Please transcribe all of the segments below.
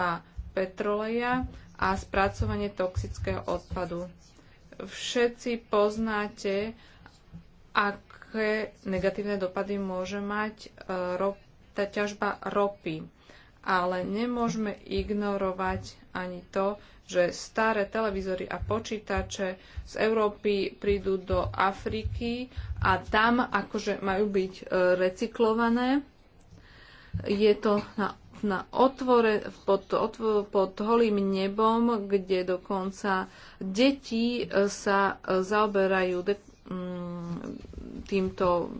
a petroleja a spracovanie toxického odpadu. Všetci poznáte, aké negatívne dopady môže mať e, rop, tá ťažba ropy. Ale nemôžeme ignorovať ani to, že staré televízory a počítače z Európy prídu do Afriky a tam akože majú byť e, recyklované. Je to na na otvore, pod, otvore, pod holým nebom, kde dokonca deti e, e, mm, mm, sa zaoberajú de, týmto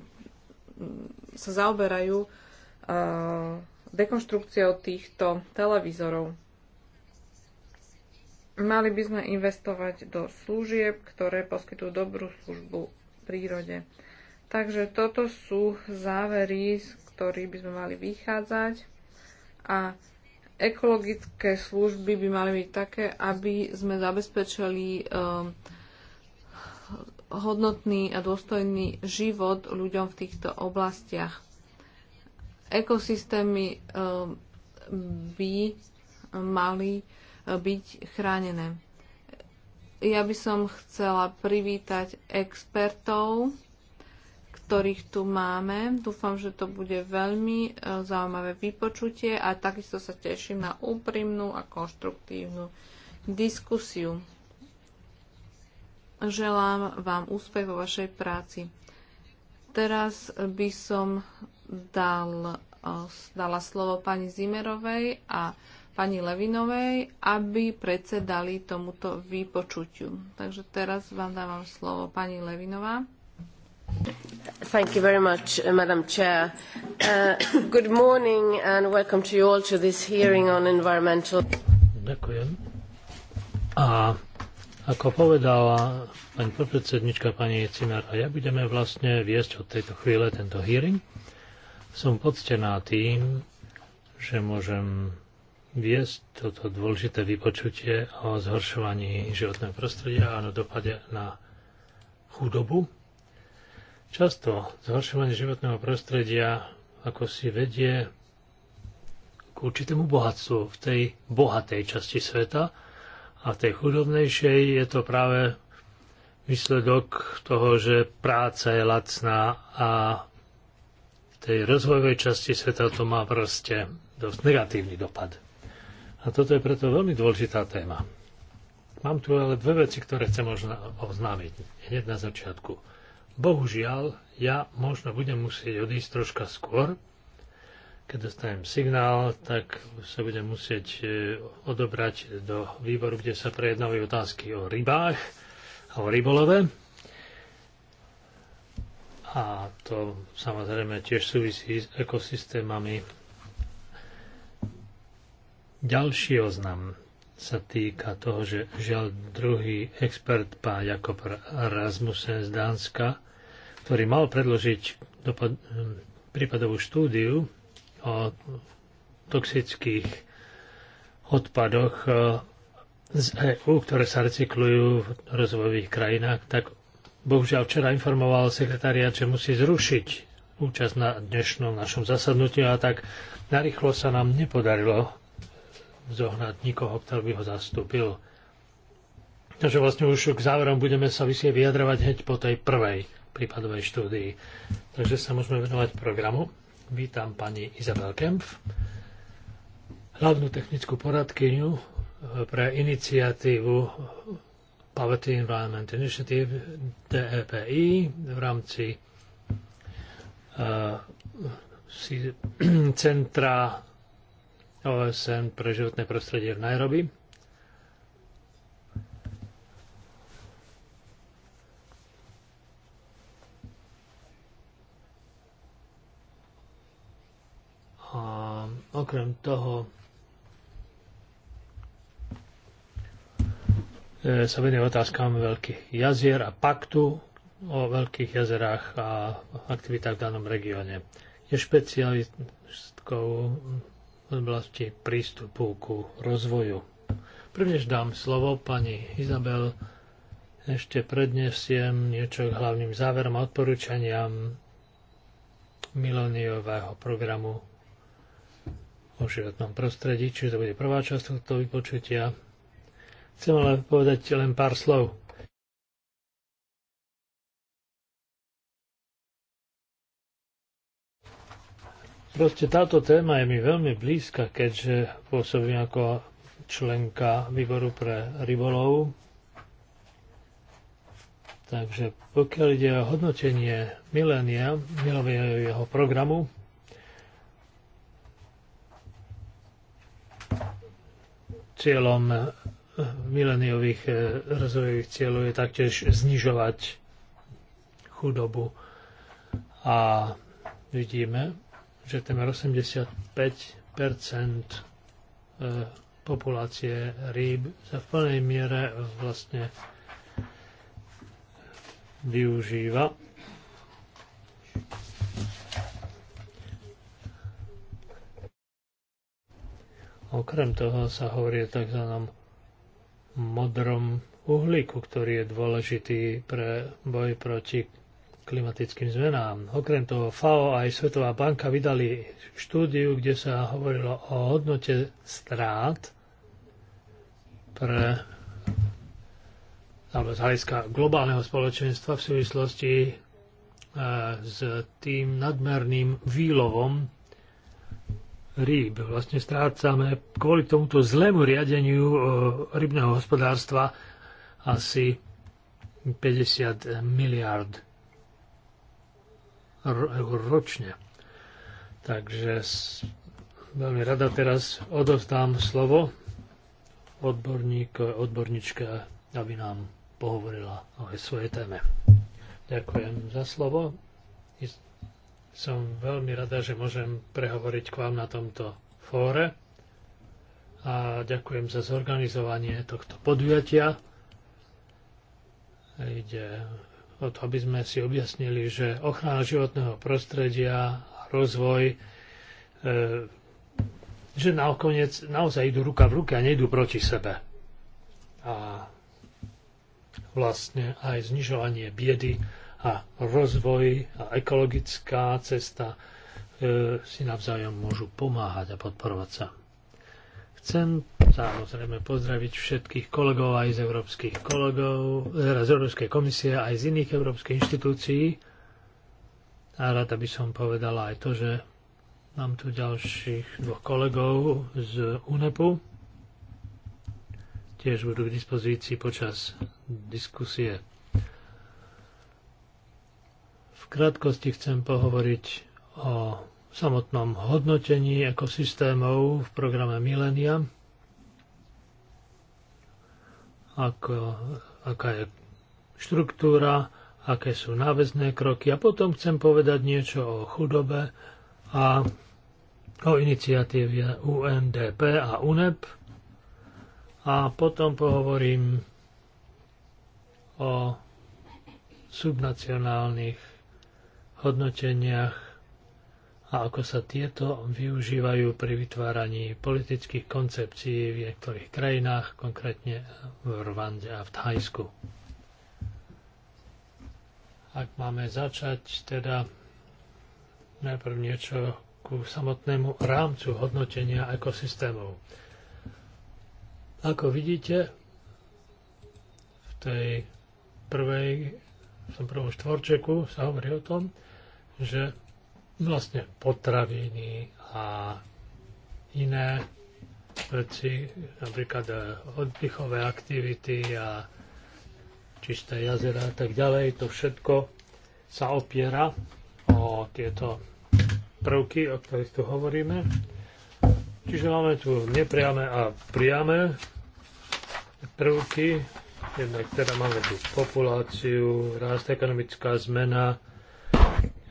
sa zaoberajú uh, dekonštrukciou týchto televízorov. Mali by sme investovať do služieb, ktoré poskytujú dobrú službu v prírode. Takže toto sú závery, z ktorých by sme mali vychádzať a ekologické služby by mali byť také, aby sme zabezpečili um, hodnotný a dôstojný život ľuďom v týchto oblastiach. Ekosystémy um, by mali uh, byť chránené. Ja by som chcela privítať expertov ktorých tu máme. Dúfam, že to bude veľmi e, zaujímavé vypočutie a takisto sa teším na úprimnú a konštruktívnu diskusiu. Želám vám úspech vo vašej práci. Teraz by som dal, e, dala slovo pani Zimerovej a pani Levinovej, aby predsedali tomuto výpočutiu. Takže teraz vám dávam slovo pani Levinová. Thank you very much, uh, Madam Chair. Uh, good morning and welcome to you all to this hearing on environmental... Ďakujem. A ako povedala pani podpredsednička, pani Cimer, a ja budeme vlastne viesť od tejto chvíle tento hearing. Som poctená tým, že môžem viesť toto dôležité vypočutie o zhoršovaní životného prostredia a na dopade na chudobu Často zhoršovanie životného prostredia ako si vedie k určitému bohatstvu v tej bohatej časti sveta a v tej chudobnejšej je to práve výsledok toho, že práca je lacná a v tej rozvojovej časti sveta to má proste dosť negatívny dopad. A toto je preto veľmi dôležitá téma. Mám tu ale dve veci, ktoré chcem možno oznámiť hneď na začiatku. Bohužiaľ, ja možno budem musieť odísť troška skôr. Keď dostanem signál, tak sa budem musieť e, odobrať do výboru, kde sa prejednávajú otázky o rybách a o rybolove. A to samozrejme tiež súvisí s ekosystémami. Ďalší oznam sa týka toho, že žiaľ druhý expert, pán Jakob Rasmussen z Dánska, ktorý mal predložiť dopad, prípadovú štúdiu o toxických odpadoch e, z EU, ktoré sa recyklujú v rozvojových krajinách, tak bohužiaľ včera informoval sekretariat, že musí zrušiť účasť na dnešnom našom zasadnutí a tak narýchlo sa nám nepodarilo zohnať nikoho, ktorý by ho zastúpil. Takže vlastne už k záverom budeme sa vysie vyjadrovať hneď po tej prvej prípadovej štúdii. Takže sa môžeme venovať programu. Vítam pani Izabel Kempf, hlavnú technickú poradkyňu e, pre iniciatívu Poverty Environment Initiative DEPI v rámci uh, Centra OSN pre životné prostredie v Nairobi. A okrem toho e, sa venuje otázkam veľkých jazier a paktu o veľkých jazerách a aktivitách v danom regióne. Je špecialistkou v oblasti prístupu ku rozvoju. Prvnež dám slovo pani Izabel, ešte prednesiem niečo k hlavným záverom a odporúčaniam milóniového programu o životnom prostredí, čiže to bude prvá časť tohto vypočutia. Chcem ale povedať len pár slov Proste táto téma je mi veľmi blízka, keďže pôsobím ako členka výboru pre rybolov. Takže pokiaľ ide o hodnotenie milénia, jeho programu, cieľom mileniových rozvojových cieľov je taktiež znižovať chudobu. A vidíme, že temer 85 e, populácie rýb sa v plnej miere vlastne využíva. Okrem toho sa hovorí o tzv. modrom uhlíku, ktorý je dôležitý pre boj proti klimatickým zmenám. Okrem toho FAO aj Svetová banka vydali štúdiu, kde sa hovorilo o hodnote strát pre alebo z hľadiska globálneho spoločenstva v súvislosti e, s tým nadmerným výlovom rýb. Vlastne strácame kvôli tomuto zlému riadeniu e, rybného hospodárstva asi 50 miliard eur ročne. Takže veľmi rada teraz odovzdám slovo odborník, odborníčka, aby nám pohovorila o svojej téme. Ďakujem za slovo. Som veľmi rada, že môžem prehovoriť k vám na tomto fóre a ďakujem za zorganizovanie tohto podujatia. Ide o to, aby sme si objasnili, že ochrana životného prostredia, rozvoj, e, že nakoniec naozaj idú ruka v ruke a nejdú proti sebe. A vlastne aj znižovanie biedy a rozvoj a ekologická cesta e, si navzájom môžu pomáhať a podporovať sa. Chcem samozrejme pozdraviť všetkých kolegov aj z európskych kolegov, eh, z Európskej komisie, aj z iných európskych inštitúcií. A rada by som povedala aj to, že mám tu ďalších dvoch kolegov z UNEPu. Tiež budú k dispozícii počas diskusie. V krátkosti chcem pohovoriť o samotnom hodnotení ekosystémov v programe Milenia, ako, aká je štruktúra, aké sú náväzné kroky a potom chcem povedať niečo o chudobe a o iniciatíve UNDP a UNEP a potom pohovorím o subnacionálnych hodnoteniach a ako sa tieto využívajú pri vytváraní politických koncepcií v niektorých krajinách, konkrétne v Rwande a v Thajsku. Ak máme začať teda najprv niečo ku samotnému rámcu hodnotenia ekosystémov. Ako vidíte, v tej prvej, v tom prvom štvorčeku sa hovorí o tom, že vlastne potraviny a iné veci, napríklad eh, oddychové aktivity a čisté jazera a tak ďalej, to všetko sa opiera o tieto prvky, o ktorých tu hovoríme. Čiže máme tu nepriame a priame prvky, jednak teda máme tu populáciu, rast, ekonomická zmena,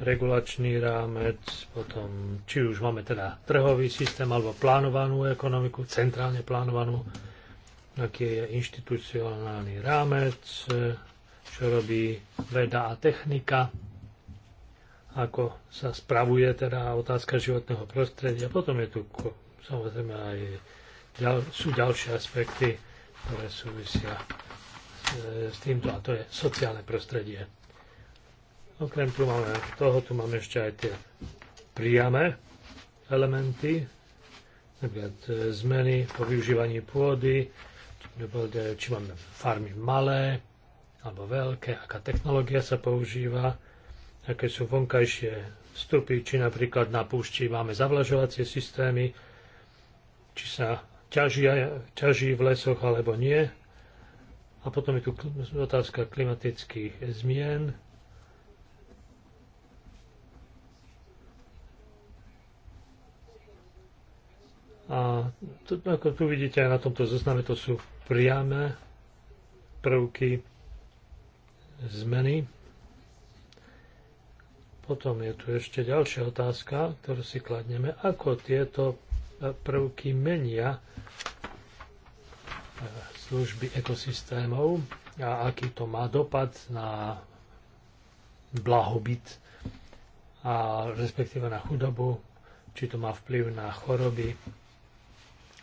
regulačný rámec, potom či už máme teda trhový systém alebo plánovanú ekonomiku, centrálne plánovanú, aký je inštitucionálny rámec, čo robí veda a technika, ako sa spravuje teda otázka životného prostredia. Potom je tu samozrejme aj ďal, sú ďalšie aspekty, ktoré súvisia s týmto a to je sociálne prostredie. Okrem tu máme, toho tu máme ešte aj tie priame elementy, napríklad e, zmeny po využívaní pôdy, e, či máme farmy malé alebo veľké, aká technológia sa používa, aké sú vonkajšie vstupy, či napríklad na púšti máme zavlažovacie systémy, či sa ťaží, e, ťaží v lesoch alebo nie. A potom je tu otázka klimatických zmien, A tu, ako tu vidíte aj na tomto zozname, to sú priame prvky zmeny. Potom je tu ešte ďalšia otázka, ktorú si kladneme, ako tieto prvky menia e, služby ekosystémov a aký to má dopad na blahobyt a respektíve na chudobu, či to má vplyv na choroby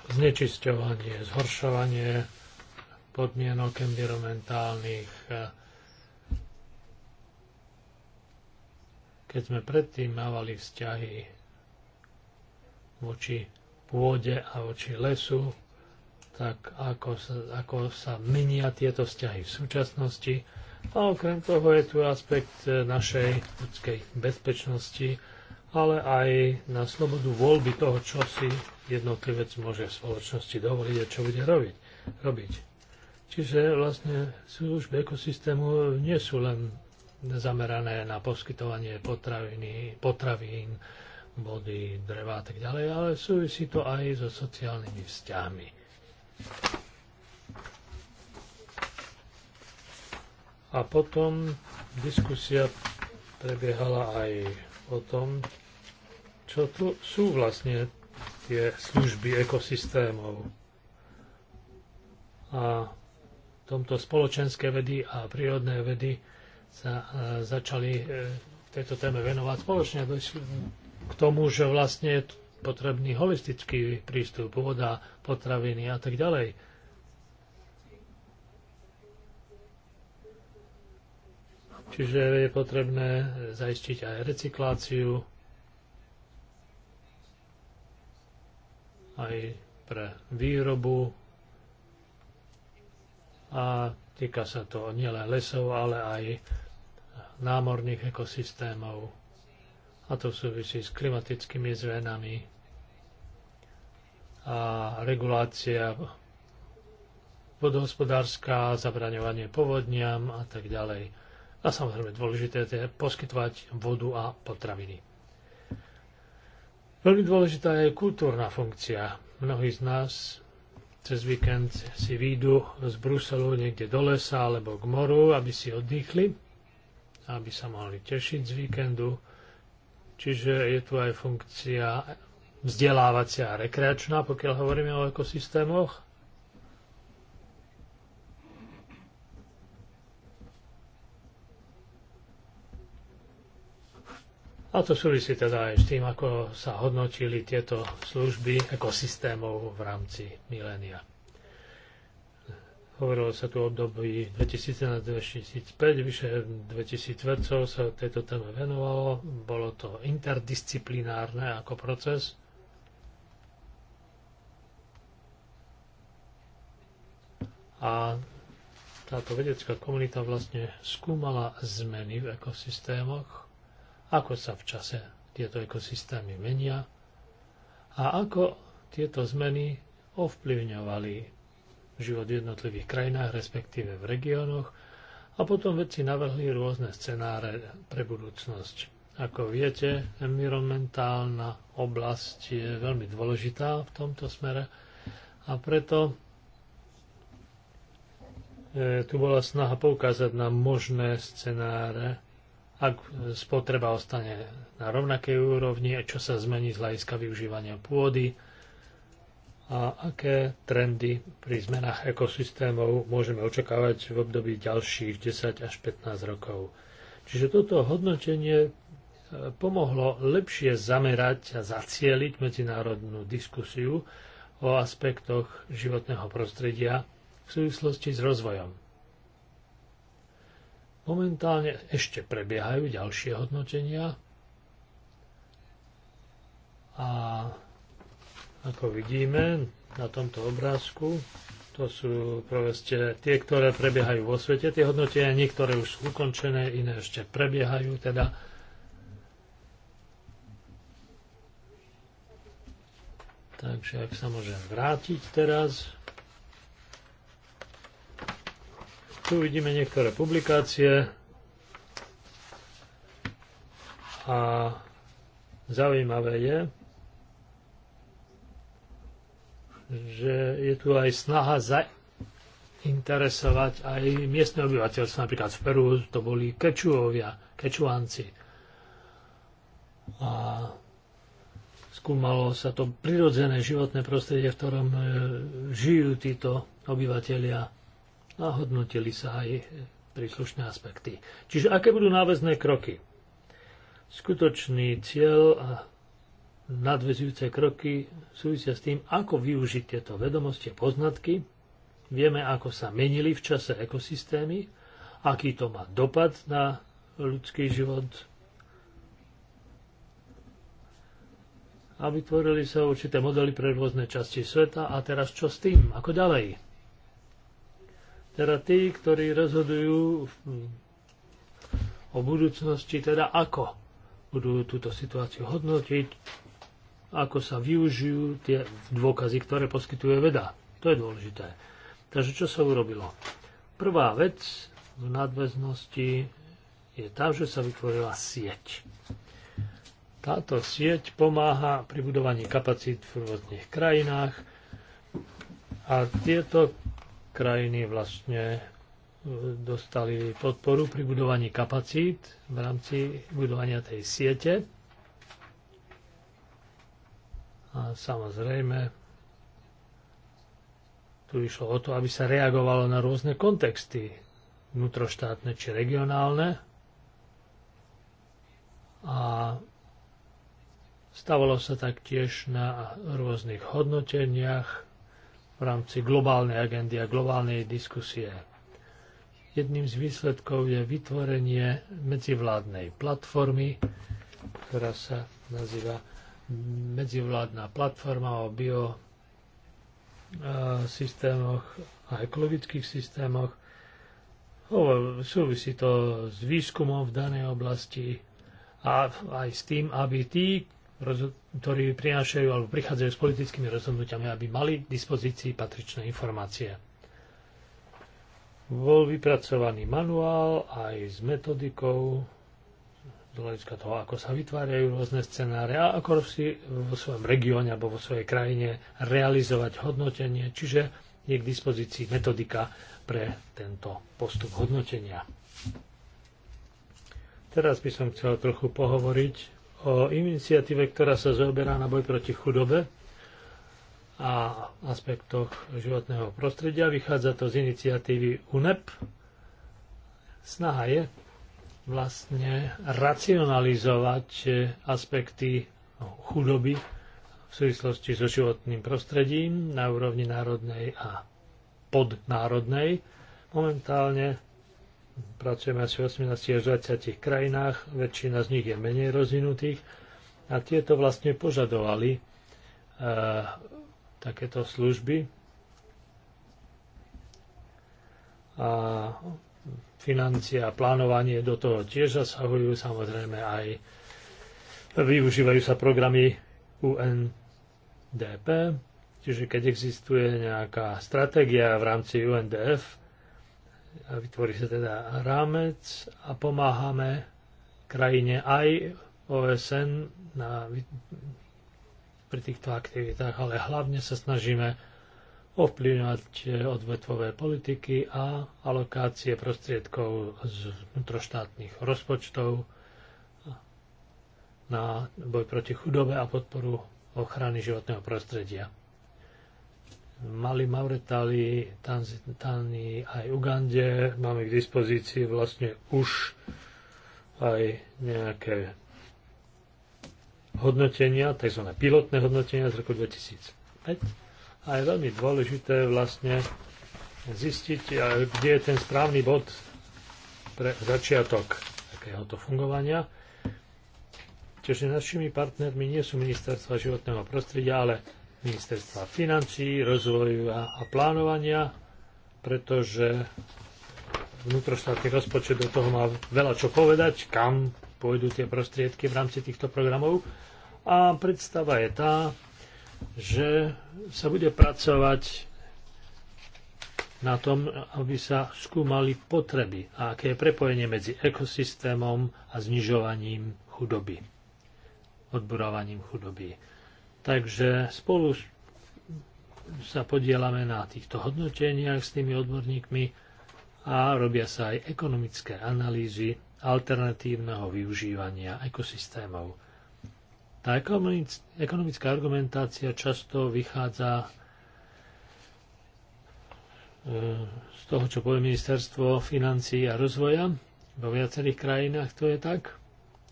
znečisťovanie, zhoršovanie podmienok environmentálnych. Keď sme predtým mávali vzťahy voči pôde a voči lesu, tak ako sa, ako sa menia tieto vzťahy v súčasnosti. A okrem toho je tu aspekt e, našej ľudskej bezpečnosti, ale aj na slobodu voľby toho, čo si jednotlivec môže v spoločnosti dovoliť a čo bude robiť. robiť. Čiže vlastne služby ekosystému nie sú len zamerané na poskytovanie potraviny, potravín, vody, dreva a tak ďalej, ale súvisí to aj so sociálnymi vzťahmi. A potom diskusia prebiehala aj o tom, čo tu sú vlastne tie služby ekosystémov. A v tomto spoločenské vedy a prírodné vedy sa e, začali e, tejto téme venovať spoločne. K tomu, že vlastne je potrebný holistický prístup, voda, potraviny a tak ďalej. Čiže je potrebné e, zaistiť aj recykláciu aj pre výrobu a týka sa to nielen lesov, ale aj námorných ekosystémov a to súvisí s klimatickými zmenami a regulácia vodohospodárska, zabraňovanie povodniam a tak ďalej. A samozrejme dôležité je poskytovať vodu a potraviny. Veľmi dôležitá je kultúrna funkcia. Mnohí z nás cez víkend si výjdu z Bruselu niekde do lesa alebo k moru, aby si oddychli, aby sa mohli tešiť z víkendu. Čiže je tu aj funkcia vzdelávacia a rekreačná, pokiaľ hovoríme o ekosystémoch. A to súvisí teda aj s tým, ako sa hodnotili tieto služby ekosystémov v rámci milénia. Hovorilo sa tu o období 2001 2005 vyše 2000 vedcov sa tejto téme venovalo. Bolo to interdisciplinárne ako proces. A táto vedecká komunita vlastne skúmala zmeny v ekosystémoch ako sa v čase tieto ekosystémy menia a ako tieto zmeny ovplyvňovali život v jednotlivých krajinách, respektíve v regiónoch a potom vedci navrhli rôzne scenáre pre budúcnosť. Ako viete, environmentálna oblasť je veľmi dôležitá v tomto smere a preto e, tu bola snaha poukázať na možné scenáre ak spotreba ostane na rovnakej úrovni, čo sa zmení z hľadiska využívania pôdy a aké trendy pri zmenách ekosystémov môžeme očakávať v období ďalších 10 až 15 rokov. Čiže toto hodnotenie e, pomohlo lepšie zamerať a zacieliť medzinárodnú diskusiu o aspektoch životného prostredia v súvislosti s rozvojom. Momentálne ešte prebiehajú ďalšie hodnotenia a ako vidíme na tomto obrázku, to sú proste tie, ktoré prebiehajú vo svete, tie hodnotenia, niektoré už sú ukončené, iné ešte prebiehajú, teda Takže ak sa môžem vrátiť teraz Tu vidíme niektoré publikácie a zaujímavé je, že je tu aj snaha zainteresovať aj miestne obyvateľstvo. Napríklad v Peru to boli kečuovia, kečuanci. A skúmalo sa to prirodzené životné prostredie, v ktorom e, žijú títo obyvateľia a hodnotili sa aj príslušné aspekty. Čiže aké budú náväzné kroky? Skutočný cieľ a nadvezujúce kroky súvisia s tým, ako využiť tieto vedomosti a poznatky. Vieme, ako sa menili v čase ekosystémy, aký to má dopad na ľudský život, a vytvorili sa určité modely pre rôzne časti sveta a teraz čo s tým? Ako ďalej? teda tí, ktorí rozhodujú o budúcnosti, teda ako budú túto situáciu hodnotiť, ako sa využijú tie dôkazy, ktoré poskytuje veda. To je dôležité. Takže čo sa urobilo? Prvá vec v nadväznosti je tá, že sa vytvorila sieť. Táto sieť pomáha pri budovaní kapacít v rôznych krajinách a tieto krajiny vlastne e, dostali podporu pri budovaní kapacít v rámci budovania tej siete. A samozrejme, tu išlo o to, aby sa reagovalo na rôzne kontexty, vnútroštátne či regionálne. A stavalo sa taktiež na rôznych hodnoteniach v rámci globálnej agendy a globálnej diskusie. Jedným z výsledkov je vytvorenie medzivládnej platformy, ktorá sa nazýva medzivládna platforma o biosystémoch e, a ekologických systémoch. Súvisí to s výskumom v danej oblasti a aj s tým, aby tí, ktorí prinášajú alebo prichádzajú s politickými rozhodnutiami, aby mali k dispozícii patričné informácie. Bol vypracovaný manuál aj s metodikou z hľadiska toho, ako sa vytvárajú rôzne scenáre a ako si vo svojom regióne alebo vo svojej krajine realizovať hodnotenie, čiže je k dispozícii metodika pre tento postup hodnotenia. Teraz by som chcel trochu pohovoriť o iniciatíve, ktorá sa zoberá na boj proti chudobe a aspektoch životného prostredia. Vychádza to z iniciatívy UNEP. Snaha je vlastne racionalizovať aspekty chudoby v súvislosti so životným prostredím na úrovni národnej a podnárodnej. Momentálne pracujeme asi v 18 až 20 krajinách, väčšina z nich je menej rozvinutých a tieto vlastne požadovali e, takéto služby a financie a plánovanie do toho tiež zasahujú, samozrejme aj využívajú sa programy UNDP, čiže keď existuje nejaká stratégia v rámci UNDF, a vytvorí sa teda rámec a pomáhame krajine aj OSN na, pri týchto aktivitách, ale hlavne sa snažíme ovplyvňovať e, odvetvové politiky a alokácie prostriedkov z vnútroštátnych rozpočtov na boj proti chudobe a podporu ochrany životného prostredia. Mali, mauretali Tanzitani, aj Ugande máme k dispozícii vlastne už aj nejaké hodnotenia, tzv. pilotné hodnotenia z roku 2005. A je veľmi dôležité vlastne zistiť, kde je ten správny bod pre začiatok takéhoto fungovania. Čiže našimi partnermi nie sú ministerstva životného prostredia, ale ministerstva financí, rozvoja a plánovania, pretože vnútroštátny rozpočet do toho má veľa čo povedať, kam pôjdu tie prostriedky v rámci týchto programov. A predstava je tá, že sa bude pracovať na tom, aby sa skúmali potreby a aké je prepojenie medzi ekosystémom a znižovaním chudoby, odburávaním chudoby. Takže spolu sa podielame na týchto hodnoteniach s tými odborníkmi a robia sa aj ekonomické analýzy alternatívneho využívania ekosystémov. Tá ekonomická argumentácia často vychádza e, z toho, čo povie Ministerstvo financí a rozvoja. Vo viacerých krajinách to je tak.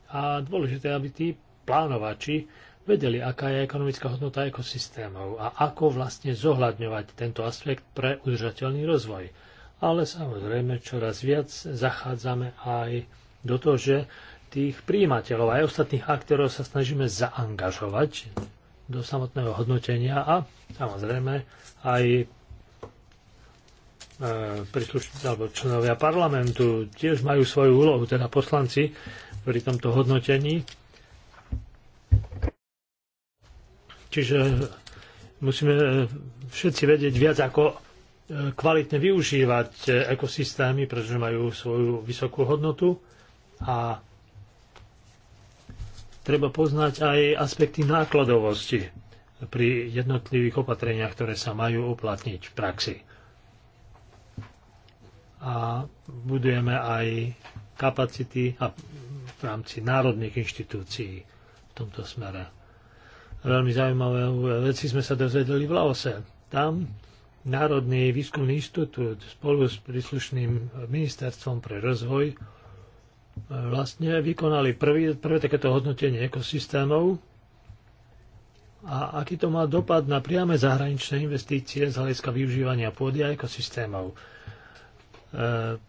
A dôležité, aby tí plánovači vedeli, aká je ekonomická hodnota ekosystémov a ako vlastne zohľadňovať tento aspekt pre udržateľný rozvoj. Ale samozrejme čoraz viac zachádzame aj do toho, že tých príjimateľov aj ostatných aktérov sa snažíme zaangažovať do samotného hodnotenia a samozrejme aj e, príslušníci alebo členovia parlamentu tiež majú svoju úlohu, teda poslanci pri tomto hodnotení Čiže musíme e, všetci vedieť viac, ako e, kvalitne využívať e, ekosystémy, pretože majú svoju vysokú hodnotu a treba poznať aj aspekty nákladovosti pri jednotlivých opatreniach, ktoré sa majú uplatniť v praxi. A budujeme aj kapacity a v rámci národných inštitúcií v tomto smere. Veľmi zaujímavé e, veci sme sa dozvedeli v Laose. Tam Národný výskumný inštitút spolu s príslušným ministerstvom pre rozvoj e, vlastne vykonali prvý, prvé takéto hodnotenie ekosystémov a aký to má dopad na priame zahraničné investície z hľadiska využívania pôdy a ekosystémov. E,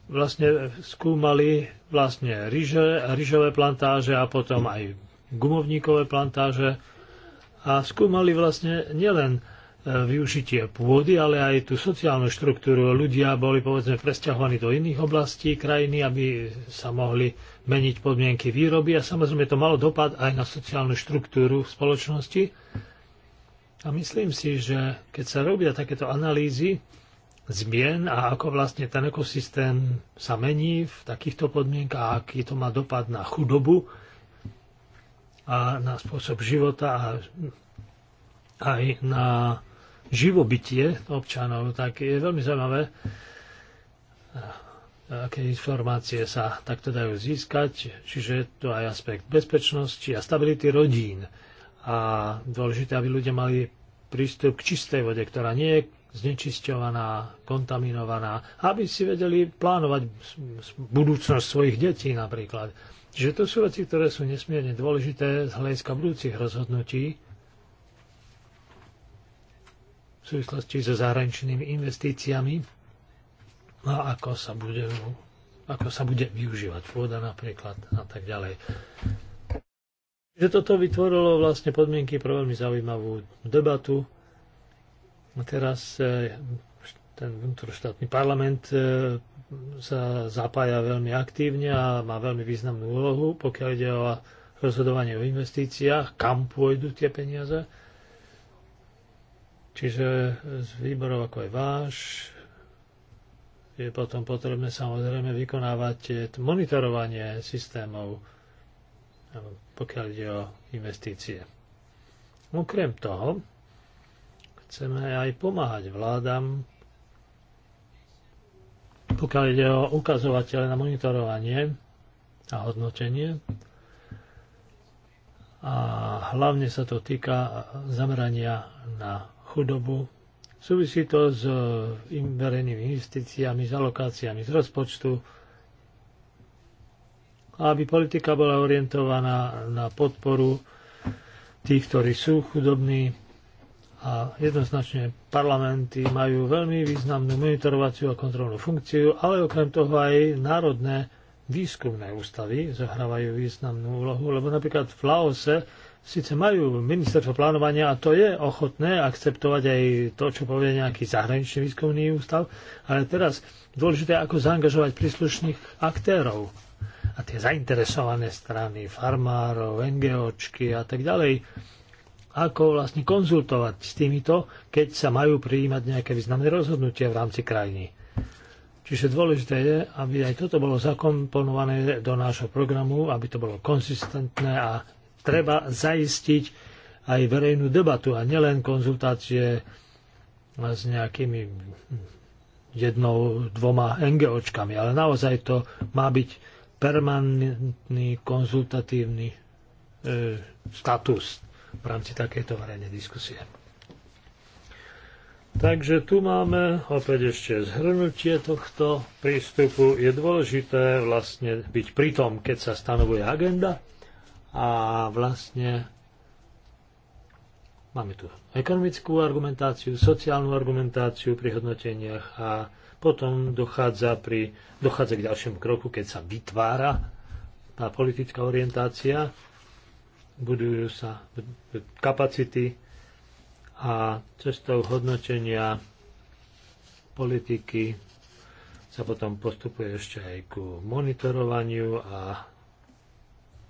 vlastne skúmali vlastne ryže, ryžové plantáže a potom aj gumovníkové plantáže a skúmali vlastne nielen e, využitie pôdy, ale aj tú sociálnu štruktúru. Ľudia boli povedzme presťahovaní do iných oblastí krajiny, aby sa mohli meniť podmienky výroby a samozrejme to malo dopad aj na sociálnu štruktúru v spoločnosti. A myslím si, že keď sa robia takéto analýzy zmien a ako vlastne ten ekosystém sa mení v takýchto podmienkach a aký to má dopad na chudobu, a na spôsob života a aj na živobytie občanov, tak je veľmi zaujímavé, aké informácie sa takto dajú získať, čiže je to aj aspekt bezpečnosti a stability rodín. A dôležité, aby ľudia mali prístup k čistej vode, ktorá nie je znečisťovaná, kontaminovaná, aby si vedeli plánovať budúcnosť svojich detí napríklad. Čiže to sú veci, ktoré sú nesmierne dôležité z hľadiska budúcich rozhodnutí v súvislosti so zahraničnými investíciami a ako sa bude, ako sa bude využívať pôda napríklad a tak ďalej. Čiže toto vytvorilo vlastne podmienky pre veľmi zaujímavú debatu. A teraz eh, ten vnútroštátny parlament eh, sa zapája veľmi aktívne a má veľmi významnú úlohu, pokiaľ ide o rozhodovanie o investíciách, kam pôjdu tie peniaze. Čiže z výborov ako je váš je potom potrebné samozrejme vykonávať monitorovanie systémov, pokiaľ ide o investície. Okrem toho, chceme aj pomáhať vládam pokiaľ ide o ukazovatele na monitorovanie a hodnotenie, a hlavne sa to týka zamerania na chudobu. Súvisí to s e, verejnými investíciami, s alokáciami z rozpočtu, aby politika bola orientovaná na podporu tých, ktorí sú chudobní, a jednoznačne parlamenty majú veľmi významnú monitorovaciu a kontrolnú funkciu, ale okrem toho aj národné výskumné ústavy zohrávajú významnú úlohu, lebo napríklad v Laose síce majú ministerstvo plánovania a to je ochotné akceptovať aj to, čo povie nejaký zahraničný výskumný ústav, ale teraz dôležité je, ako zaangažovať príslušných aktérov a tie zainteresované strany, farmárov, NGOčky a tak ďalej ako vlastne konzultovať s týmito, keď sa majú prijímať nejaké významné rozhodnutia v rámci krajiny. Čiže dôležité je, aby aj toto bolo zakomponované do nášho programu, aby to bolo konsistentné a treba zaistiť aj verejnú debatu a nielen konzultácie s nejakými jednou, dvoma NGOčkami, ale naozaj to má byť permanentný konzultatívny e, status v rámci takéto verejnej diskusie. Takže tu máme opäť ešte zhrnutie tohto prístupu. Je dôležité vlastne byť pri tom, keď sa stanovuje agenda a vlastne máme tu ekonomickú argumentáciu, sociálnu argumentáciu pri hodnoteniach a potom dochádza, pri, dochádza k ďalšiemu kroku, keď sa vytvára tá politická orientácia budujú sa kapacity a cestou hodnotenia politiky sa potom postupuje ešte aj ku monitorovaniu a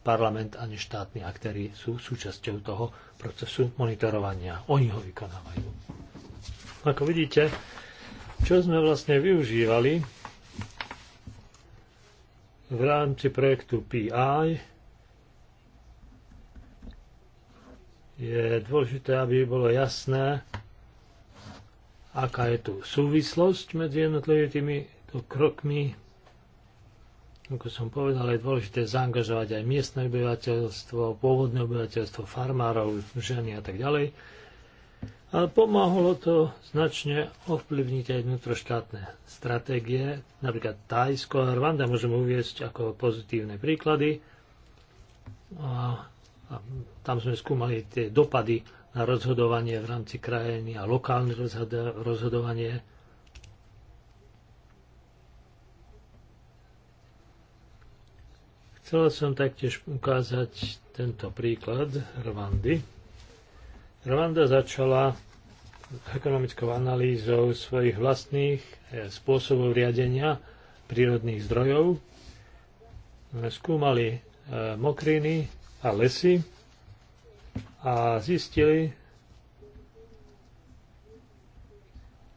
parlament ani štátni aktéry sú súčasťou toho procesu monitorovania. Oni ho vykonávajú. Ako vidíte, čo sme vlastne využívali v rámci projektu PI je dôležité, aby bolo jasné, aká je tu súvislosť medzi jednotlivými krokmi. Ako som povedal, je dôležité zaangažovať aj miestne obyvateľstvo, pôvodné obyvateľstvo, farmárov, ženy a tak ďalej. A pomáhalo to značne ovplyvniť aj vnútroštátne stratégie, napríklad Tajsko a Rwanda môžeme uviesť ako pozitívne príklady. A a tam sme skúmali tie dopady na rozhodovanie v rámci krajiny a lokálne rozhodovanie. Chcela som taktiež ukázať tento príklad Rwandy. Rwanda začala ekonomickou analýzou svojich vlastných eh, spôsobov riadenia prírodných zdrojov. Skúmali eh, mokriny, a lesy a zistili,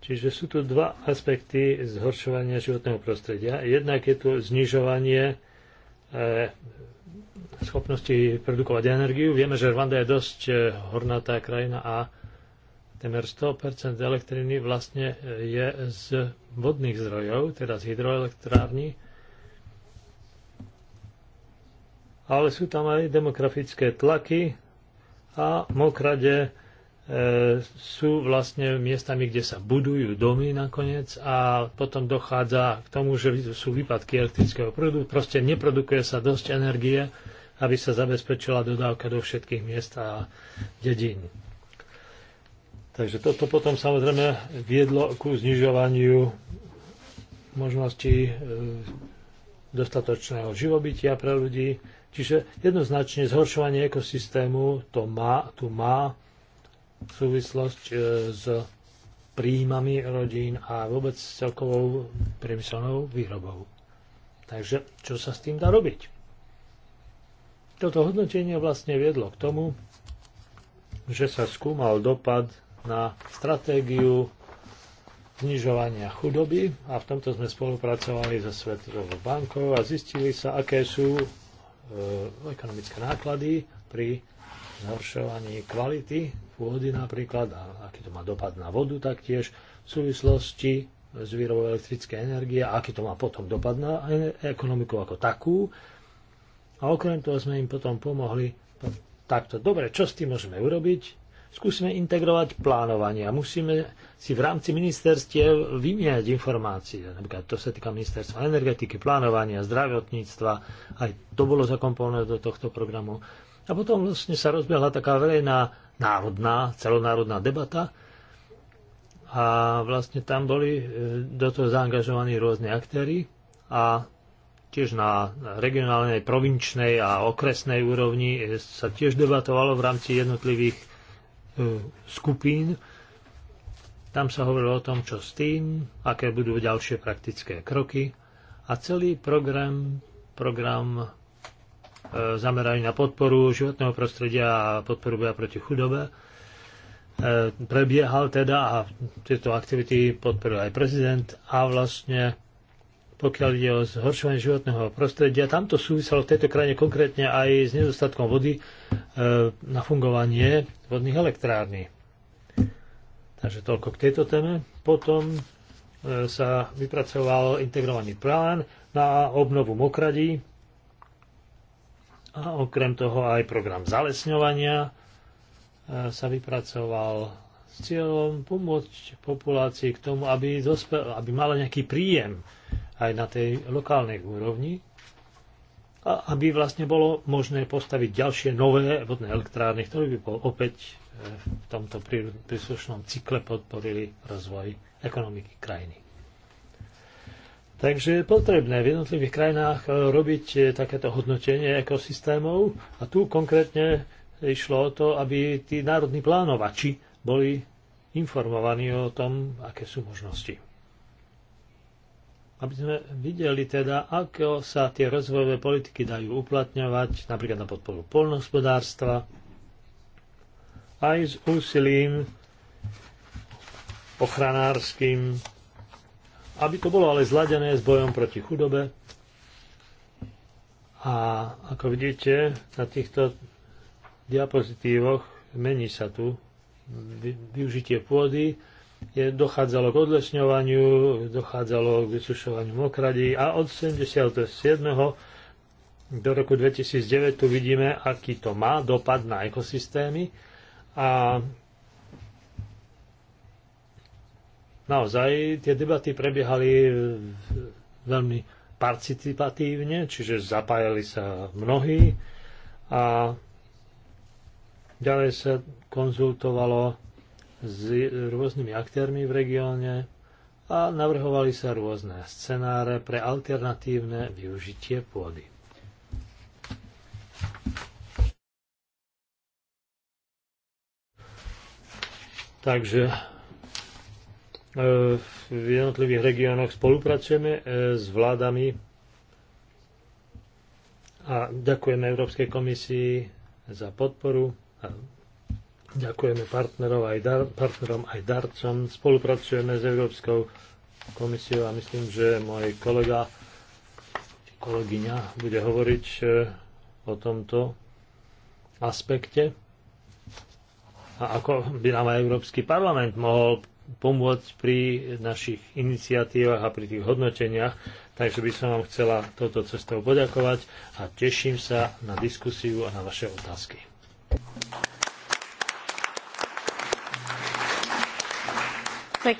Čiže sú tu dva aspekty zhoršovania životného prostredia. Jednak je tu znižovanie e, schopnosti produkovať energiu. Vieme, že Rwanda je dosť e, hornatá krajina a temer 100% elektriny vlastne e, je z vodných zdrojov, teda z hydroelektrární. ale sú tam aj demografické tlaky a mokrade e, sú vlastne miestami, kde sa budujú domy nakoniec a potom dochádza k tomu, že sú výpadky elektrického prúdu, proste neprodukuje sa dosť energie, aby sa zabezpečila dodávka do všetkých miest a dedín. Takže toto potom samozrejme viedlo ku znižovaniu možnosti e, dostatočného živobytia pre ľudí Čiže jednoznačne zhoršovanie ekosystému to má, tu má súvislosť e, s príjmami rodín a vôbec s celkovou priemyselnou výrobou. Takže čo sa s tým dá robiť? Toto hodnotenie vlastne viedlo k tomu, že sa skúmal dopad na stratégiu znižovania chudoby a v tomto sme spolupracovali so Svetovou bankou a zistili sa, aké sú E, ekonomické náklady pri zhoršovaní kvality pôdy napríklad a aký to má dopad na vodu taktiež v súvislosti s výrobou elektrickej energie a aký to má potom dopad na e, ekonomiku ako takú. A okrem toho sme im potom pomohli takto, dobre, čo s tým môžeme urobiť, skúsme integrovať plánovanie a musíme si v rámci ministerstiev vymieňať informácie. Napríklad to sa týka ministerstva energetiky, plánovania, zdravotníctva. Aj to bolo zakomponované do tohto programu. A potom vlastne sa rozbehla taká verejná národná, celonárodná debata, a vlastne tam boli e, do toho zaangažovaní rôzne aktéry a tiež na regionálnej, provinčnej a okresnej úrovni e, sa tiež debatovalo v rámci jednotlivých E, skupín. Tam sa hovorilo o tom, čo s tým, aké budú ďalšie praktické kroky a celý program, program e, zameraný na podporu životného prostredia a podporu boja proti chudobe e, prebiehal teda a tieto aktivity podporil aj prezident a vlastne pokiaľ ide o zhoršovanie životného prostredia. Tamto súviselo v tejto krajine konkrétne aj s nedostatkom vody e, na fungovanie vodných elektrární. Takže toľko k tejto téme. Potom e, sa vypracoval integrovaný plán na obnovu mokradí a okrem toho aj program zalesňovania e, sa vypracoval s cieľom pomôcť populácii k tomu, aby, dospel, aby mala nejaký príjem aj na tej lokálnej úrovni, a aby vlastne bolo možné postaviť ďalšie nové vodné elektrárne, ktoré by bol opäť e, v tomto príslušnom cykle podporili rozvoj ekonomiky krajiny. Takže je potrebné v jednotlivých krajinách e, robiť e, takéto hodnotenie ekosystémov a tu konkrétne išlo o to, aby tí národní plánovači boli informovaní o tom, aké sú možnosti aby sme videli teda, ako sa tie rozvojové politiky dajú uplatňovať, napríklad na podporu polnohospodárstva, aj s úsilím ochranárským, aby to bolo ale zladené s bojom proti chudobe. A ako vidíte, na týchto diapozitívoch mení sa tu využitie pôdy, je, dochádzalo k odlesňovaniu, dochádzalo k vysušovaniu mokradí a od 77. do roku 2009 tu vidíme, aký to má dopad na ekosystémy a naozaj tie debaty prebiehali veľmi participatívne, čiže zapájali sa mnohí a ďalej sa konzultovalo s rôznymi aktérmi v regióne a navrhovali sa rôzne scenáre pre alternatívne využitie pôdy. Takže e, v jednotlivých regiónoch spolupracujeme e, s vládami a ďakujeme Európskej komisii za podporu a Ďakujeme partnerom aj dar, partnerom aj darcom. Spolupracujeme s Európskou komisiou a myslím, že môj kolega, kolegyňa bude hovoriť e, o tomto aspekte a ako by nám aj Európsky parlament mohol pomôcť pri našich iniciatívach a pri tých hodnoteniach. Takže by som vám chcela touto cestou poďakovať a teším sa na diskusiu a na vaše otázky. Uh,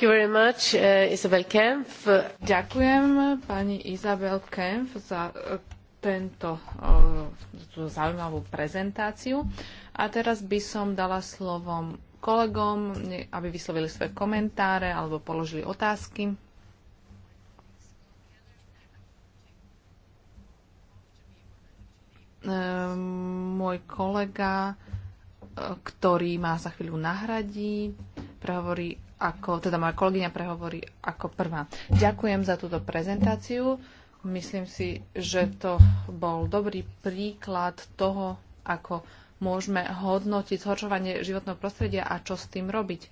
Ďakujem pani Isabel Kempf za uh, tento uh, zaujímavú prezentáciu. A teraz by som dala slovom kolegom, aby vyslovili svoje komentáre alebo položili otázky. môj kolega, ktorý ma za chvíľu nahradí, prehovorí ako teda moja kolegyňa prehovorí ako prvá. Ďakujem za túto prezentáciu. Myslím si, že to bol dobrý príklad toho, ako môžeme hodnotiť zhoršovanie životného prostredia a čo s tým robiť.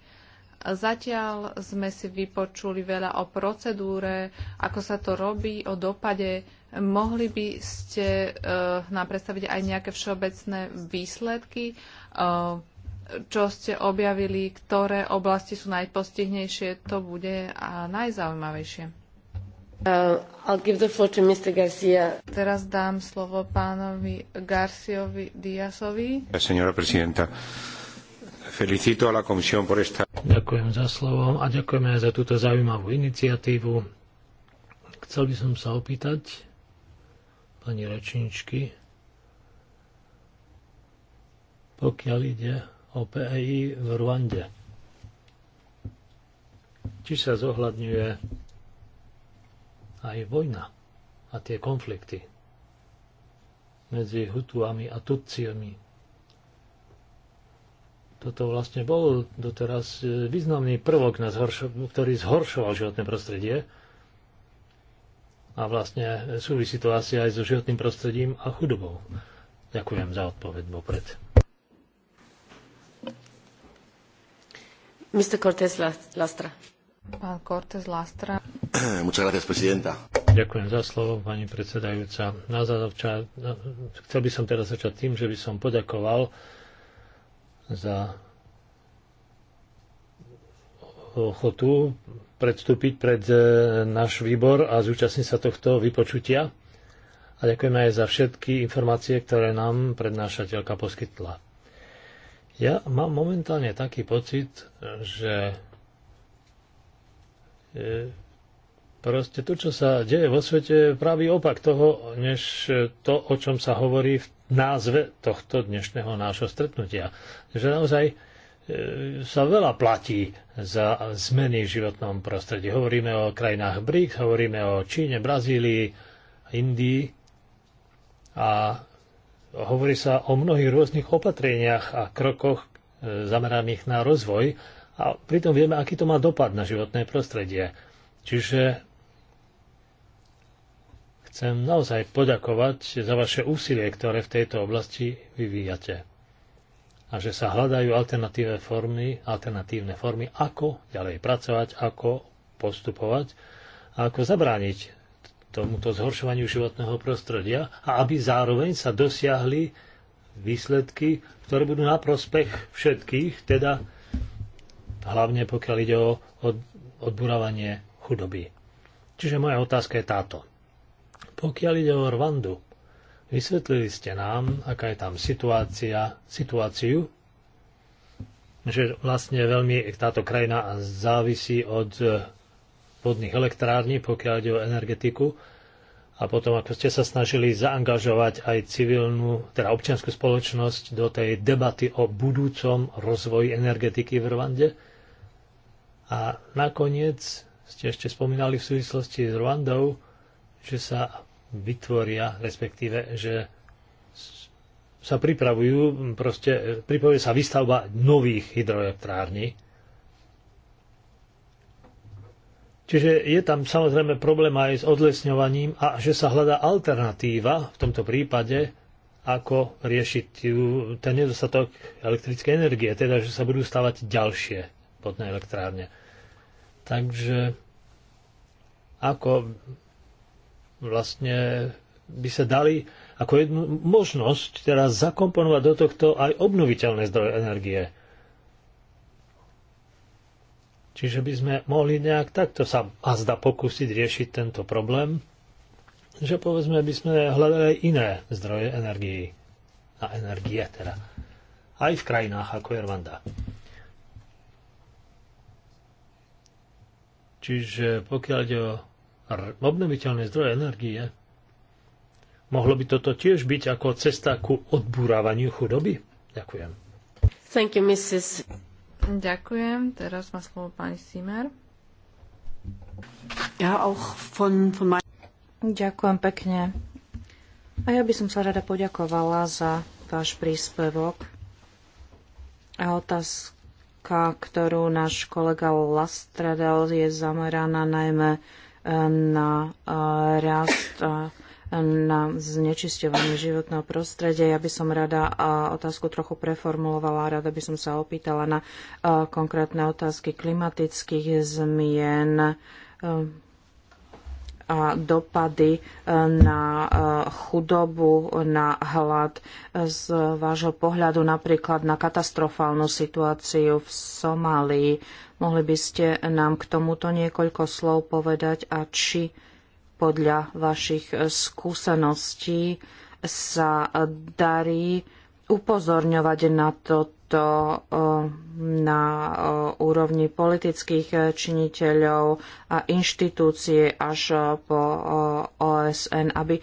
Zatiaľ sme si vypočuli veľa o procedúre, ako sa to robí, o dopade. Mohli by ste eh, nám predstaviť aj nejaké všeobecné výsledky, eh, čo ste objavili, ktoré oblasti sú najpostihnejšie, to bude a najzaujímavejšie. Uh, I'll give the floor to Mr. Garcia. Teraz dám slovo pánovi Garciovi Diasovi. Señora presidenta, felicito a la comisión por esta... Ďakujem za slovo a ďakujeme aj za túto zaujímavú iniciatívu. Chcel by som sa opýtať pani rečničky, pokiaľ ide OPEI v Ruande. Či sa zohľadňuje aj vojna a tie konflikty medzi Hutuami a Tutciami. Toto vlastne bol doteraz e, významný prvok, na zhoršo- ktorý zhoršoval životné prostredie a vlastne súvisí to asi aj so životným prostredím a chudobou. Ďakujem za odpoveď vopred. Mr. Ďakujem za slovo, pani predsedajúca. Na zádovča, chcel by som teraz začať tým, že by som poďakoval za ochotu predstúpiť pred e, náš výbor a zúčastniť sa tohto vypočutia. A ďakujeme aj za všetky informácie, ktoré nám prednášateľka poskytla. Ja mám momentálne taký pocit, že e, proste to, čo sa deje vo svete, je pravý opak toho, než to, o čom sa hovorí v názve tohto dnešného nášho stretnutia. Že naozaj e, sa veľa platí za zmeny v životnom prostredí. Hovoríme o krajinách BRICS, hovoríme o Číne, Brazílii, Indii a hovorí sa o mnohých rôznych opatreniach a krokoch e, zameraných na rozvoj a pritom vieme, aký to má dopad na životné prostredie. Čiže chcem naozaj poďakovať za vaše úsilie, ktoré v tejto oblasti vyvíjate a že sa hľadajú alternatívne formy, alternatívne formy, ako ďalej pracovať, ako postupovať a ako zabrániť tomuto zhoršovaniu životného prostredia a aby zároveň sa dosiahli výsledky, ktoré budú na prospech všetkých, teda hlavne pokiaľ ide o odburávanie chudoby. Čiže moja otázka je táto. Pokiaľ ide o Rwandu, vysvetlili ste nám, aká je tam situácia, situáciu, že vlastne veľmi táto krajina závisí od vodných elektrární, pokiaľ ide o energetiku. A potom, ako ste sa snažili zaangažovať aj civilnú, teda občianskú spoločnosť do tej debaty o budúcom rozvoji energetiky v Rwande. A nakoniec ste ešte spomínali v súvislosti s Rwandou, že sa vytvoria, respektíve, že sa pripravujú, proste pripravuje sa výstavba nových hydroelektrární Čiže je tam samozrejme problém aj s odlesňovaním a že sa hľadá alternatíva v tomto prípade, ako riešiť ten nedostatok elektrickej energie, teda že sa budú stavať ďalšie podné elektrárne. Takže ako vlastne by sa dali ako jednu možnosť teraz zakomponovať do tohto aj obnoviteľné zdroje energie. Čiže by sme mohli nejak takto sa a zda pokúsiť riešiť tento problém, že povedzme by sme hľadali iné zdroje energii a energie teda. Aj v krajinách ako je Rwanda. Čiže pokiaľ ide o obnoviteľné zdroje energie, mohlo by toto tiež byť ako cesta ku odburávaniu chudoby? Ďakujem. Thank you, Mrs. Ďakujem. Teraz má slovo pani Simer. Ja auch von, von my... Ďakujem pekne. A ja by som sa rada poďakovala za váš príspevok. A otázka, ktorú náš kolega Lastradel je zameraná najmä eh, na eh, rast na znečisťovanie životného prostredia. Ja by som rada otázku trochu preformulovala, rada by som sa opýtala na konkrétne otázky klimatických zmien a dopady na chudobu, na hlad. Z vášho pohľadu napríklad na katastrofálnu situáciu v Somálii. Mohli by ste nám k tomuto niekoľko slov povedať a či podľa vašich e, skúseností sa e, darí upozorňovať na toto e, na úrovni politických činiteľov a inštitúcie až po OSN, aby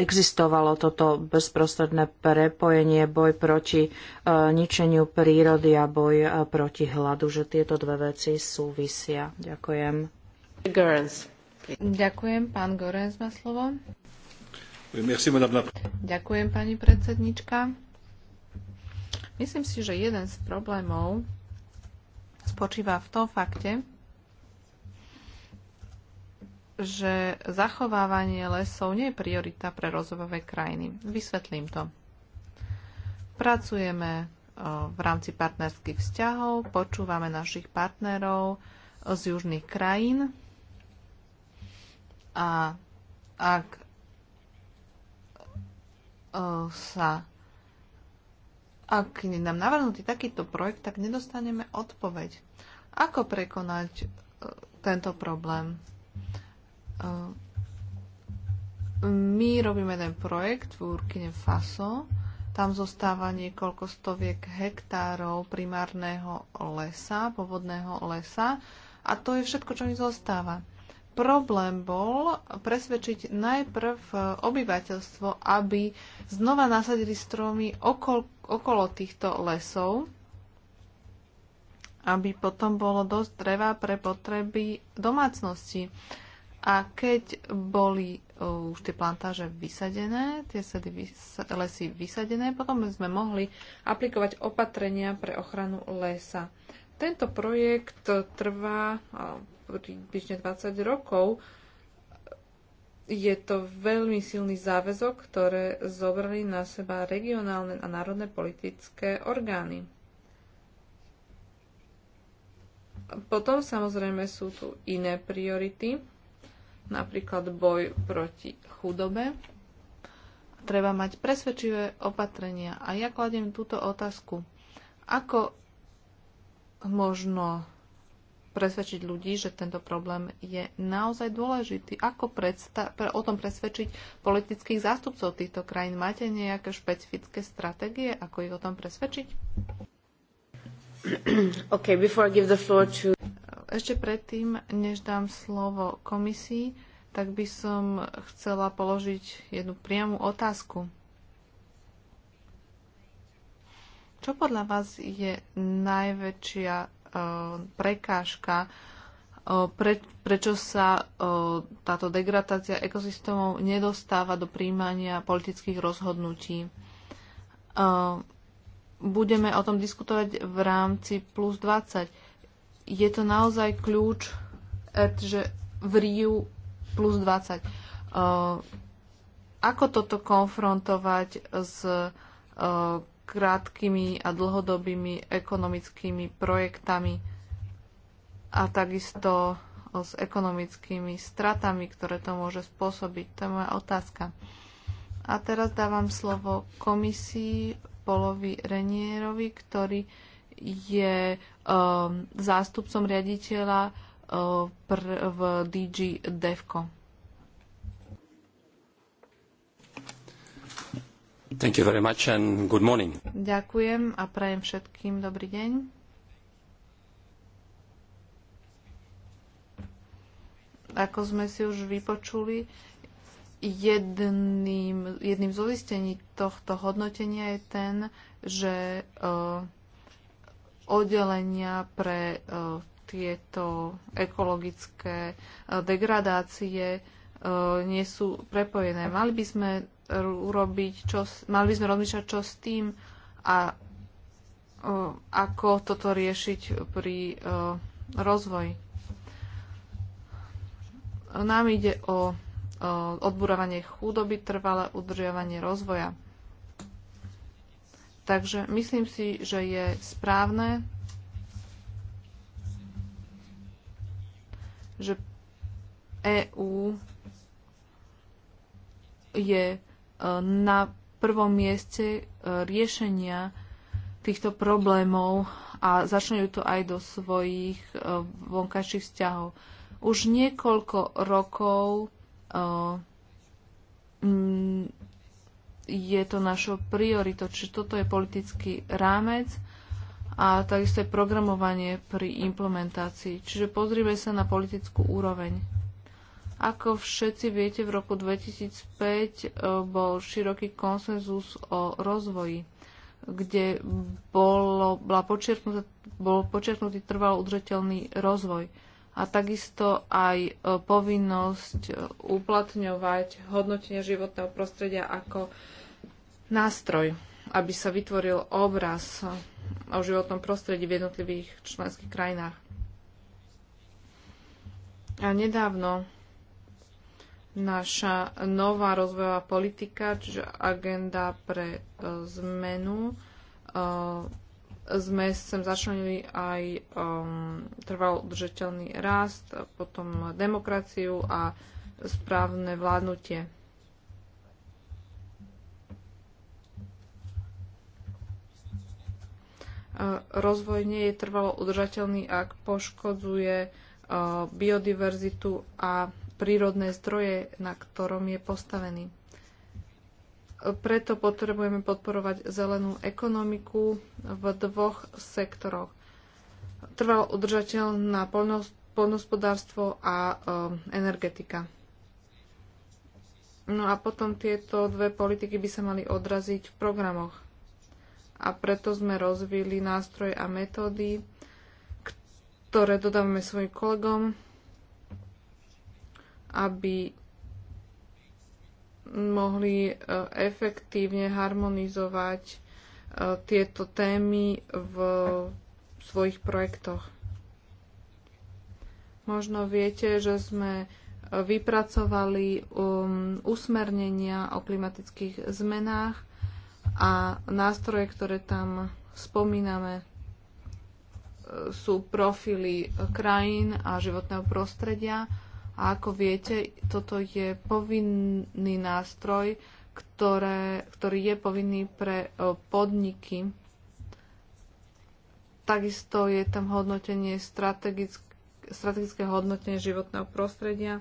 existovalo toto bezprostredné prepojenie boj proti ničeniu prírody a boj proti hladu, že tieto dve veci súvisia. Ďakujem. Girls. Ďakujem, pán Gorenz má slovo. Merci, Ďakujem, pani predsednička. Myslím si, že jeden z problémov spočíva v tom fakte, že zachovávanie lesov nie je priorita pre rozvojové krajiny. Vysvetlím to. Pracujeme e, v rámci partnerských vzťahov, počúvame našich partnerov z južných krajín a ak e, sa ak je nám navrhnutý takýto projekt, tak nedostaneme odpoveď. Ako prekonať e, tento problém? E, my robíme ten projekt v Urkine Faso. Tam zostáva niekoľko stoviek hektárov primárneho lesa, povodného lesa. A to je všetko, čo mi zostáva problém bol presvedčiť najprv eh, obyvateľstvo, aby znova nasadili stromy okol, okolo týchto lesov, aby potom bolo dosť dreva pre potreby domácnosti. A keď boli uh, už tie plantáže vysadené, tie sedy lesy vysadené, potom sme mohli aplikovať opatrenia pre ochranu lesa. Tento projekt trvá, eh, približne 20 rokov. Je to veľmi silný záväzok, ktoré zobrali na seba regionálne a národné politické orgány. Potom samozrejme sú tu iné priority, napríklad boj proti chudobe. Treba mať presvedčivé opatrenia. A ja kladem túto otázku. Ako možno presvedčiť ľudí, že tento problém je naozaj dôležitý. Ako predsta- pre- o tom presvedčiť politických zástupcov týchto krajín? Máte nejaké špecifické stratégie, ako ich o tom presvedčiť? Okay, before I give the floor to... Ešte predtým, než dám slovo komisii, tak by som chcela položiť jednu priamu otázku. Čo podľa vás je najväčšia Eh, prekážka, eh, pre, prečo sa eh, táto degradácia ekosystémov nedostáva do príjmania politických rozhodnutí. Budeme o tom diskutovať v rámci plus 20. Je to naozaj kľúč, že v Riu plus 20 ako toto konfrontovať s krátkými a dlhodobými ekonomickými projektami a takisto s ekonomickými stratami, ktoré to môže spôsobiť. To je moja otázka. A teraz dávam slovo komisii Polovi Renierovi, ktorý je um, zástupcom riaditeľa uh, pr- v DG DEVCO. Thank you very much and good morning. Ďakujem a prajem všetkým dobrý deň. Ako sme si už vypočuli, jedným, jedným z uistení tohto hodnotenia je ten, že uh, oddelenia pre uh, tieto ekologické uh, degradácie nie sú prepojené. Mali by sme urobiť, čo, mali by sme rozmýšľať, čo s tým a uh, ako toto riešiť pri uh, rozvoji. Nám ide o uh, odburávanie chudoby, trvalé udržiavanie rozvoja. Takže myslím si, že je správne, že EÚ je na prvom mieste e, riešenia týchto problémov a začnú to aj do svojich e, vonkajších vzťahov. Už niekoľko rokov e, je to našou prioritou, čiže toto je politický rámec a takisto je programovanie pri implementácii. Čiže pozrime sa na politickú úroveň. Ako všetci viete, v roku 2005 e, bol široký konsenzus o rozvoji, kde bolo, bola bol počerknutý trvalo udržateľný rozvoj a takisto aj e, povinnosť e, uplatňovať hodnotenie životného prostredia ako nástroj, aby sa vytvoril obraz o životnom prostredí v jednotlivých členských krajinách. A nedávno naša nová rozvojová politika, čiže agenda pre e, zmenu. E, sme sem začlenili aj um, trvalo udržateľný rast, potom demokraciu a správne vládnutie. E, rozvoj nie je trvalo udržateľný, ak poškodzuje biodiverzitu a prírodné zdroje, na ktorom je postavený. Preto potrebujeme podporovať zelenú ekonomiku v dvoch sektoroch. Trvalo na poľnohospodárstvo a e, energetika. No a potom tieto dve politiky by sa mali odraziť v programoch. A preto sme rozvíjili nástroje a metódy, ktoré dodávame svojim kolegom, aby mohli e, efektívne harmonizovať e, tieto témy v svojich projektoch. Možno viete, že sme e, vypracovali um, usmernenia o klimatických zmenách a nástroje, ktoré tam spomíname, sú profily krajín a životného prostredia a ako viete, toto je povinný nástroj, ktoré, ktorý je povinný pre e, podniky. Takisto je tam hodnotenie strategické, strategické hodnotenie životného prostredia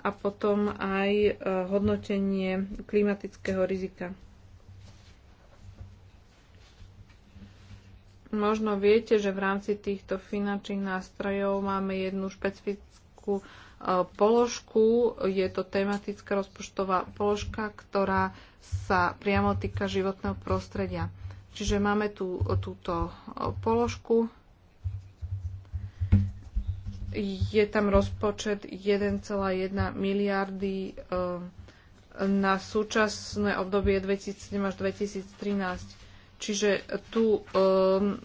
a potom aj e, hodnotenie klimatického rizika. Možno viete, že v rámci týchto finančných nástrojov máme jednu špecifickú položku. Je to tematická rozpočtová položka, ktorá sa priamo týka životného prostredia. Čiže máme tu túto e, položku. Je tam rozpočet 1,1 miliardy e, na súčasné obdobie 2007 až 2013. Čiže tu e,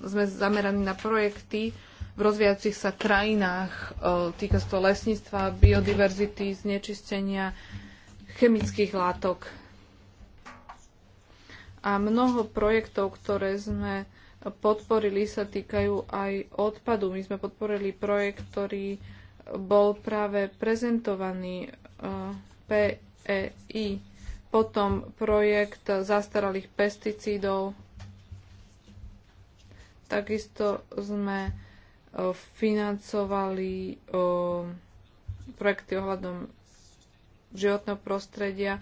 sme zameraní na projekty, v rozvíjajúcich sa krajinách. E, týka sa to lesníctva, biodiverzity, znečistenia, chemických látok. A mnoho projektov, ktoré sme podporili, sa týkajú aj odpadu. My sme podporili projekt, ktorý bol práve prezentovaný e, PEI, potom projekt zastaralých pesticídov. Takisto sme E, financovali e, projekty ohľadom životného prostredia, e,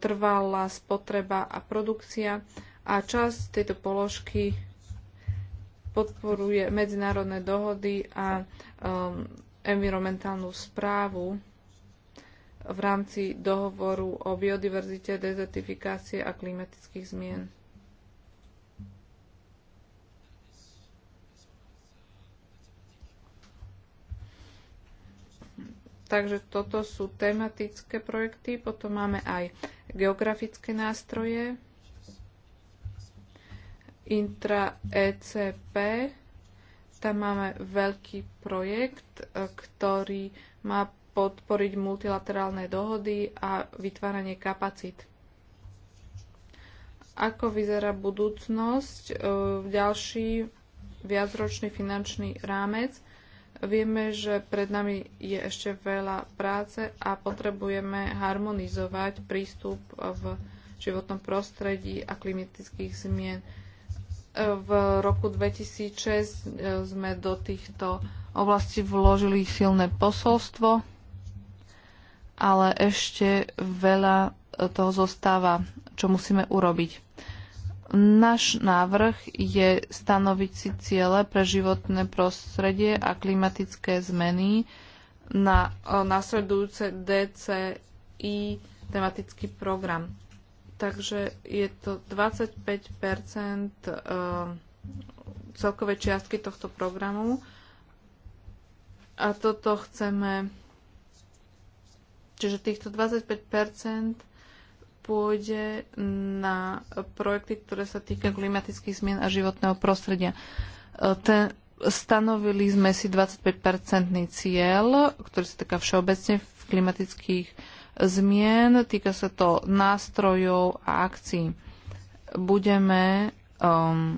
trvalá spotreba a produkcia a časť tejto položky podporuje medzinárodné dohody a um, environmentálnu správu v rámci dohovoru o biodiverzite, dezertifikácie a klimatických zmien. Takže toto sú tematické projekty, potom máme aj geografické nástroje, intra ECP, tam máme veľký projekt, e, ktorý má podporiť multilaterálne dohody a vytváranie kapacít. Ako vyzerá budúcnosť? E, ďalší viacročný finančný rámec – Vieme, že pred nami je ešte veľa práce a potrebujeme harmonizovať prístup v životnom prostredí a klimatických zmien. V roku 2006 e, sme do týchto oblastí vložili silné posolstvo, ale ešte veľa toho zostáva, čo musíme urobiť. Náš návrh je stanoviť si ciele pre životné prostredie a klimatické zmeny na nasledujúce DCI tematický program. Takže je to 25 e, celkovej čiastky tohto programu a toto chceme, čiže týchto 25 pôjde na projekty, ktoré sa týkajú klimatických zmien a životného prostredia. E, Ten, stanovili sme si 25-percentný cieľ, ktorý sa týka všeobecne v klimatických zmien. Týka sa to nástrojov a akcií. Budeme um,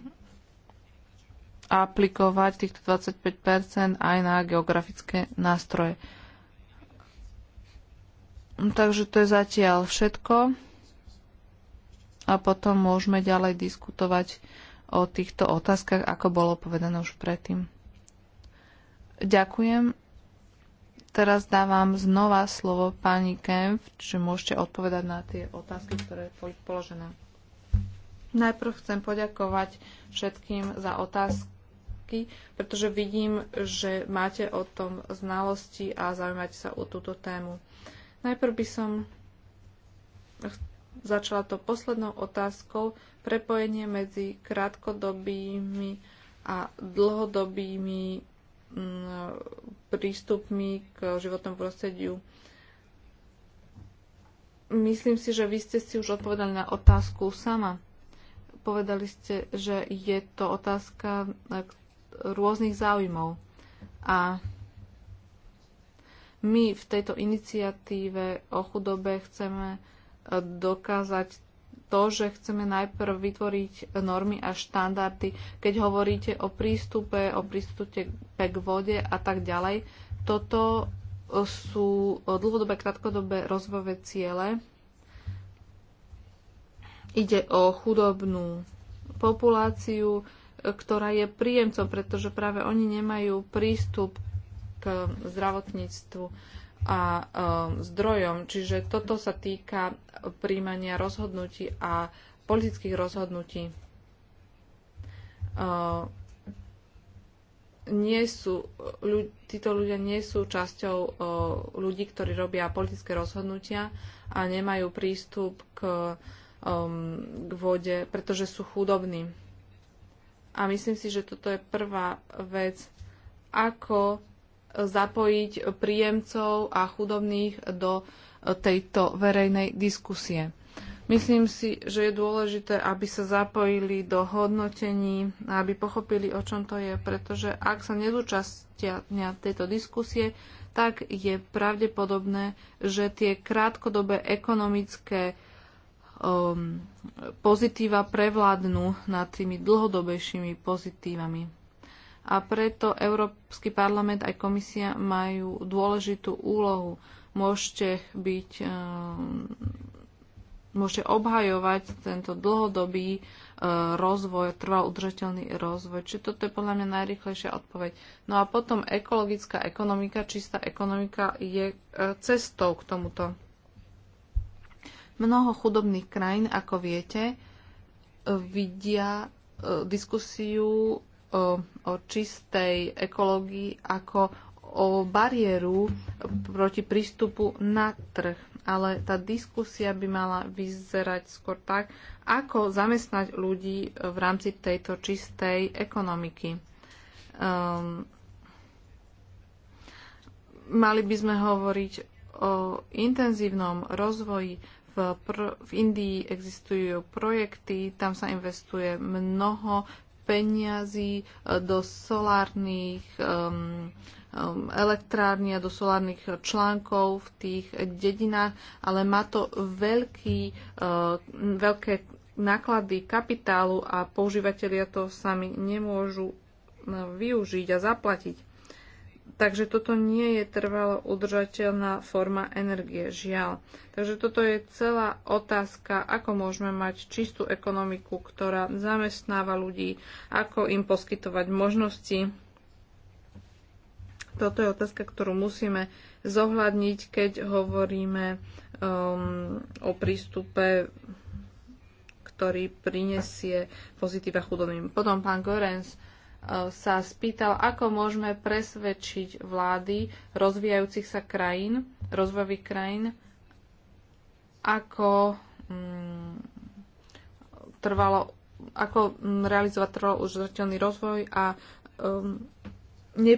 aplikovať týchto 25 aj na geografické nástroje. Takže to je zatiaľ všetko a potom môžeme ďalej diskutovať o týchto otázkach, ako bolo povedané už predtým. Ďakujem. Teraz dávam znova slovo pani Kemp, že môžete odpovedať na tie otázky, ktoré boli položené. Najprv chcem poďakovať všetkým za otázky, pretože vidím, že máte o tom znalosti a zaujímate sa o túto tému. Najprv by som začala to poslednou otázkou, prepojenie medzi krátkodobými a dlhodobými mm, prístupmi k životnému prostrediu. Myslím si, že vy ste si už odpovedali na otázku sama. Povedali ste, že je to otázka e, rôznych záujmov. A my v tejto iniciatíve o chudobe chceme dokázať to, že chceme najprv vytvoriť normy a štandardy. Keď hovoríte o prístupe, o prístupe k vode a tak ďalej, toto sú dlhodobé, krátkodobé rozvojové ciele. Ide o chudobnú populáciu, ktorá je príjemcom, pretože práve oni nemajú prístup k zdravotníctvu a e, zdrojom. Čiže toto sa týka príjmania rozhodnutí a politických rozhodnutí. E, nie sú, ľud, títo ľudia nie sú časťou e, ľudí, ktorí robia politické rozhodnutia a nemajú prístup k, k vode, pretože sú chudobní. A myslím si, že toto je prvá vec, ako zapojiť príjemcov a chudobných do e, tejto verejnej diskusie. Myslím si, že je dôležité, aby sa zapojili do hodnotení, aby pochopili, o čom to je, pretože ak sa nezúčastnia tejto diskusie, tak je pravdepodobné, že tie krátkodobé ekonomické um, pozitíva prevládnu nad tými dlhodobejšími pozitívami a preto Európsky parlament aj komisia majú dôležitú úlohu. Môžete byť ehm, môže obhajovať tento dlhodobý e, rozvoj, trval udržateľný rozvoj. Čiže toto je podľa mňa najrychlejšia odpoveď. No a potom ekologická ekonomika, čistá ekonomika je e, cestou k tomuto. Mnoho chudobných krajín, ako viete, e, vidia diskusiu o, o čistej ekológii ako o bariéru proti prístupu na trh. Ale tá diskusia by mala vyzerať skôr tak, ako zamestnať ľudí v rámci tejto čistej ekonomiky. Um, mali by sme hovoriť o intenzívnom rozvoji. V, pr- v Indii existujú projekty, tam sa investuje mnoho peniazy e, do solárnych um, elektrární a do solárnych článkov v tých dedinách, ale má to veľký, uh, veľké náklady kapitálu a používateľia to sami nemôžu využiť a zaplatiť. Takže toto nie je trvalo udržateľná forma energie, žiaľ. Takže toto je celá otázka, ako môžeme mať čistú ekonomiku, ktorá zamestnáva ľudí, ako im poskytovať možnosti. Toto je otázka, ktorú musíme zohľadniť, keď hovoríme um, o prístupe, ktorý prinesie pozitíva chudobným. Potom pán Gorens Eh, sa spýtal, ako môžeme presvedčiť vlády rozvíjajúcich sa krajín, rozvojových krajín, ako mm, trvalo, ako mm, realizovať trvalo udržateľný rozvoj a um, ne,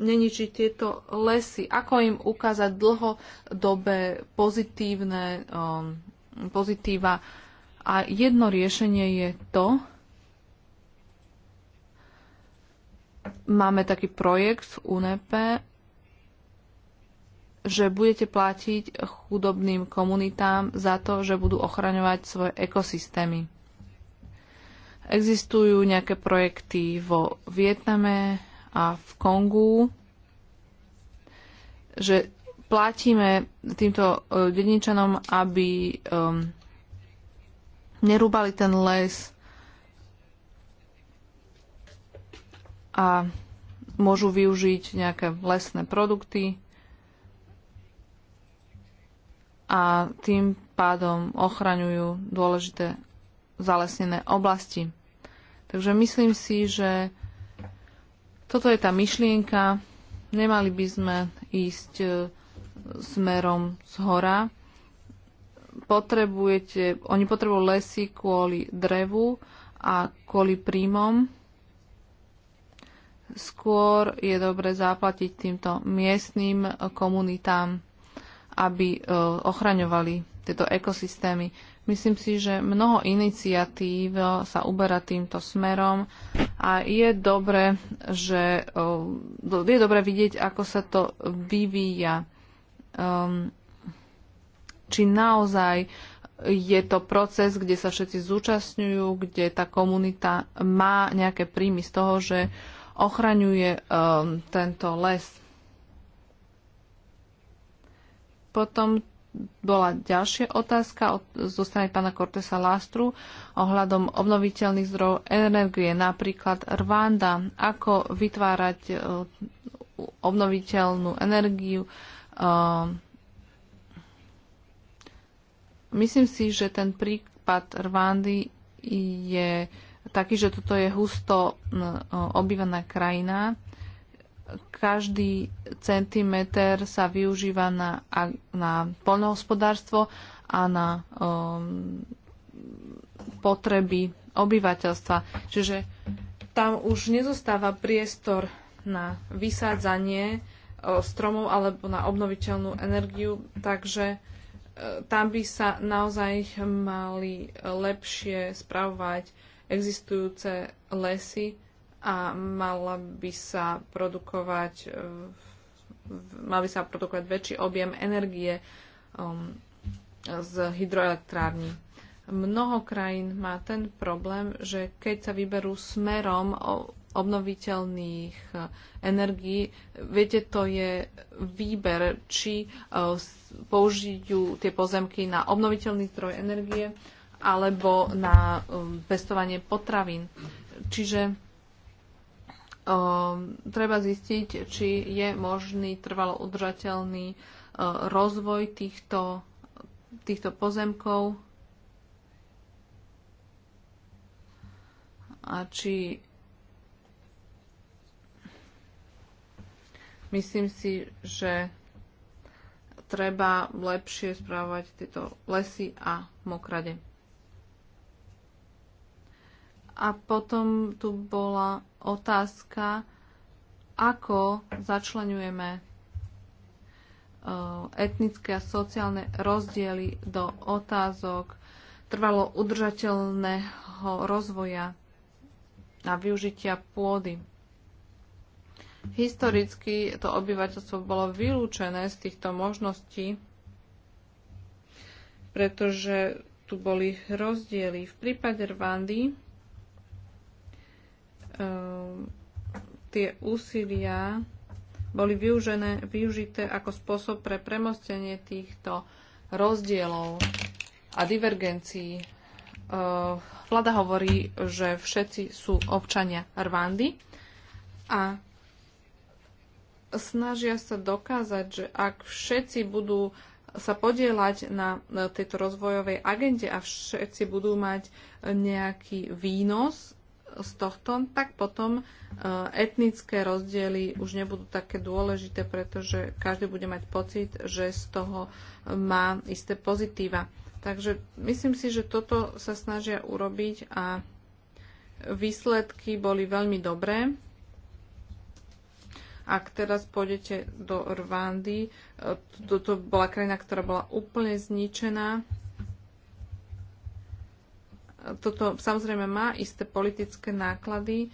neničiť tieto lesy, ako im ukázať dlhodobé pozitívne um, pozitíva. A jedno riešenie je to, máme taký projekt v UNEP, že budete platiť chudobným komunitám za to, že budú ochraňovať svoje ekosystémy. Existujú nejaké projekty vo Vietname a v Kongu, že platíme týmto eh, dedinčanom, aby um, nerúbali ten les, a môžu využiť nejaké lesné produkty a tým pádom ochraňujú dôležité zalesnené oblasti. Takže myslím si, že toto je tá myšlienka. Nemali by sme ísť e, smerom z hora. Potrebujete, oni potrebujú lesy kvôli drevu a kvôli príjmom Skôr je dobre zaplatiť týmto miestnym komunitám, aby e, ochraňovali tieto ekosystémy. Myslím si, že mnoho iniciatív e, sa uberá týmto smerom a je dobre, že, e, je dobre vidieť, ako sa to vyvíja. Ehm, či naozaj je to proces, kde sa všetci zúčastňujú, kde tá komunita má nejaké príjmy z toho, že uh, ochraňuje um, tento les. Potom bola ďalšia otázka od, zo strany pána Cortesa Lastru ohľadom obnoviteľných zdrojov energie, napríklad Rwanda, ako vytvárať uh, obnoviteľnú energiu. Uh, myslím si, že ten príklad prípad Rwandy je taký, že toto je husto obývaná krajina. Každý centimeter sa využíva na, na poľnohospodárstvo a na um, potreby obyvateľstva. Čiže tam už nezostáva priestor na vysádzanie e, stromov alebo na obnoviteľnú energiu, takže e, tam by sa naozaj mali lepšie spravovať existujúce lesy a mala by sa produkovať eh, mal by sa produkovať väčší objem energie um, z hydroelektrární. Mnoho krajín má ten problém, že keď sa vyberú smerom obnoviteľných eh, energií, viete, to je výber, či uh, použijú tie pozemky na obnoviteľný zdroj energie, alebo na um, pestovanie potravín. Čiže um, treba zistiť, či je možný trvalo udržateľný uh, rozvoj týchto, týchto pozemkov a či myslím si, že treba lepšie správať tieto lesy a mokrade. A potom tu bola otázka, ako začlenujeme e, etnické a sociálne rozdiely do otázok trvalo udržateľného rozvoja a využitia pôdy. Historicky to obyvateľstvo bolo vylúčené z týchto možností, pretože tu boli rozdiely. V prípade Rwandy Ehm, tie úsilia boli využené, využité ako spôsob pre premostenie týchto rozdielov a divergencií. Ehm, vláda hovorí, že všetci sú občania Rwandy a snažia sa dokázať, že ak všetci budú sa podielať na tejto rozvojovej agende a všetci budú mať nejaký výnos z tohto, tak potom e, etnické rozdiely už nebudú také dôležité, pretože každý bude mať pocit, že z toho e, má isté pozitíva. Takže myslím si, že toto sa snažia urobiť a výsledky boli veľmi dobré. Ak teraz pôjdete do Rwandy, e, toto bola krajina, ktorá bola úplne zničená toto samozrejme má isté politické náklady,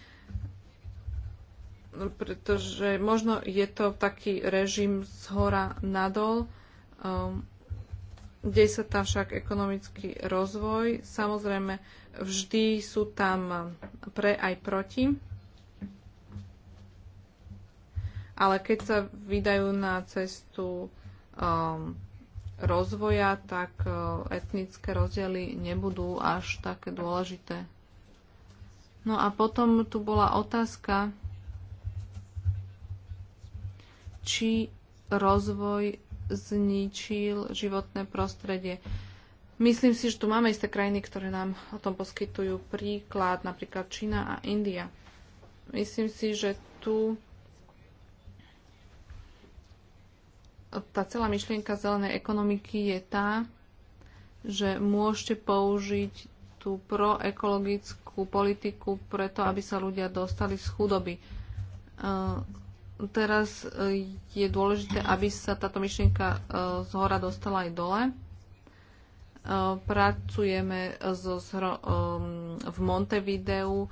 pretože možno je to taký režim z hora nadol, kde ehm, sa tam však ekonomický rozvoj. Samozrejme, vždy sú tam pre aj proti. Ale keď sa vydajú na cestu um, rozvoja, tak e, etnické rozdiely nebudú až také dôležité. No a potom tu bola otázka, či rozvoj zničil životné prostredie. Myslím si, že tu máme isté krajiny, ktoré nám o tom poskytujú príklad, napríklad Čína a India. Myslím si, že tu tá celá myšlienka zelenej ekonomiky je tá, že môžete použiť tú proekologickú politiku preto, aby sa ľudia dostali z chudoby. E, teraz e, je dôležité, aby sa táto myšlienka e, z hora dostala aj dole. Pracujeme v Montevideu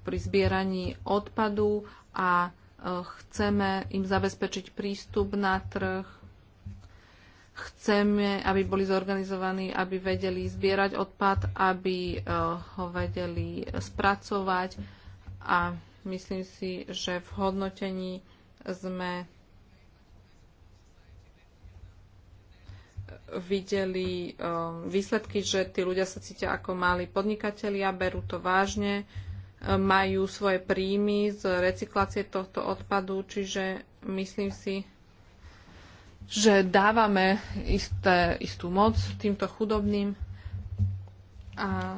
pri zbieraní odpadu a Chceme im zabezpečiť prístup na trh, chceme, aby boli zorganizovaní, aby vedeli zbierať odpad, aby eh, ho vedeli spracovať a myslím si, že v hodnotení sme eh, videli eh, výsledky, že tí ľudia sa cítia ako malí podnikatelia, berú to vážne majú svoje príjmy z recyklácie tohto odpadu, čiže myslím si, že dávame isté, istú moc týmto chudobným a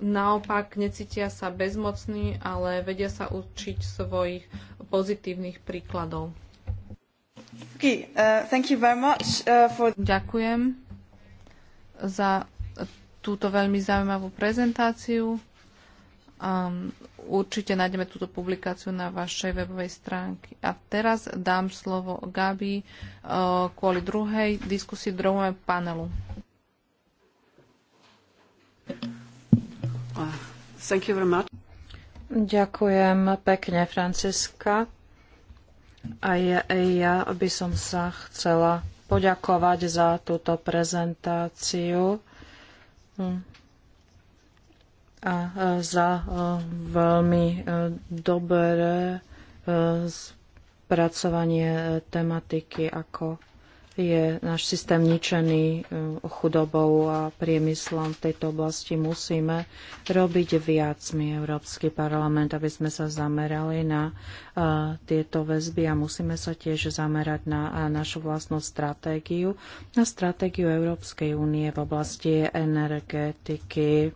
naopak necítia sa bezmocní, ale vedia sa učiť svojich pozitívnych príkladov. Okay, uh, much, uh, for... Ďakujem za túto veľmi zaujímavú prezentáciu. Um, určite nájdeme túto publikáciu na vašej webovej stránke. A teraz dám slovo Gabi uh, kvôli druhej diskusii, druhého panelu. Ah, Ďakujem pekne, Franciska. Aj ja by som sa chcela poďakovať za túto prezentáciu. Hm a e, za e, veľmi e, dobré spracovanie tematiky, ako je náš systém ničený chudobou a priemyslom v tejto oblasti. Musíme robiť viac my, Európsky parlament, aby sme sa zamerali na tieto väzby a musíme sa tiež zamerať na našu vlastnú stratégiu, na stratégiu Európskej únie v oblasti energetiky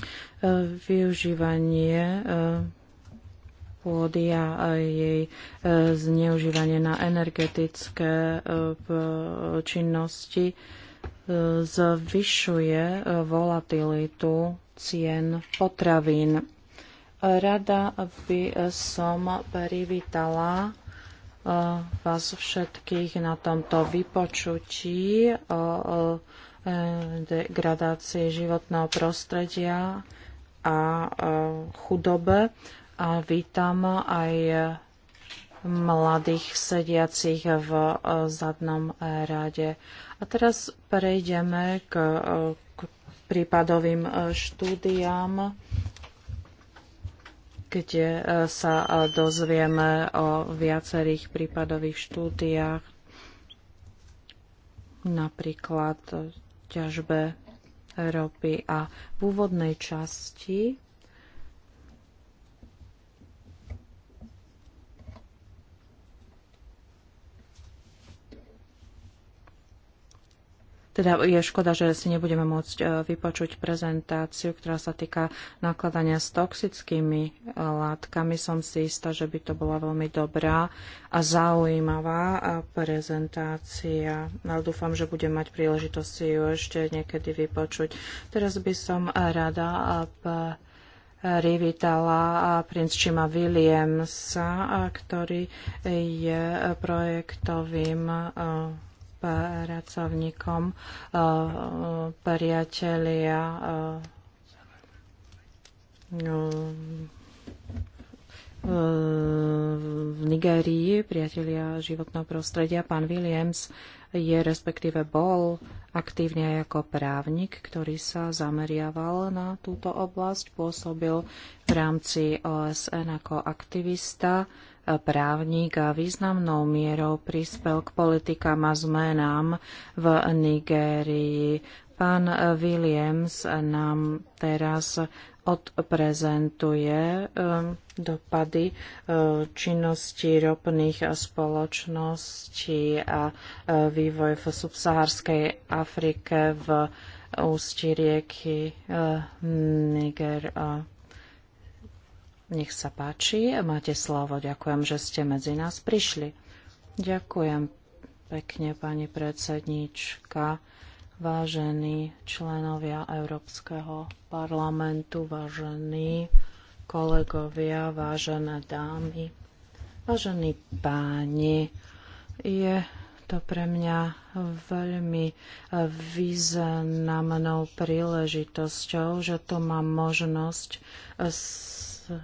E, využívanie e, pôdy a jej e, zneužívanie na energetické činnosti zvyšuje volatilitu cien potravín. Rada by som privítala vás všetkých na tomto vypočutí o E, degradácie životného prostredia a e, chudobe. A vítam aj mladých sediacich v e, zadnom rade. A teraz prejdeme k, k prípadovým štúdiám, kde sa dozvieme o viacerých prípadových štúdiách, napríklad ťažbe ropy. A v úvodnej časti Teda je škoda, že si nebudeme môcť e, vypočuť prezentáciu, ktorá sa týka nakladania s toxickými e, látkami. Som si istá, že by to bola veľmi dobrá a zaujímavá e, prezentácia. Ale dúfam, že budem mať príležitosť si ju ešte niekedy vypočuť. Teraz by som rada privítala Čima Williamsa, ktorý je projektovým pracovníkom, e, priatelia, e, no, v Nigérii, priatelia životného prostredia, pán Williams je respektíve bol aktívne aj ako právnik, ktorý sa zameriaval na túto oblasť, pôsobil v rámci OSN ako aktivista právnik a významnou mierou prispel k politikám a zmenám v Nigérii. Pán Williams nám teraz odprezentuje um, dopady uh, činnosti ropných spoločností a uh, vývoj v subsaharskej Afrike v ústi rieky uh, Niger. Nech sa páči, máte slovo. Ďakujem, že ste medzi nás prišli. Ďakujem pekne, pani predsednička, vážení členovia Európskeho parlamentu, vážení kolegovia, vážené dámy, vážení páni. Je to pre mňa veľmi významnou príležitosťou, že tu mám možnosť s E,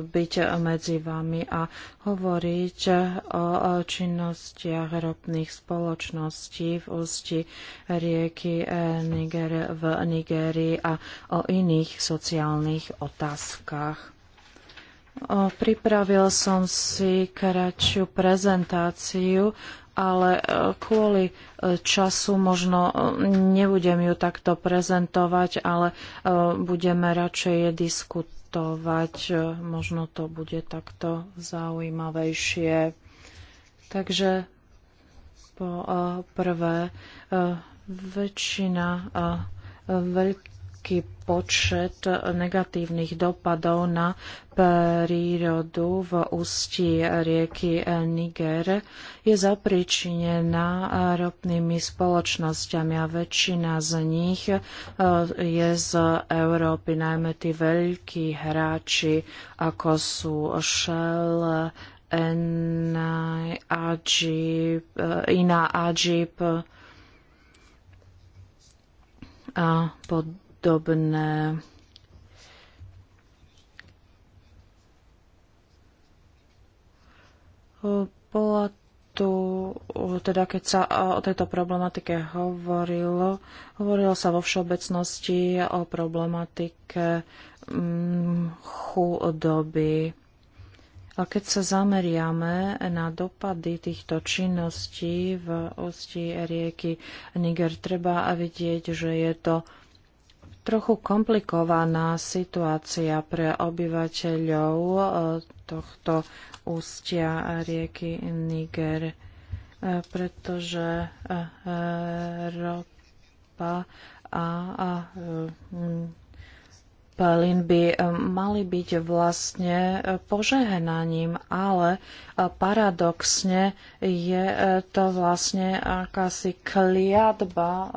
byť medzi vami a hovoriť o činnostiach ropných spoločností v ústi rieky e, Niger v Nigerii a o iných sociálnych otázkach. Pripravil som si kratšiu prezentáciu, ale e, kvôli času možno nebudem ju takto prezentovať, ale budeme radšej diskutovať diskutovať. Možno to bude takto zaujímavejšie. Takže po eh, prvé, eh, väčšina eh, veľkých nízky počet negatívnych dopadov na prírodu v ústí rieky Niger je zapričinená ropnými spoločnosťami a väčšina z nich e, je z Európy, najmä tí veľkí hráči, ako sú Shell, Ina Ajib a pod podobné. Bola tu, teda keď sa o tejto problematike hovorilo, hovorilo sa vo všeobecnosti o problematike mm, chudoby. A keď sa zameriame na dopady týchto činností v osti rieky Niger, treba vidieť, že je to trochu komplikovaná situácia pre obyvateľov e, tohto ústia rieky Niger, e, pretože e, ropa a plyn by mali byť vlastne požehnaním, ale paradoxne je to vlastne akási kliatba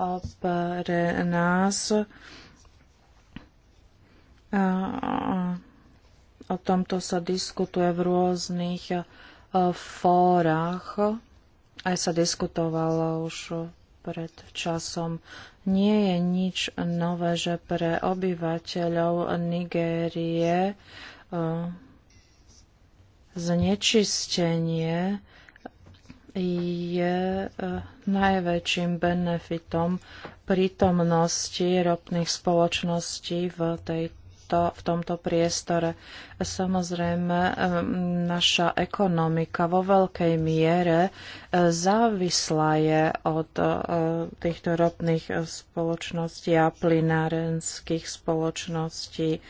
pre nás, O tomto sa diskutuje v rôznych fórach. Aj sa diskutovalo už pred časom. Nie je nič nové, že pre obyvateľov Nigérie znečistenie je najväčším benefitom prítomnosti ropných spoločností v tejto tomto, v tomto priestore. Samozrejme, naša ekonomika vo veľkej miere e, závislá je od e, týchto ropných spoločností a plinárenských spoločností.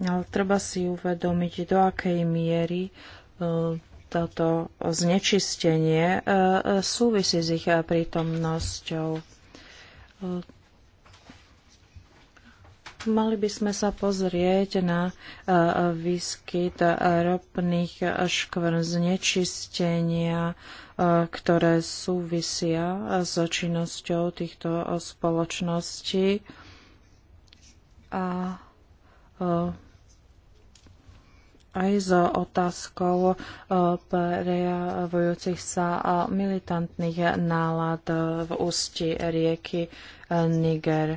Ale treba si uvedomiť, do akej miery e, toto znečistenie súvisí s ich prítomnosťou. Mali by sme sa pozrieť na e, výskyt ropných škvrn znečistenia, e, ktoré súvisia s činnosťou týchto spoločností. A e, aj s otázkou prejavujúcich sa militantných nálad v ústi rieky Niger.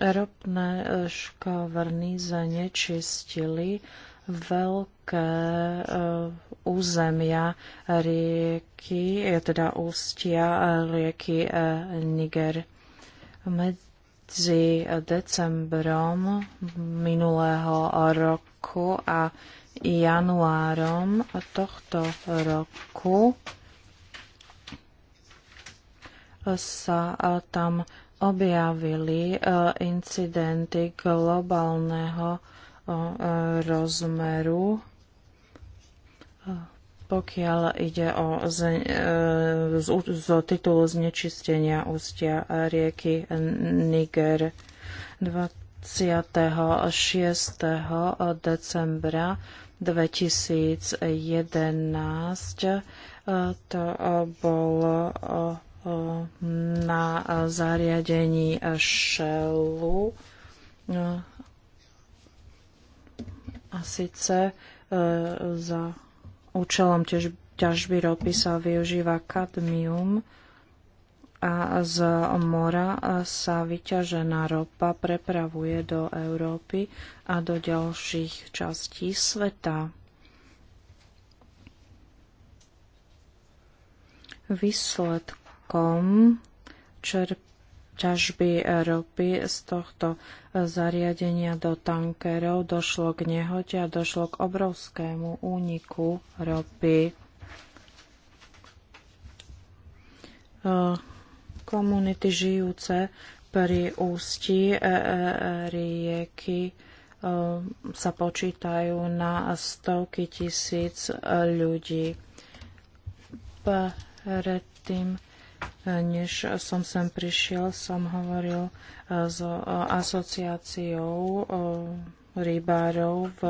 Ropné škavrny zanečistili veľké eh, územia rieky, teda ústia rieky eh, Niger. Medzi decembrom minulého roku a januárom tohto roku sa tam objavili e, incidenty globálneho e, rozmeru, e, pokiaľ ide o z, z, z titulu znečistenia ústia rieky Niger 26. decembra 2011 to bolo na zariadení Shellu. A síce e, za účelom tiež ťažby ropy sa využíva kadmium a z mora sa vyťažená ropa prepravuje do Európy a do ďalších častí sveta. Výsledkom celkom ťažby ropy z tohto e, zariadenia do tankerov došlo k nehode a došlo k obrovskému úniku ropy. E, komunity žijúce pri ústí e, rieky sa počítajú na stovky tisíc ľudí. Predtým než som sem prišiel, som hovoril eh, s eh, asociáciou eh, rybárov v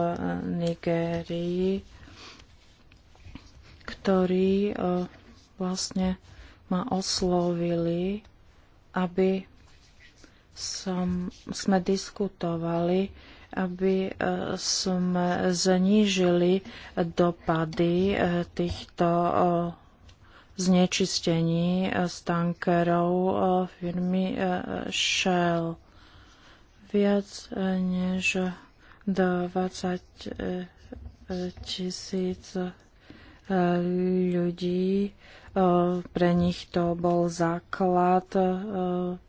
Nigérii, ktorí vlastne ma oslovili, aby som, sme diskutovali, aby sme znížili dopady týchto znečistení z eh, tankerov eh, firmy eh, Shell. Viac než 20 tisíc ľudí Eh, pre nich to bol základ eh,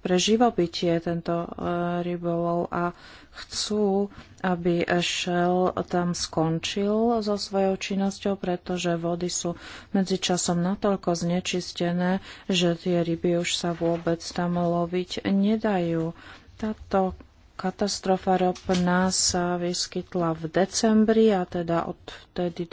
pre živobytie tento eh, rybolov a chcú, aby Shell tam skončil so svojou činnosťou, pretože vody sú medzičasom natoľko znečistené, že tie ryby už sa vôbec tam loviť nedajú. Táto katastrofa ropná sa vyskytla v decembri a teda odtedy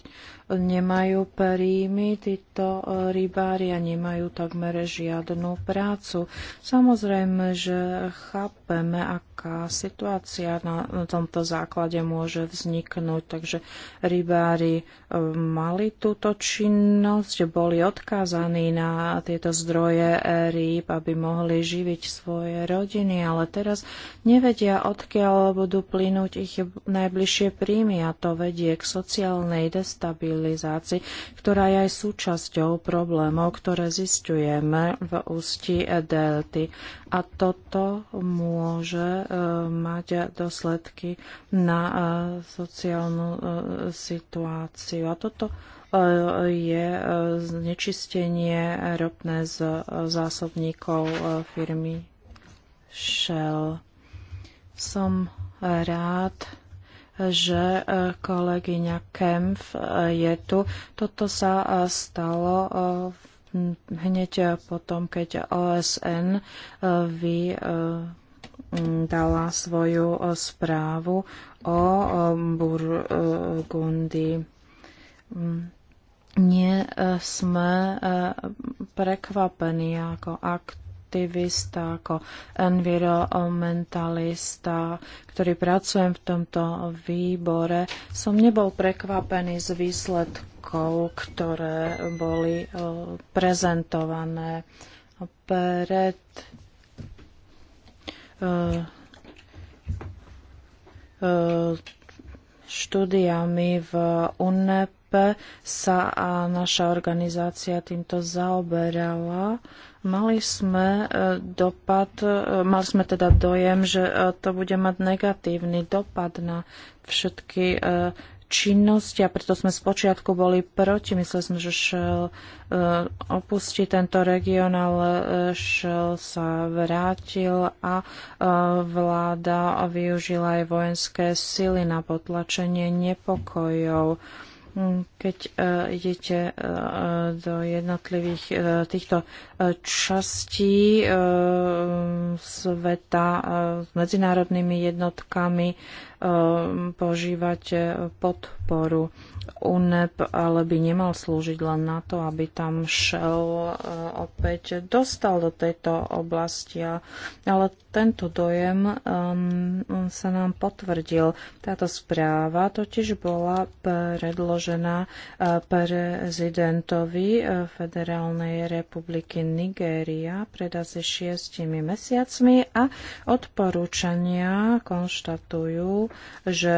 nemajú príjmy, títo e, rybári a nemajú takmer žiadnu prácu. Samozrejme, že chápeme, aká situácia na tomto základe môže vzniknúť, takže rybári e, mali túto činnosť, boli odkázaní na tieto zdroje rýb, aby mohli živiť svoje rodiny, ale teraz nevedia, odkiaľ budú plynúť ich najbližšie príjmy a to vedie k sociálnej destabilizácii civilizácií, ktorá je aj súčasťou problémov, ktoré zistujeme v ústí delty. A toto môže e, mať dosledky na e, sociálnu e, situáciu. A toto je znečistenie ropné z zásobníkov firmy Shell. Som rád, že e, kolegyňa Kempf e, je tu. Toto sa e, stalo hneď potom, keď OSN vy dala svoju správu o Burgundy. Nie sme prekvapení ako akt aktivista, ako environmentalista, ktorý pracujem v tomto výbore, som nebol prekvapený z výsledkov, ktoré boli e, prezentované pred e, e, štúdiami v UNEP sa a naša organizácia týmto zaoberala Mali sme e, dopad, e, mali sme teda dojem, že e, to bude mať negatívny dopad na všetky činnosti a preto sme spočiatku boli proti. Mysleli sme, že šel opustí tento región, ale šel sa vrátil a vláda využila aj vojenské sily na potlačenie nepokojov. Mm, keď e, idete e, e, do jednotlivých týchto častí sveta s medzinárodnými jednotkami, požívate podporu. UNEP ale by nemal slúžiť len na to, aby tam šel e, opäť dostal do tejto oblasti. Ale tento dojem um, sa nám potvrdil. Táto správa totiž bola predložená e, prezidentovi e, Federálnej republiky Nigéria pred asi šiestimi mesiacmi a odporúčania konštatujú, že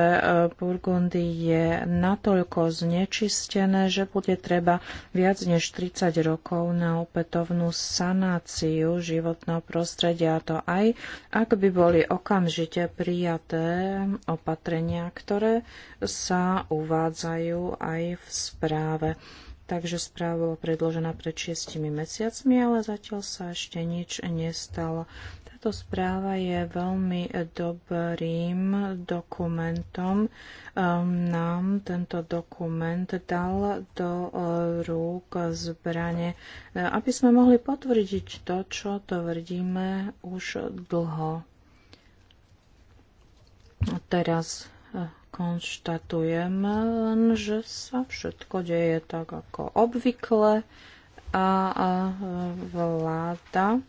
Burgundy je natoľko natoľko znečistené, že bude treba viac než 30 rokov na opätovnú sanáciu životného prostredia, a to aj ak by boli okamžite prijaté opatrenia, ktoré sa uvádzajú aj v správe. Takže správa bola predložená pred šiestimi mesiacmi, ale zatiaľ sa ešte nič nestalo. Táto správa je veľmi dobrým dokumentom. Ehm, nám tento dokument dal do e, rúk zbrane, e, aby sme mohli potvrdiť to, čo tvrdíme už dlho. Teraz e, konštatujem len, že sa všetko deje tak ako obvykle a vláda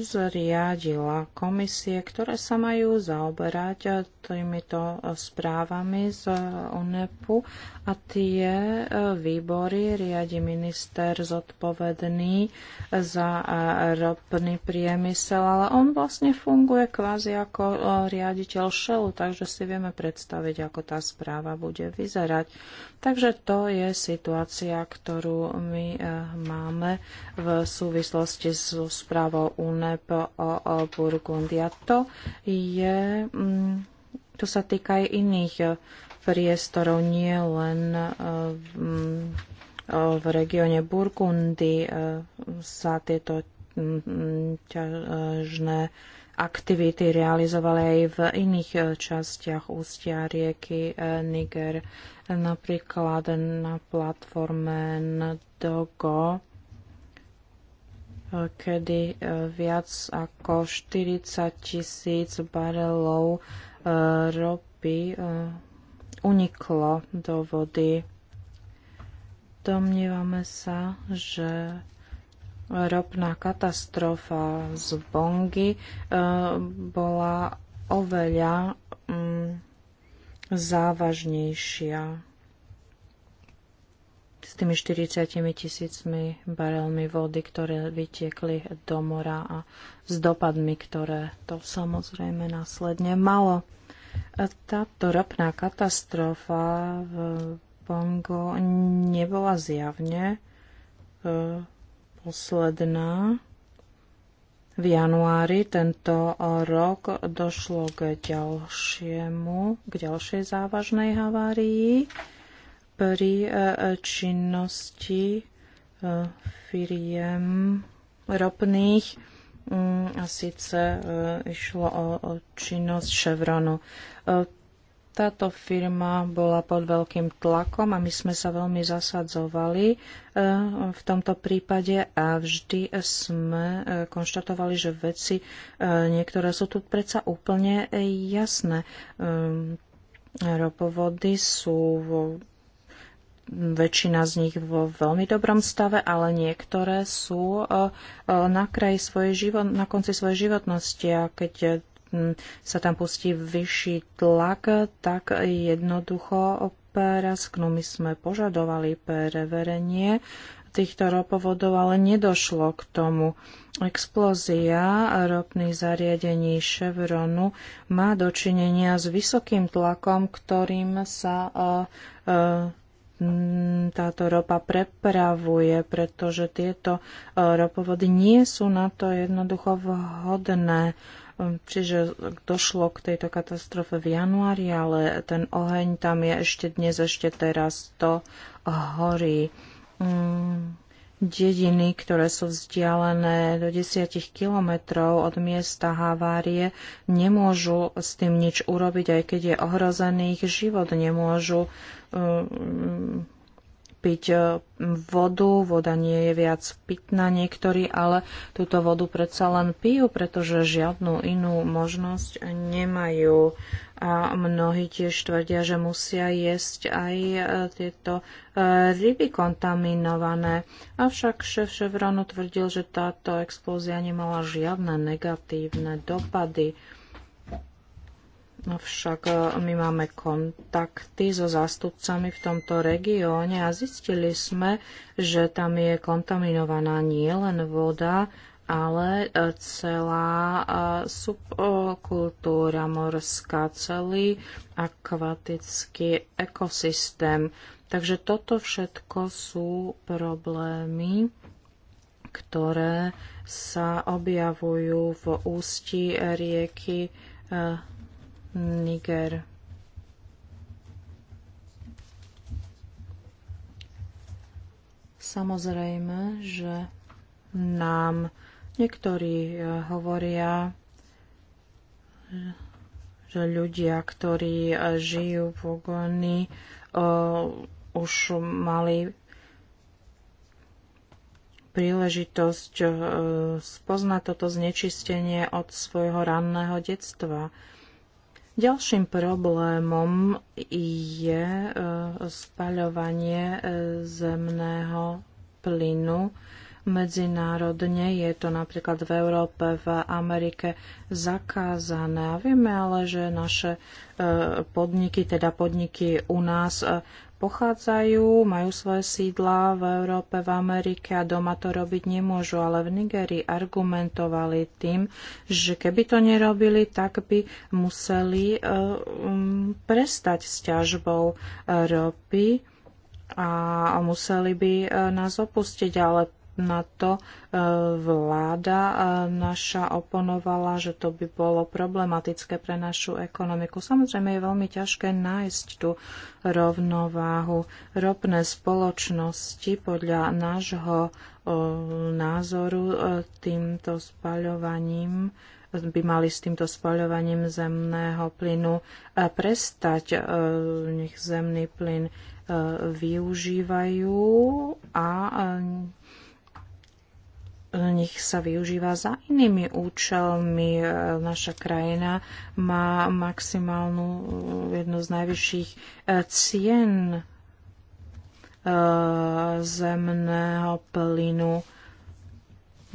zriadila komisie, ktoré sa majú zaoberať týmito správami z UNEPu a tie e, výbory riadi minister zodpovedný za e, ropný priemysel, ale on vlastne funguje kvázi ako e, riaditeľ šelu, takže si vieme predstaviť, ako tá správa bude vyzerať. Takže to je situácia, ktorú my máme v súvislosti so správou UNEP o Burgundia. To je, mm, to sa týka aj iných e, priestorov, nie len e, mm, e, v regióne Burgundy sa tieto mm, ťažné aktivity realizovali aj v iných častiach ústia rieky Niger, napríklad na platforme Ndogo kedy e, viac ako 40 tisíc barelov e, ropy e, uniklo do vody. Domnívame sa, že ropná katastrofa z Bongy bola oveľa mm, závažnejšia s tými 40 tisícmi barelmi vody, ktoré vytiekli do mora a s dopadmi, ktoré to samozrejme následne malo. Táto ropná katastrofa v Bongo nebola zjavne e, posledná. V januári tento rok došlo k, ďalšiemu, k ďalšej závažnej havárii pri e, e, činnosti e, firiem ropných mm, a síce išlo o činnosť Chevronu. Táto firma bola pod veľkým tlakom a my sme sa veľmi zasadzovali v tomto prípade a vždy sme konštatovali, že veci niektoré sú tu predsa úplne jasné ehm, ropovody sú väčšina z nich vo veľmi dobrom stave, ale niektoré sú e, e, na, kraji svoje život, na konci svojej životnosti a keď e, sa tam pustí vyšší tlak, tak jednoducho prasknú. My sme požadovali preverenie týchto ropovodov, ale nedošlo k tomu. Explózia ropných zariadení Chevronu má dočinenia s vysokým tlakom, ktorým sa uh, uh, táto ropa prepravuje, pretože tieto e, ropovody nie sú na to jednoducho vhodné. E, čiže došlo k tejto katastrofe v januári, ale ten oheň tam je ešte dnes, ešte teraz to horí. Mm, dediny, ktoré sú vzdialené do 10 kilometrov od miesta havárie, nemôžu s tým nič urobiť, aj keď je ohrozený ich život, nemôžu E, piť e, vodu. Voda nie je viac pitná niektorí, ale túto vodu predsa len pijú, pretože žiadnu inú možnosť nemajú. A mnohí tiež tvrdia, že musia jesť aj e, tieto ryby kontaminované. Avšak šéf Chevronu tvrdil, že táto explózia nemala žiadne negatívne dopady. Avšak e, my máme kontakty so zástupcami v tomto regióne a zistili sme, že tam je kontaminovaná nielen voda, ale e, celá e, subkultúra morská, celý akvatický ekosystém. Takže toto všetko sú problémy, ktoré sa objavujú v ústí rieky Niger. Samozrejme, že nám niektorí eh, hovoria, že ľudia, ktorí eh, žijú v Ogoni, eh, už mali príležitosť spoznať toto znečistenie od svojho ranného detstva. Ďalším problémom je e, spaľovanie e, zemného plynu. Medzinárodne je to napríklad v Európe, v Amerike zakázané. A vieme ale, že naše e, podniky, teda podniky u nás, pochádzajú, majú svoje sídla v Európe, v Amerike a doma to robiť nemôžu, ale v Nigerii argumentovali tým, že keby to nerobili, tak by museli e, um, prestať s ťažbou ropy a museli by e, nás opustiť, ale na to e, vláda e, naša oponovala, že to by bolo problematické pre našu ekonomiku. Samozrejme je veľmi ťažké nájsť tú rovnováhu. Ropné spoločnosti podľa nášho e, názoru týmto spaľovaním by mali s týmto spaľovaním zemného plynu prestať. Nech zemný plyn využívajú a nich sa využíva za inými účelmi. Naša krajina má maximálnu eh, jednu z najvyšších eh, cien eh, zemného plynu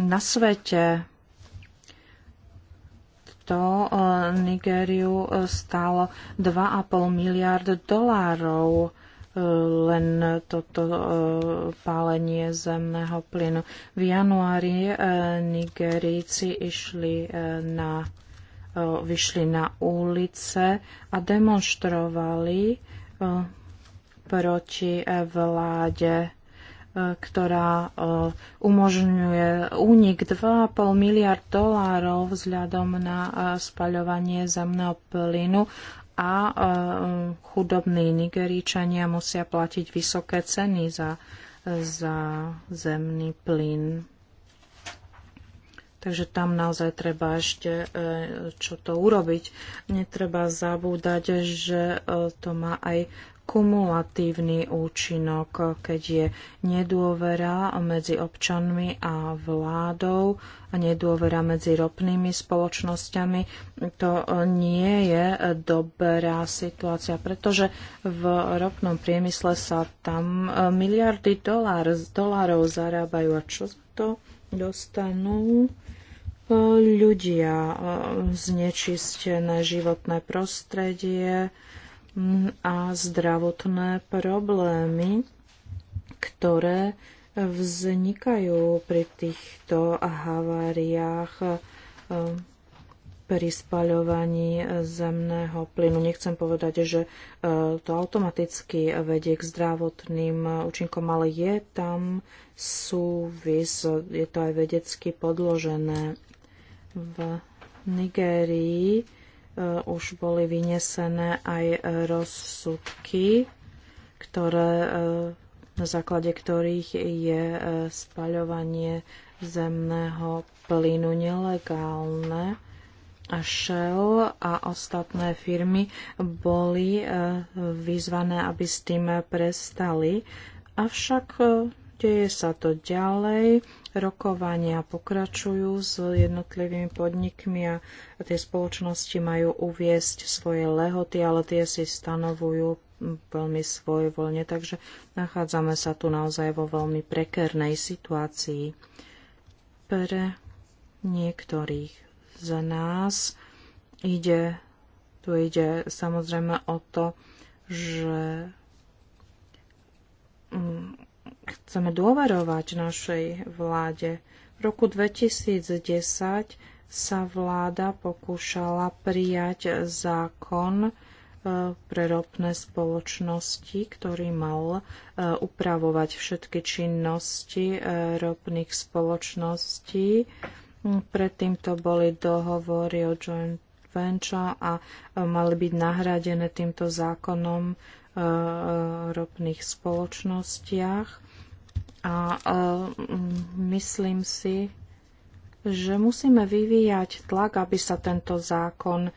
na svete. To Nigériu stálo 2,5 miliard dolárov len toto e, pálenie zemného plynu. V januári e, Nigeríci išli e, na, vyšli na ulice a demonstrovali proti vláde ktorá umožňuje únik 2,5 miliard dolárov vzhľadom na spaľovanie zemného plynu a e, chudobní Nigeričania musia platiť vysoké ceny za, za zemný plyn. Takže tam naozaj treba ešte e, čo to urobiť. Netreba zabúdať, že e, to má aj kumulatívny účinok, keď je nedôvera medzi občanmi a vládou a nedôvera medzi ropnými spoločnosťami. To nie je dobrá situácia, pretože v ropnom priemysle sa tam miliardy dolár, dolárov zarábajú. A čo to dostanú? ľudia, e, znečistené životné prostredie, a zdravotné problémy, ktoré vznikajú pri týchto haváriách eh, pri spaľovaní zemného plynu. Nechcem povedať, že eh, to automaticky vedie k zdravotným eh, účinkom, ale je tam súvis, je to aj vedecky podložené. V Nigérii Eh, už boli vynesené aj eh, rozsudky, ktoré, eh, na základe ktorých je spaľovanie zemného plynu nelegálne a Shell a ostatné firmy boli vyzvané, aby s tým prestali. Avšak deje sa to ďalej Rokovania pokračujú s jednotlivými podnikmi a tie spoločnosti majú uviesť svoje lehoty, ale tie si stanovujú veľmi svojvoľne, takže nachádzame sa tu naozaj vo veľmi prekernej situácii. Pre niektorých z nás ide, tu ide samozrejme o to, že mm, chceme dôverovať našej vláde. V roku 2010 sa vláda pokúšala prijať zákon e, pre ropné spoločnosti, ktorý mal e, upravovať všetky činnosti e, ropných spoločností. Predtým to boli dohovory o joint venture a mali byť nahradené týmto zákonom ropných spoločnostiach. A, a myslím si, že musíme vyvíjať tlak, aby sa tento zákon e,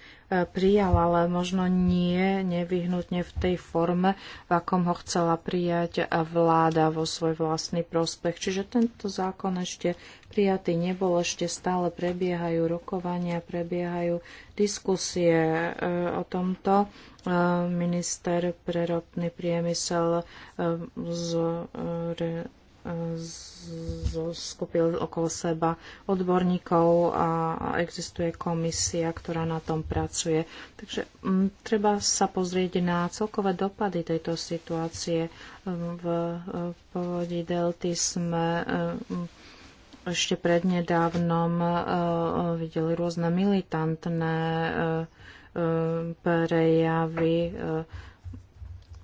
prijal, ale možno nie nevyhnutne v tej forme, v akom ho chcela prijať vláda vo svoj vlastný prospech. Čiže tento zákon ešte prijatý nebol, ešte stále prebiehajú rokovania, prebiehajú diskusie e, o tomto. E, minister pre ropný priemysel z zoskupil okolo seba odborníkov a existuje komisia, ktorá na tom pracuje. Takže m, mm, treba sa pozrieť na celkové dopady tejto situácie. Mm, v e, povodí delty sme m, e, ešte prednedávnom e, videli rôzne militantné prejavy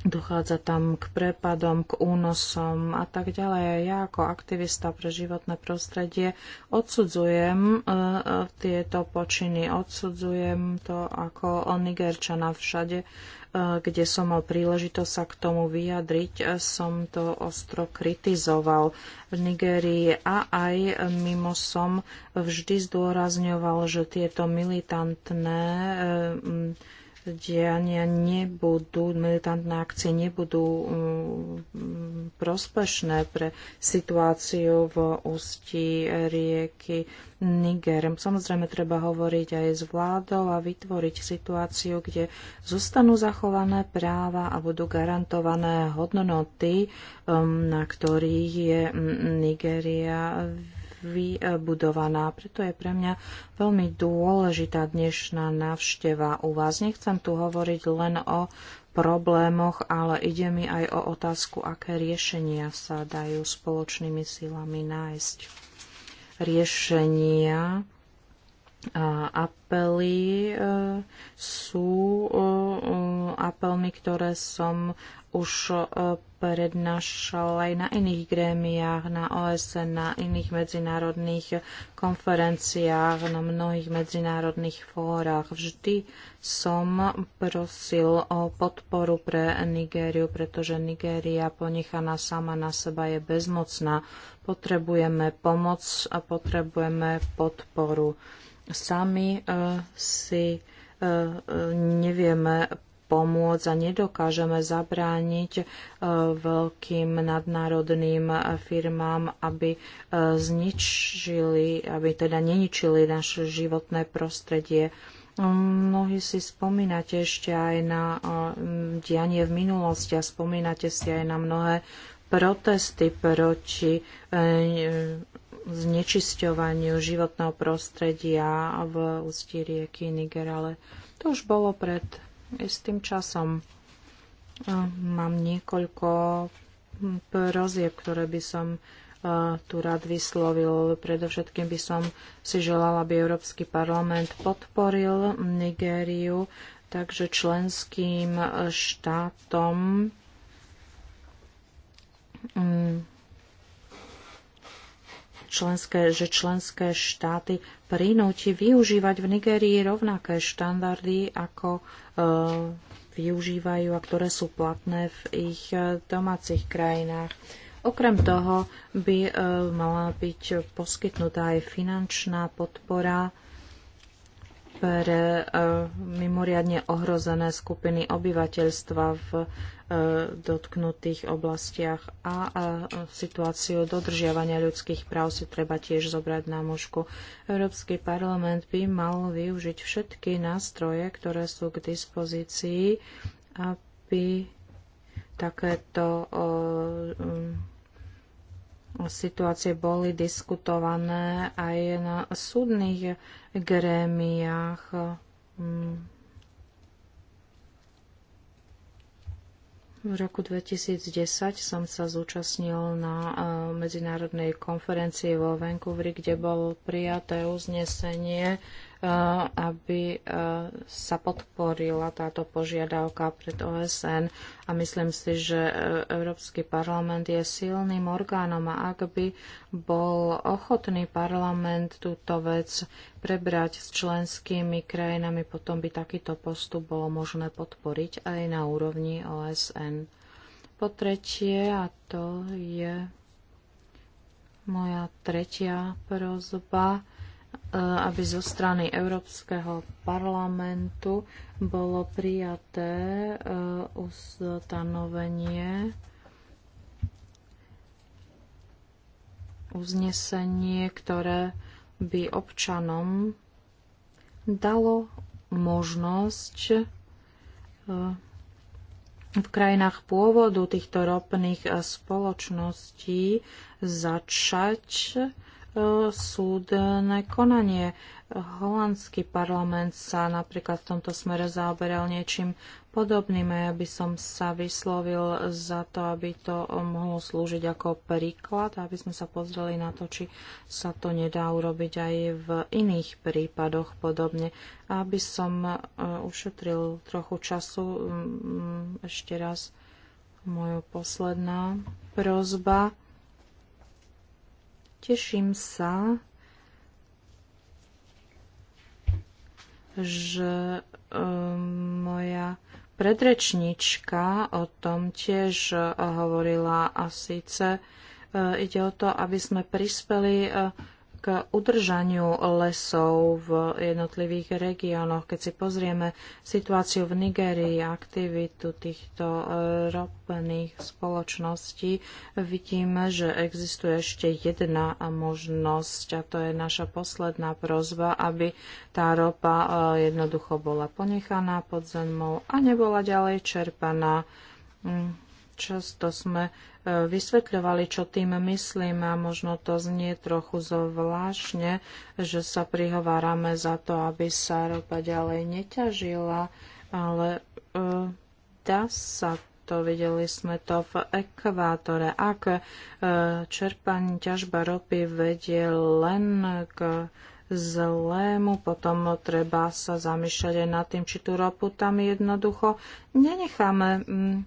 Dochádza tam k prepadom, k únosom a tak ďalej. Ja ako aktivista pre životné prostredie odsudzujem e, e, tieto počiny, odsudzujem to ako Nigerčana všade, e, kde som mal príležitosť sa k tomu vyjadriť, som to ostro kritizoval. V Nigérii a aj mimo som vždy zdôrazňoval, že tieto militantné diania nebudú, militantné akcie nebudú mm, prospešné pre situáciu v ústí rieky Niger. Samozrejme, treba hovoriť aj s vládou a vytvoriť situáciu, kde zostanú zachované práva a budú garantované hodnoty, mm, na ktorých je mm, Nigeria vybudovaná. Preto je pre mňa veľmi dôležitá dnešná návšteva u vás. Nechcem tu hovoriť len o problémoch, ale ide mi aj o otázku, aké riešenia sa dajú spoločnými silami nájsť. Riešenia, apely e, sú e, e, apelmi, ktoré som už prednášala aj na iných grémiách, na OSN, na iných medzinárodných konferenciách, na mnohých medzinárodných fórach. Vždy som prosil o podporu pre Nigériu, pretože Nigéria ponechaná sama na seba je bezmocná. Potrebujeme pomoc a potrebujeme podporu sami e, si e, e, nevieme pomôcť a nedokážeme zabrániť veľkým nadnárodným firmám, aby zničili, aby teda neničili naše životné prostredie. Mnohí si spomínate ešte aj na dianie v minulosti a spomínate si aj na mnohé protesty proti znečisťovaniu životného prostredia v ústí rieky Niger, ale to už bolo pred istým časom. Mám niekoľko prozieb, ktoré by som e, tu rád vyslovil. Predovšetkým by som si želala, aby Európsky parlament podporil Nigériu, takže členským štátom mm, členské, že členské štáty prinúti využívať v Nigerii rovnaké štandardy, ako e, využívajú a ktoré sú platné v ich e, domácich krajinách. Okrem toho by e, mala byť poskytnutá aj finančná podpora pre e, mimoriadne ohrozené skupiny obyvateľstva v e, dotknutých oblastiach a e, situáciu dodržiavania ľudských práv si treba tiež zobrať na mužku. Európsky parlament by mal využiť všetky nástroje, ktoré sú k dispozícii, aby takéto situácie boli diskutované aj na súdnych grémiách. V roku 2010 som sa zúčastnil na e, medzinárodnej konferencii vo Vancouveri, kde bolo prijaté uznesenie Eh, aby eh, sa podporila táto požiadavka pred OSN. A myslím si, že eh, Európsky parlament je silným orgánom a ak by bol ochotný parlament túto vec prebrať s členskými krajinami, potom by takýto postup bolo možné podporiť aj na úrovni OSN. Po tretie, a to je moja tretia prozba, Eh, aby zo strany Európskeho parlamentu bolo prijaté eh, ustanovenie uznesenie, ktoré by občanom dalo možnosť eh, v krajinách pôvodu týchto ropných spoločností začať súdne konanie. Holandský parlament sa napríklad v tomto smere zaoberal niečím podobným a ja by som sa vyslovil za to, aby to mohlo slúžiť ako príklad, aby sme sa pozreli na to, či sa to nedá urobiť aj v iných prípadoch podobne. Aby som e, ušetril trochu času, ešte raz moja posledná prozba Teším sa, že um, moja predrečnička o tom tiež uh, hovorila a síce uh, ide o to, aby sme prispeli uh, k udržaniu lesov v jednotlivých regiónoch. Keď si pozrieme situáciu v Nigerii, aktivitu týchto e, ropných spoločností, vidíme, že existuje ešte jedna možnosť a to je naša posledná prozba, aby tá ropa e, jednoducho bola ponechaná pod zemou a nebola ďalej čerpaná. Mm, často sme vysvetľovali, čo tým myslím a možno to znie trochu zvláštne, že sa prihovárame za to, aby sa ropa ďalej neťažila, ale uh, dá sa to, videli sme to v ekvátore. Ak uh, e, čerpanie ťažba ropy vedie len k zlému, potom treba sa zamýšľať aj nad tým, či tú ropu tam jednoducho nenecháme. Mm,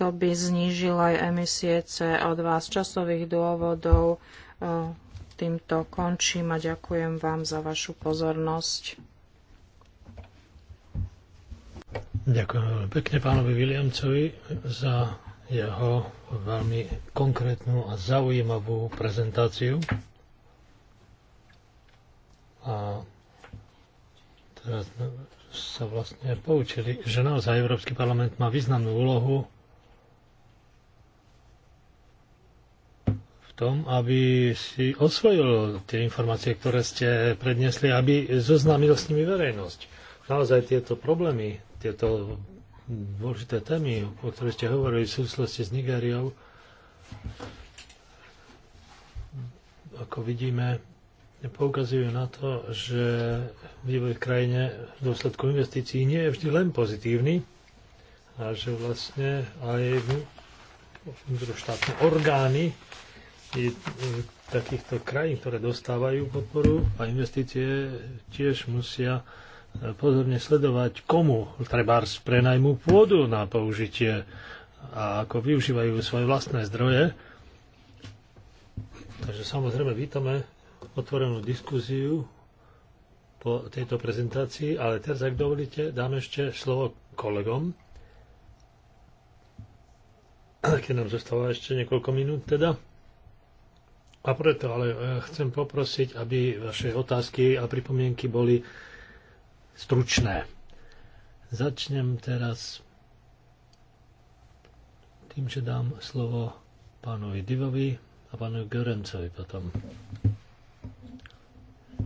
to by znížilo aj emisie CO2 z časových dôvodov. E, týmto končím a ďakujem vám za vašu pozornosť. Ďakujem veľmi pekne pánovi Williamcovi za jeho veľmi konkrétnu a zaujímavú prezentáciu. A teraz sa vlastne poučili, že naozaj Európsky parlament má významnú úlohu tom, aby si osvojil tie informácie, ktoré ste predniesli, aby zoznámil s nimi verejnosť. Naozaj tieto problémy, tieto dôležité témy, o ktorých ste hovorili v súvislosti s Nigériou, ako vidíme, poukazujú na to, že vývoj v krajine v dôsledku investícií nie je vždy len pozitívny a že vlastne aj vnútroštátne orgány investícií e, takýchto krajín, ktoré dostávajú podporu a investície tiež musia e, pozorne sledovať, komu treba prenajmu pôdu na použitie a ako využívajú svoje vlastné zdroje. Takže samozrejme vítame otvorenú diskuziu po tejto prezentácii, ale teraz, ak dovolíte, dám ešte slovo kolegom, keď nám zostáva ešte niekoľko minút teda. A preto ale e, chcem poprosiť, aby vaše otázky a pripomienky boli stručné. Začnem teraz tým, že dám slovo pánovi Divovi a pánu Görencovi potom.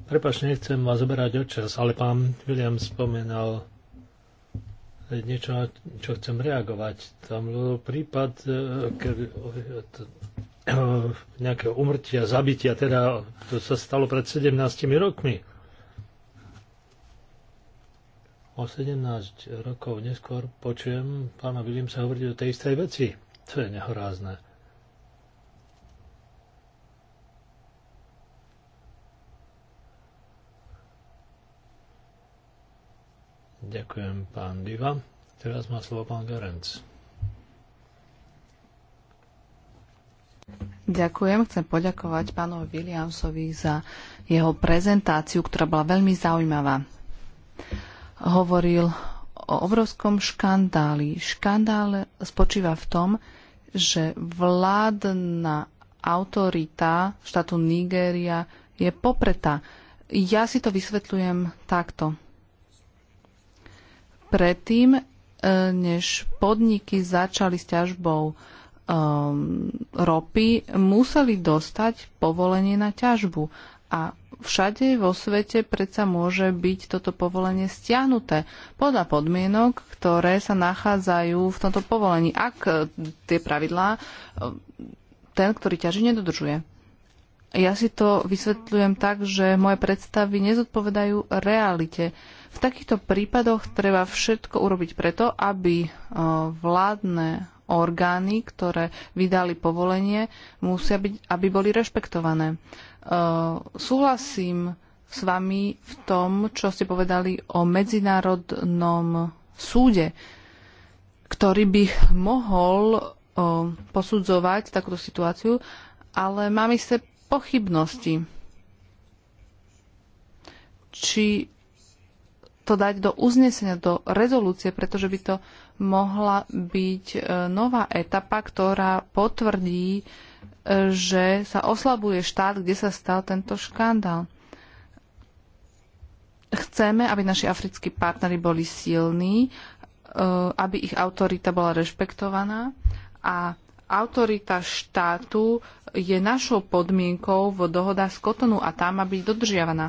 Prepač, nechcem vás oberať od čas, ale pán William spomenal niečo, čo chcem reagovať. Tam bol prípad, e, keď Eh, nejakého umrtia, zabitia, teda to sa stalo pred 17 rokmi. O 17 rokov neskôr počujem pána sa hovoriť o tej istej veci. To je nehorázne. Ďakujem, pán Diva. Teraz má slovo pán Garenc. Ďakujem. Chcem poďakovať pánovi Williamsovi za jeho prezentáciu, ktorá bola veľmi zaujímavá. Hovoril o obrovskom škandáli. Škandál spočíva v tom, že vládna autorita štátu Nigéria je popretá. Ja si to vysvetľujem takto. Predtým, eh, než podniky začali s ťažbou um, ropy museli dostať povolenie na ťažbu. A všade vo svete predsa môže byť toto povolenie stiahnuté podľa podmienok, ktoré sa nachádzajú v tomto povolení, ak e, tie pravidlá e, ten, ktorý ťaží, nedodržuje. Ja si to vysvetľujem tak, že moje predstavy nezodpovedajú realite. V takýchto prípadoch treba všetko urobiť preto, aby e, vládne orgány, ktoré vydali povolenie, musia byť, aby boli rešpektované. E, súhlasím s vami v tom, čo ste povedali o medzinárodnom súde, ktorý by mohol e, posudzovať takúto situáciu, ale mám isté pochybnosti, či to dať do uznesenia, do rezolúcie, pretože by to mohla byť e, nová etapa, ktorá potvrdí, e, že sa oslabuje štát, kde sa stal tento škandál. Chceme, aby naši africkí partnery boli silní, e, aby ich autorita bola rešpektovaná a autorita štátu je našou podmienkou v dohodách z Kotonu a tá má byť dodržiavaná.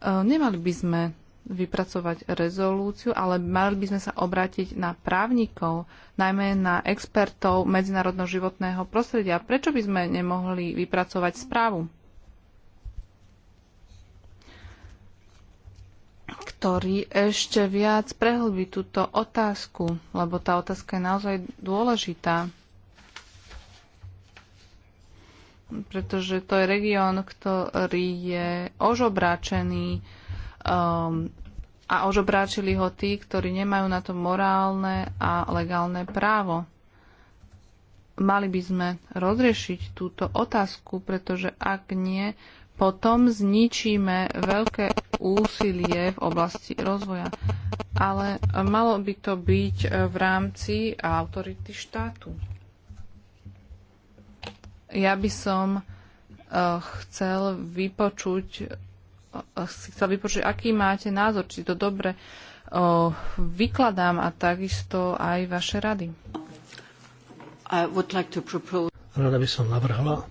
Nemali by sme vypracovať rezolúciu, ale mali by sme sa obrátiť na právnikov, najmä na expertov medzinárodno-životného prostredia. Prečo by sme nemohli vypracovať správu, ktorý ešte viac prehlbí túto otázku, lebo tá otázka je naozaj dôležitá. Pretože to je región, ktorý je ožobráčený um, a ožobráčili ho tí, ktorí nemajú na to morálne a legálne právo. Mali by sme rozriešiť túto otázku, pretože ak nie, potom zničíme veľké úsilie v oblasti rozvoja. Ale malo by to byť v rámci autority štátu. Ja by som eh, chcel vypočuť si chcel vypočuť, aký máte názor, či to dobre o, vykladám a takisto aj vaše rady. Like propose... Rada by som navrhla,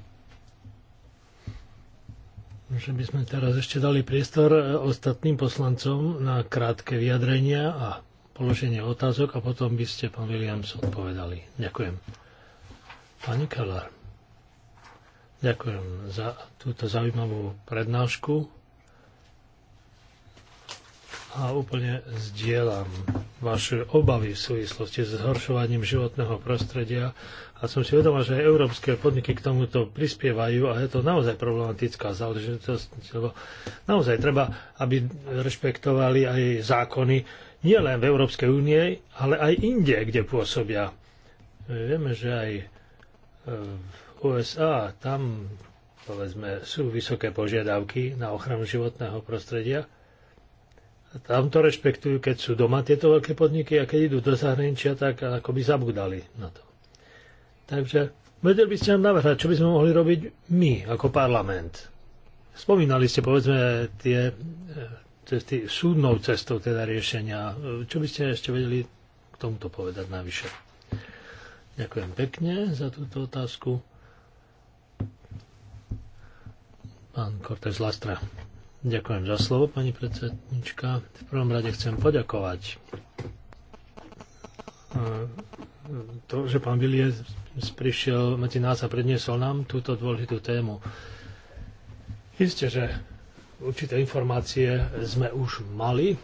že by sme teraz ešte dali priestor e, ostatným poslancom na krátke vyjadrenia a položenie otázok a potom by ste, pán Williams, odpovedali. Ďakujem. Pani Keller, ďakujem za túto zaujímavú prednášku a úplne zdieľam vaše obavy v súvislosti s zhoršovaním životného prostredia a som si vedomá, že európske podniky k tomuto prispievajú a je to naozaj problematická záležitosť, lebo naozaj treba, aby rešpektovali aj zákony nielen v Európskej únie, ale aj inde, kde pôsobia. Vieme, že aj e, v USA tam povedzme, sú vysoké požiadavky na ochranu životného prostredia, tam to rešpektujú, keď sú doma tieto veľké podniky a keď idú do zahraničia, tak ako by zabudali na to. Takže vedeli by ste nám navrhať, čo by sme mohli robiť my ako parlament. Spomínali ste povedzme tie e, cesty, súdnou cestou teda riešenia. Čo by ste ešte vedeli k tomuto povedať navyše? Ďakujem pekne za túto otázku. Pán kortez Lastra. Ďakujem za slovo, pani predsednička. V prvom rade chcem poďakovať eh, to, že pán Vilie prišiel medzi nás a predniesol nám túto dôležitú tému. Isté, že určité informácie sme už mali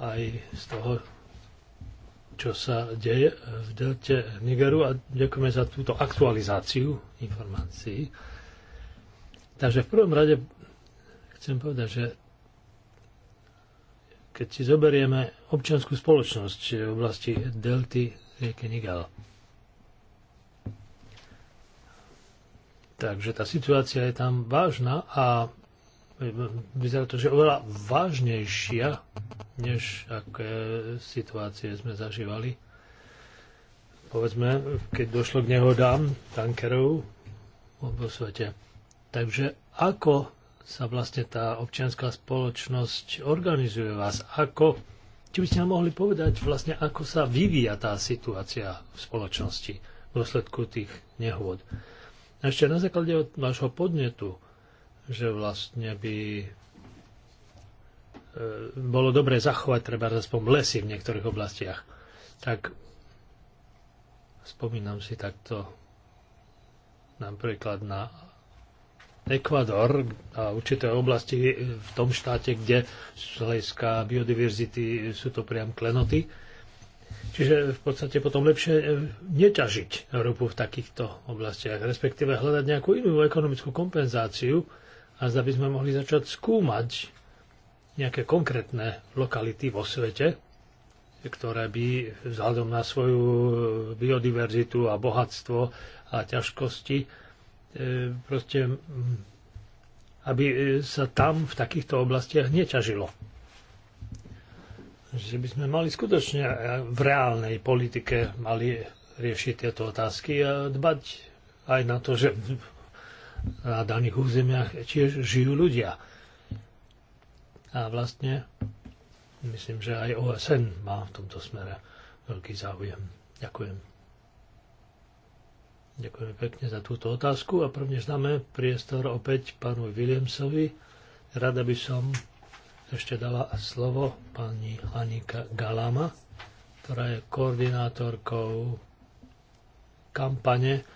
aj z toho, čo sa deje v delte Nigeru a ďakujeme za túto aktualizáciu informácií. Takže v prvom rade Chcem povedať, že keď si zoberieme občianskú spoločnosť v oblasti delty rieke Nigal, Takže tá situácia je tam vážna a vyzerá to, že oveľa vážnejšia, než aké situácie sme zažívali. Povedzme, keď došlo k nehodám tankerov vo svete. Takže ako sa vlastne tá občianská spoločnosť organizuje vás? Ako, či by ste nám mohli povedať vlastne, ako sa vyvíja tá situácia v spoločnosti v dôsledku tých nehôd? A ešte na základe od vášho podnetu, že vlastne by e, bolo dobre zachovať treba aspoň lesy v niektorých oblastiach. Tak spomínam si takto napríklad na Ekvador a určité oblasti v tom štáte, kde z hľadiska biodiverzity sú to priam klenoty. Čiže v podstate potom lepšie eh, neťažiť ropu v takýchto oblastiach, respektíve hľadať nejakú inú ekonomickú kompenzáciu a zda by sme mohli začať skúmať nejaké konkrétne lokality vo svete, ktoré by vzhľadom na svoju biodiverzitu a bohatstvo a ťažkosti E, proste, mm, aby e, sa tam v takýchto oblastiach neťažilo. Že by sme mali skutočne v reálnej politike mali riešiť tieto otázky a dbať aj na to, že na daných územiach tiež žijú ľudia. A vlastne myslím, že aj OSN má v tomto smere veľký záujem. Ďakujem. Ďakujeme pekne za túto otázku a prvne známe priestor opäť pánu Williamsovi. Rada by som ešte dala slovo pani Anika Galama, ktorá je koordinátorkou kampane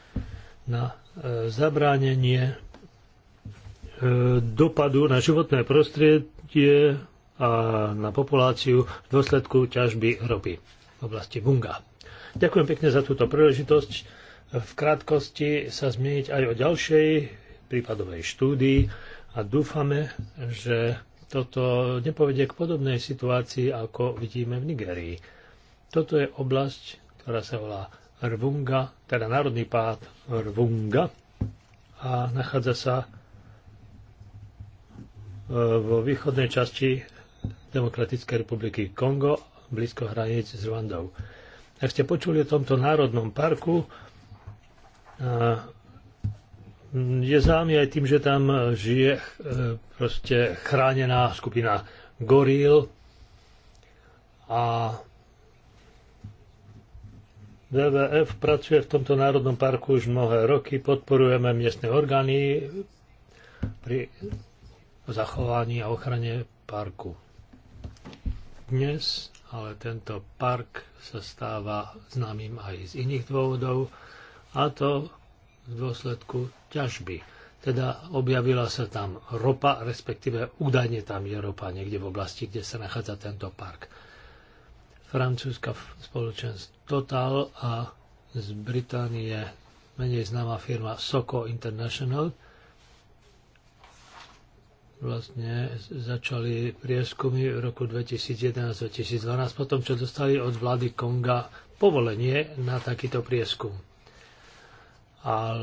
na e, zabránenie e, dopadu na životné prostredie a na populáciu v dôsledku ťažby ropy v oblasti Bunga. Ďakujem pekne za túto príležitosť v krátkosti sa zmieniť aj o ďalšej prípadovej štúdii a dúfame, že toto nepovedie k podobnej situácii, ako vidíme v Nigerii. Toto je oblasť, ktorá sa volá Rvunga, teda národný pád Rvunga a nachádza sa e, vo východnej časti Demokratickej republiky Kongo, blízko hraníc s Rwandou. Ak ste počuli o tomto národnom parku, Mm, je známy aj tým, že tam žije e, proste chránená skupina goril a WWF pracuje v tomto národnom parku už mnohé roky, podporujeme miestne orgány pri zachovaní a ochrane parku. Dnes ale tento park sa stáva známym aj z iných dôvodov a to v dôsledku ťažby. Teda objavila sa tam ropa, respektíve údajne tam je ropa niekde v oblasti, kde sa nachádza tento park. Francúzska spoločenstvo Total a z Británie menej známa firma Soko International vlastne začali prieskumy v roku 2011-2012, potom čo dostali od vlády Konga povolenie na takýto prieskum. A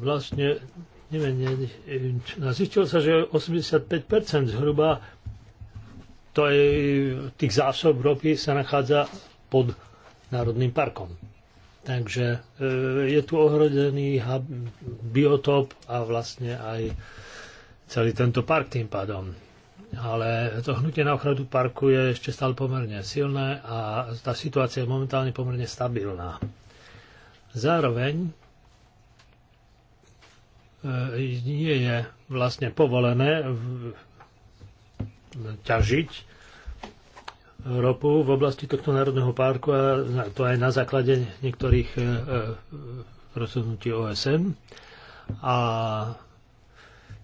vlastne, neviem, ne, zistilo sa, že 85% zhruba to je, tých zásob ropy sa nachádza pod Národným parkom. Takže e, je tu ohrodený biotop a vlastne aj celý tento park tým pádom. Ale to hnutie na ochranu parku je ešte stále pomerne silné a tá situácia je momentálne pomerne stabilná. Zároveň e, nie je vlastne povolené ťažiť ropu v oblasti tohto národného parku a to aj na základe niektorých e, e, rozhodnutí OSN. A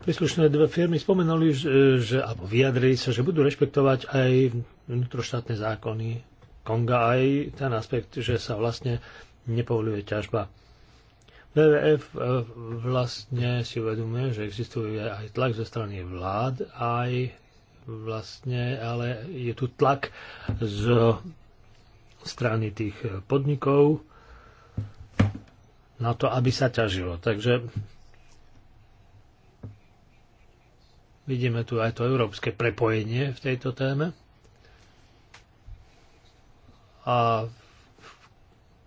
príslušné dve firmy spomenuli, že, alebo vyjadrili sa, že budú rešpektovať aj vnútroštátne zákony Konga, aj ten aspekt, že sa vlastne nepovoluje ťažba. WWF eh, vlastne si uvedomuje, že existuje aj tlak zo strany vlád, aj vlastne, ale je tu tlak z strany tých podnikov na to, aby sa ťažilo. Takže vidíme tu aj to európske prepojenie v tejto téme. A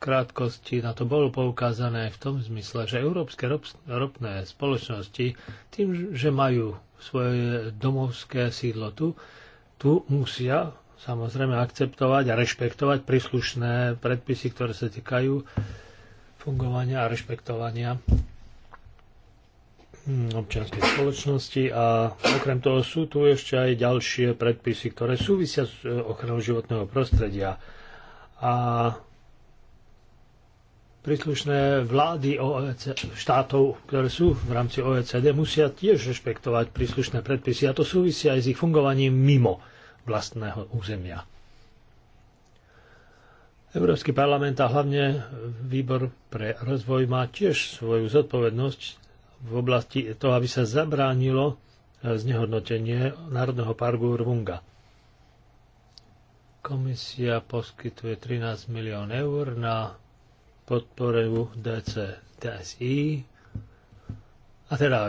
krátkosti na to bolo poukázané v tom zmysle, že európske ropné spoločnosti tým, že majú svoje domovské sídlo tu, tu musia samozrejme akceptovať a rešpektovať príslušné predpisy, ktoré sa týkajú fungovania a rešpektovania hm, občianskej spoločnosti a okrem toho sú tu ešte aj ďalšie predpisy, ktoré súvisia s e, ochranou životného prostredia. A príslušné vlády OEC, e, štátov, ktoré sú v rámci OECD, musia tiež rešpektovať príslušné predpisy a to súvisí aj s ich fungovaním mimo vlastného územia. Európsky parlament a hlavne výbor pre rozvoj má tiež svoju zodpovednosť v oblasti toho, aby sa zabránilo e, znehodnotenie Národného parku Rvunga. Komisia poskytuje 13 milión eur na podpore DC, DSI a teda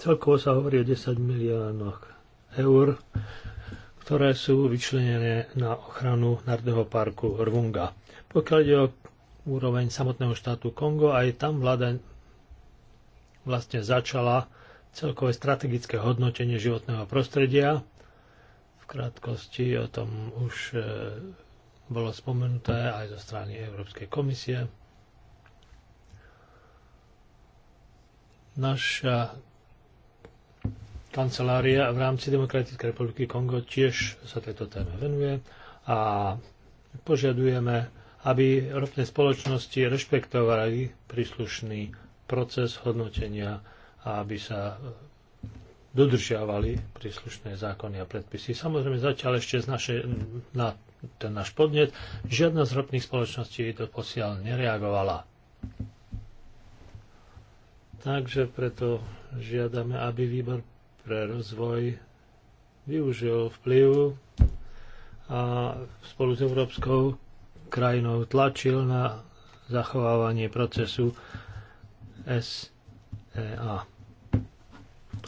celkovo sa hovorí o 10 miliónoch eur, ktoré sú vyčlenené na ochranu Národného parku Rvunga. Pokiaľ ide o úroveň samotného štátu Kongo, aj tam vláda vlastne začala celkové strategické hodnotenie životného prostredia. V krátkosti o tom už eh, bolo spomenuté aj zo strany Európskej komisie. Naša kancelária v rámci Demokratickej republiky Kongo tiež sa tejto téme venuje a požiadujeme, aby ropné spoločnosti rešpektovali príslušný proces hodnotenia a aby sa dodržiavali príslušné zákony a predpisy. Samozrejme, zatiaľ ešte z naše, na ten náš podnet, žiadna z ropných spoločností to posiaľ nereagovala. Takže preto žiadame, aby výbor pre rozvoj využil vplyv a spolu s Európskou krajinou tlačil na zachovávanie procesu SEA.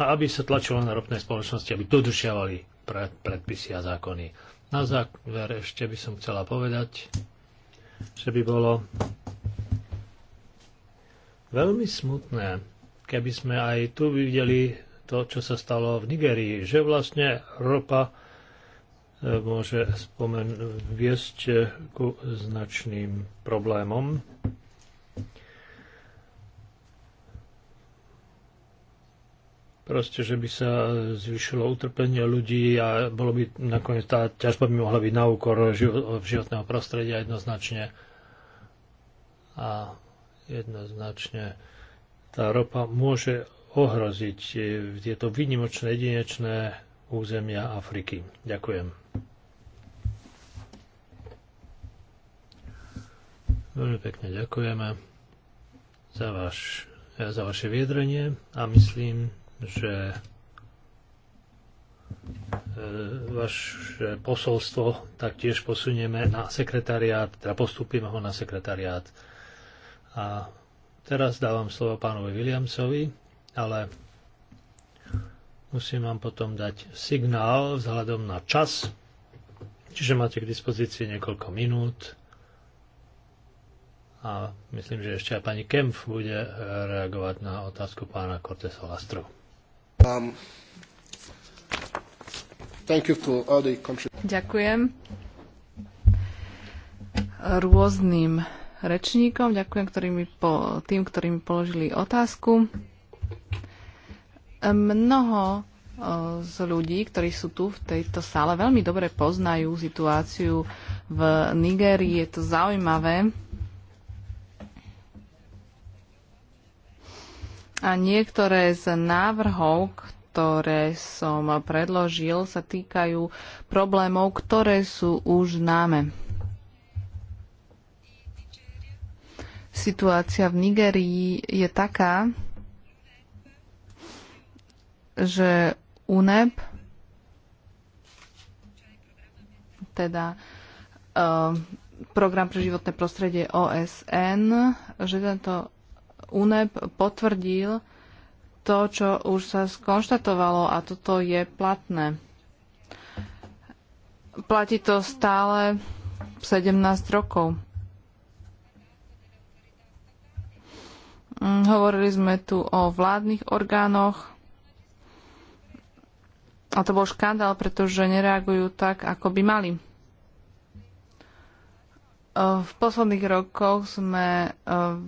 A aby sa tlačilo na ropné spoločnosti, aby dodržiavali predpisy a zákony. Na záver ešte by som chcela povedať, že by bolo veľmi smutné, keby sme aj tu videli to, čo sa stalo v Nigerii, že vlastne ropa e, môže spomen- viesť e, ku značným problémom proste, že by sa zvyšilo utrpenie ľudí a bolo by nakoniec tá ťažba by mohla byť na úkor životného prostredia jednoznačne. A jednoznačne tá ropa môže ohroziť tieto výnimočné, jedinečné územia Afriky. Ďakujem. Veľmi pekne ďakujeme za, vaš, za vaše viedrenie a myslím, že e, vaše posolstvo taktiež posunieme na sekretariát, teda postupíme ho na sekretariát. A teraz dávam slovo pánovi Williamsovi, ale musím vám potom dať signál vzhľadom na čas, čiže máte k dispozícii niekoľko minút a myslím, že ešte aj pani Kempf bude reagovať na otázku pána Cortesa Lastru. Um, Ďakujem rôznym rečníkom, ďakujem po, tým, ktorí mi položili otázku. Mnoho z ľudí, ktorí sú tu v tejto sále, veľmi dobre poznajú situáciu v Nigérii. Je to zaujímavé. A niektoré z návrhov, ktoré som predložil, sa týkajú problémov, ktoré sú už známe. Situácia v Nigerii je taká, že UNEP, teda uh, Program pre životné prostredie OSN, že tento UNEP potvrdil to, čo už sa skonštatovalo a toto je platné. Platí to stále 17 rokov. Mm, hovorili sme tu o vládnych orgánoch a to bol škandál, pretože nereagujú tak, ako by mali. Eh, v posledných rokoch sme eh,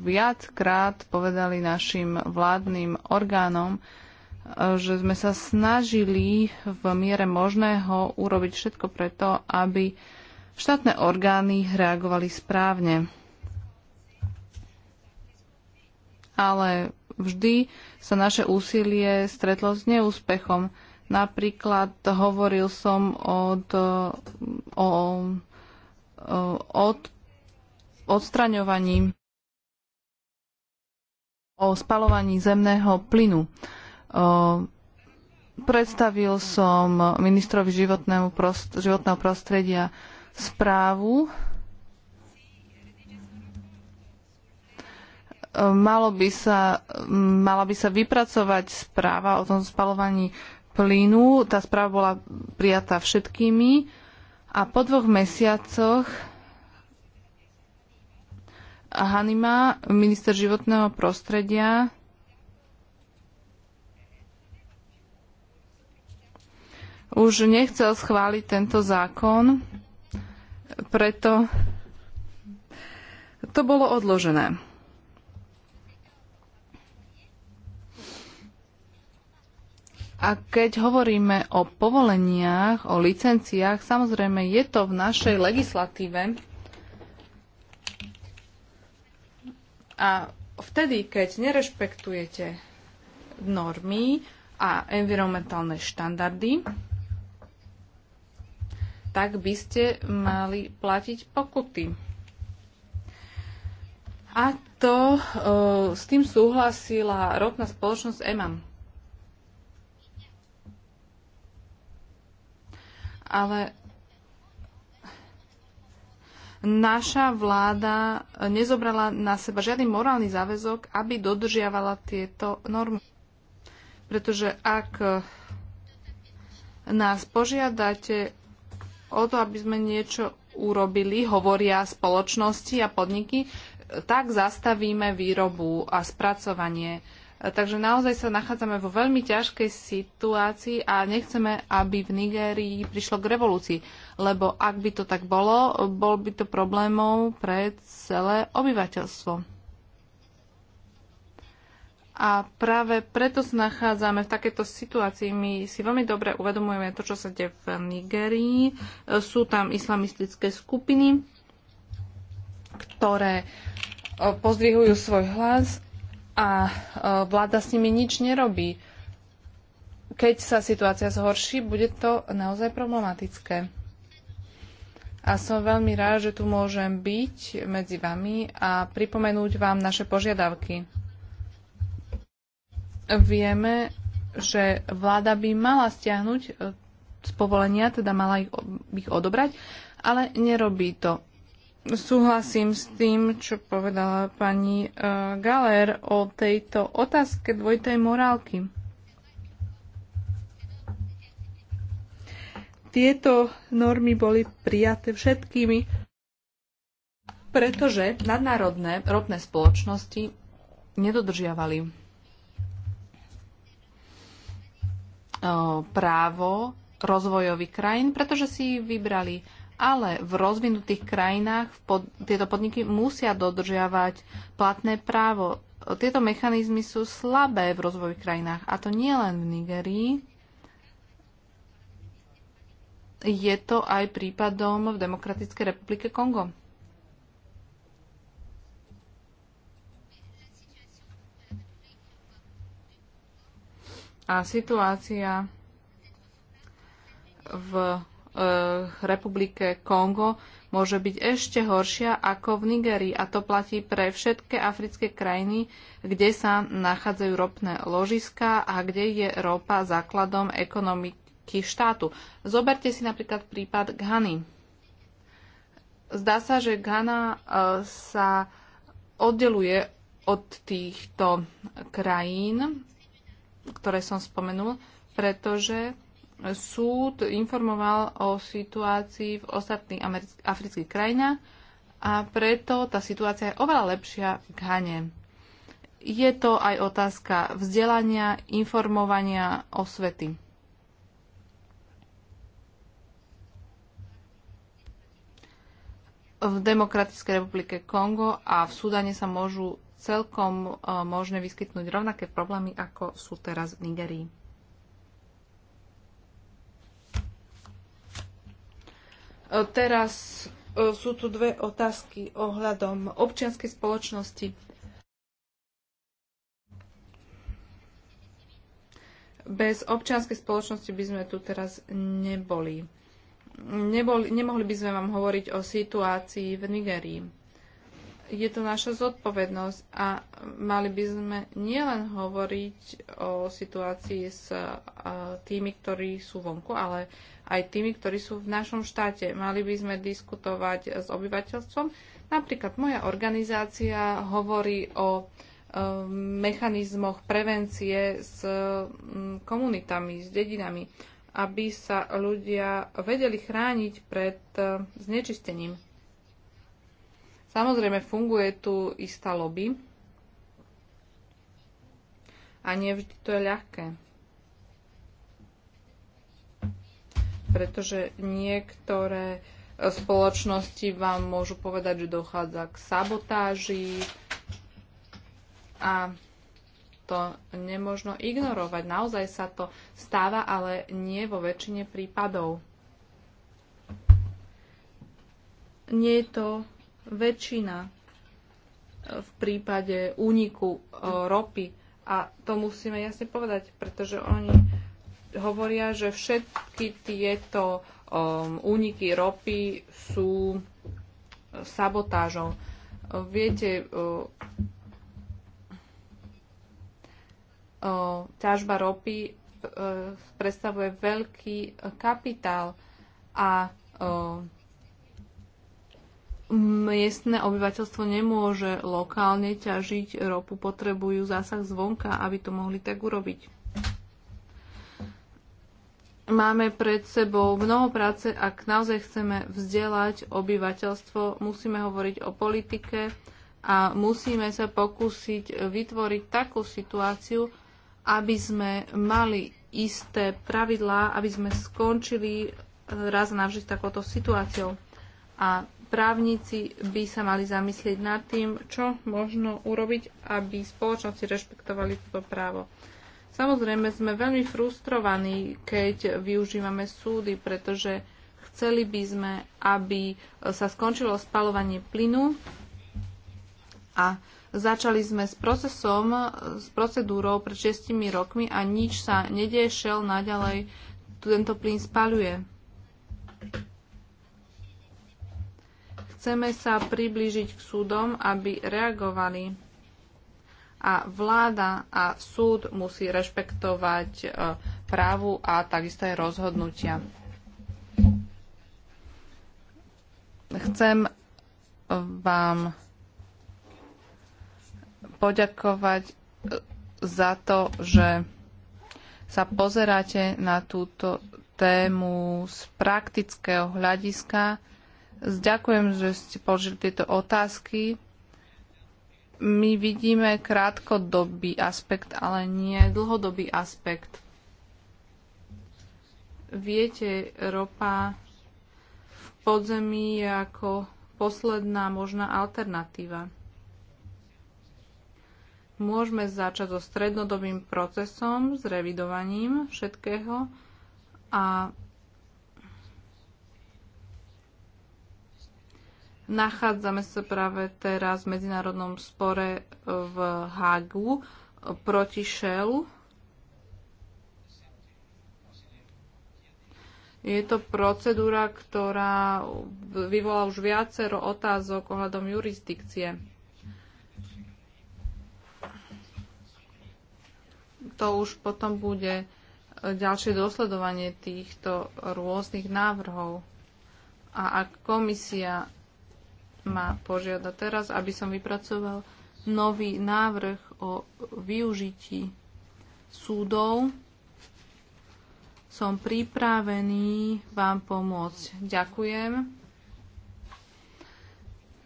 viackrát povedali našim vládnym orgánom, eh, že sme sa snažili v miere možného urobiť všetko preto, aby štátne orgány reagovali správne. Ale vždy sa naše úsilie stretlo s neúspechom. Napríklad hovoril som od, o, o, od odstraňovaním o spalovaní zemného plynu. Predstavil som ministrovi životného prostredia správu. Malo by sa, mala by sa vypracovať správa o tom spalovaní plynu. Tá správa bola prijatá všetkými a po dvoch mesiacoch Hanima, minister životného prostredia, už nechcel schváliť tento zákon, preto to bolo odložené. A keď hovoríme o povoleniach, o licenciách, samozrejme je to v našej legislatíve, A vtedy, keď nerešpektujete normy a environmentálne štandardy, tak by ste mali platiť pokuty. A to e, s tým súhlasila ropná spoločnosť EMAM. Ale naša vláda nezobrala na seba žiadny morálny záväzok, aby dodržiavala tieto normy. Pretože ak nás požiadate o to, aby sme niečo urobili, hovoria spoločnosti a podniky, tak zastavíme výrobu a spracovanie. Takže naozaj sa nachádzame vo veľmi ťažkej situácii a nechceme, aby v Nigérii prišlo k revolúcii lebo ak by to tak bolo, bol by to problémov pre celé obyvateľstvo. A práve preto sa nachádzame v takejto situácii. My si veľmi dobre uvedomujeme to, čo sa deje v Nigerii. Sú tam islamistické skupiny, ktoré e, pozdvihujú svoj hlas a e, vláda s nimi nič nerobí. Keď sa situácia zhorší, bude to naozaj problematické a som veľmi rád, že tu môžem byť medzi vami a pripomenúť vám naše požiadavky. Vieme, že vláda by mala stiahnuť e, z povolenia, teda mala ich, ich odobrať, ale nerobí to. Súhlasím s tým, čo povedala pani e, Galer o tejto otázke dvojtej morálky. Tieto normy boli prijaté všetkými, pretože nadnárodné ropné spoločnosti nedodržiavali eh, právo rozvojových krajín, pretože si ich vybrali. Ale v rozvinutých krajinách pod, tieto podniky musia dodržiavať platné právo. Tieto mechanizmy sú slabé v rozvojových krajinách, a to nie len v Nigerii, je to aj prípadom v Demokratickej republike Kongo. A situácia v e, republike Kongo môže byť ešte horšia ako v Nigerii a to platí pre všetky africké krajiny, kde sa nachádzajú ropné ložiska a kde je ropa základom ekonomiky proti štátu. Zoberte si napríklad prípad Ghany. Zdá sa, že Ghana e, sa oddeluje od týchto krajín, ktoré som spomenul, pretože súd informoval o situácii v ostatných afrických krajinách a preto tá situácia je oveľa lepšia v Ghane. Je to aj otázka vzdelania, informovania, o svety. v Demokratickej republike Kongo a v Sudane sa môžu celkom e, možné vyskytnúť rovnaké problémy, ako sú teraz v Nigerii. E, teraz e, sú tu dve otázky ohľadom občianskej spoločnosti. Bez občianskej spoločnosti by sme tu teraz neboli nebol, nemohli by sme vám hovoriť o situácii v Nigerii. Je to naša zodpovednosť a mali by sme nielen hovoriť o situácii s tými, ktorí sú vonku, ale aj tými, ktorí sú v našom štáte. Mali by sme diskutovať s obyvateľstvom. Napríklad moja organizácia hovorí o e, mechanizmoch prevencie s komunitami, s dedinami aby sa ľudia vedeli chrániť pred e, znečistením. Samozrejme, funguje tu istá lobby a nevždy to je ľahké. Pretože niektoré e, spoločnosti vám môžu povedať, že dochádza k sabotáži a to nemožno ignorovať. Naozaj sa to stáva, ale nie vo väčšine prípadov. Nie je to väčšina v prípade úniku e, ropy. A to musíme jasne povedať, pretože oni hovoria, že všetky tieto e, úniky ropy sú sabotážom. Viete, e, ťažba ropy e, predstavuje veľký kapitál a miestne obyvateľstvo nemôže lokálne ťažiť ropu, potrebujú zásah zvonka, aby to mohli tak urobiť. Máme pred sebou mnoho práce, ak naozaj chceme vzdelať obyvateľstvo, musíme hovoriť o politike a musíme sa pokúsiť vytvoriť takú situáciu, aby sme mali isté pravidlá, aby sme skončili e, raz navždy takouto situáciou. A právnici by sa mali zamyslieť nad tým, čo možno urobiť, aby spoločnosti rešpektovali toto právo. Samozrejme sme veľmi frustrovaní, keď využívame súdy, pretože chceli by sme, aby sa skončilo spalovanie plynu a Začali sme s procesom, s procedúrou pred 6 rokmi a nič sa nedieje, šel naďalej tento plyn spaľuje. Chceme sa priblížiť k súdom, aby reagovali. A vláda a súd musí rešpektovať e, právu a takisto aj rozhodnutia. Chcem e, vám poďakovať e, za to, že sa pozeráte na túto tému z praktického hľadiska. Ďakujem, že ste položili tieto otázky. My vidíme krátkodobý aspekt, ale nie dlhodobý aspekt. Viete, ropa v podzemí je ako posledná možná alternatíva môžeme začať so strednodobým procesom, s revidovaním všetkého a nachádzame sa práve teraz v medzinárodnom spore v Hagu proti Shellu. Je to procedúra, ktorá vyvolá už viacero otázok ohľadom jurisdikcie. to už potom bude e, ďalšie dosledovanie týchto rôznych návrhov. A ak komisia ma požiada teraz, aby som vypracoval nový návrh o využití súdov, som pripravený vám pomôcť. Ďakujem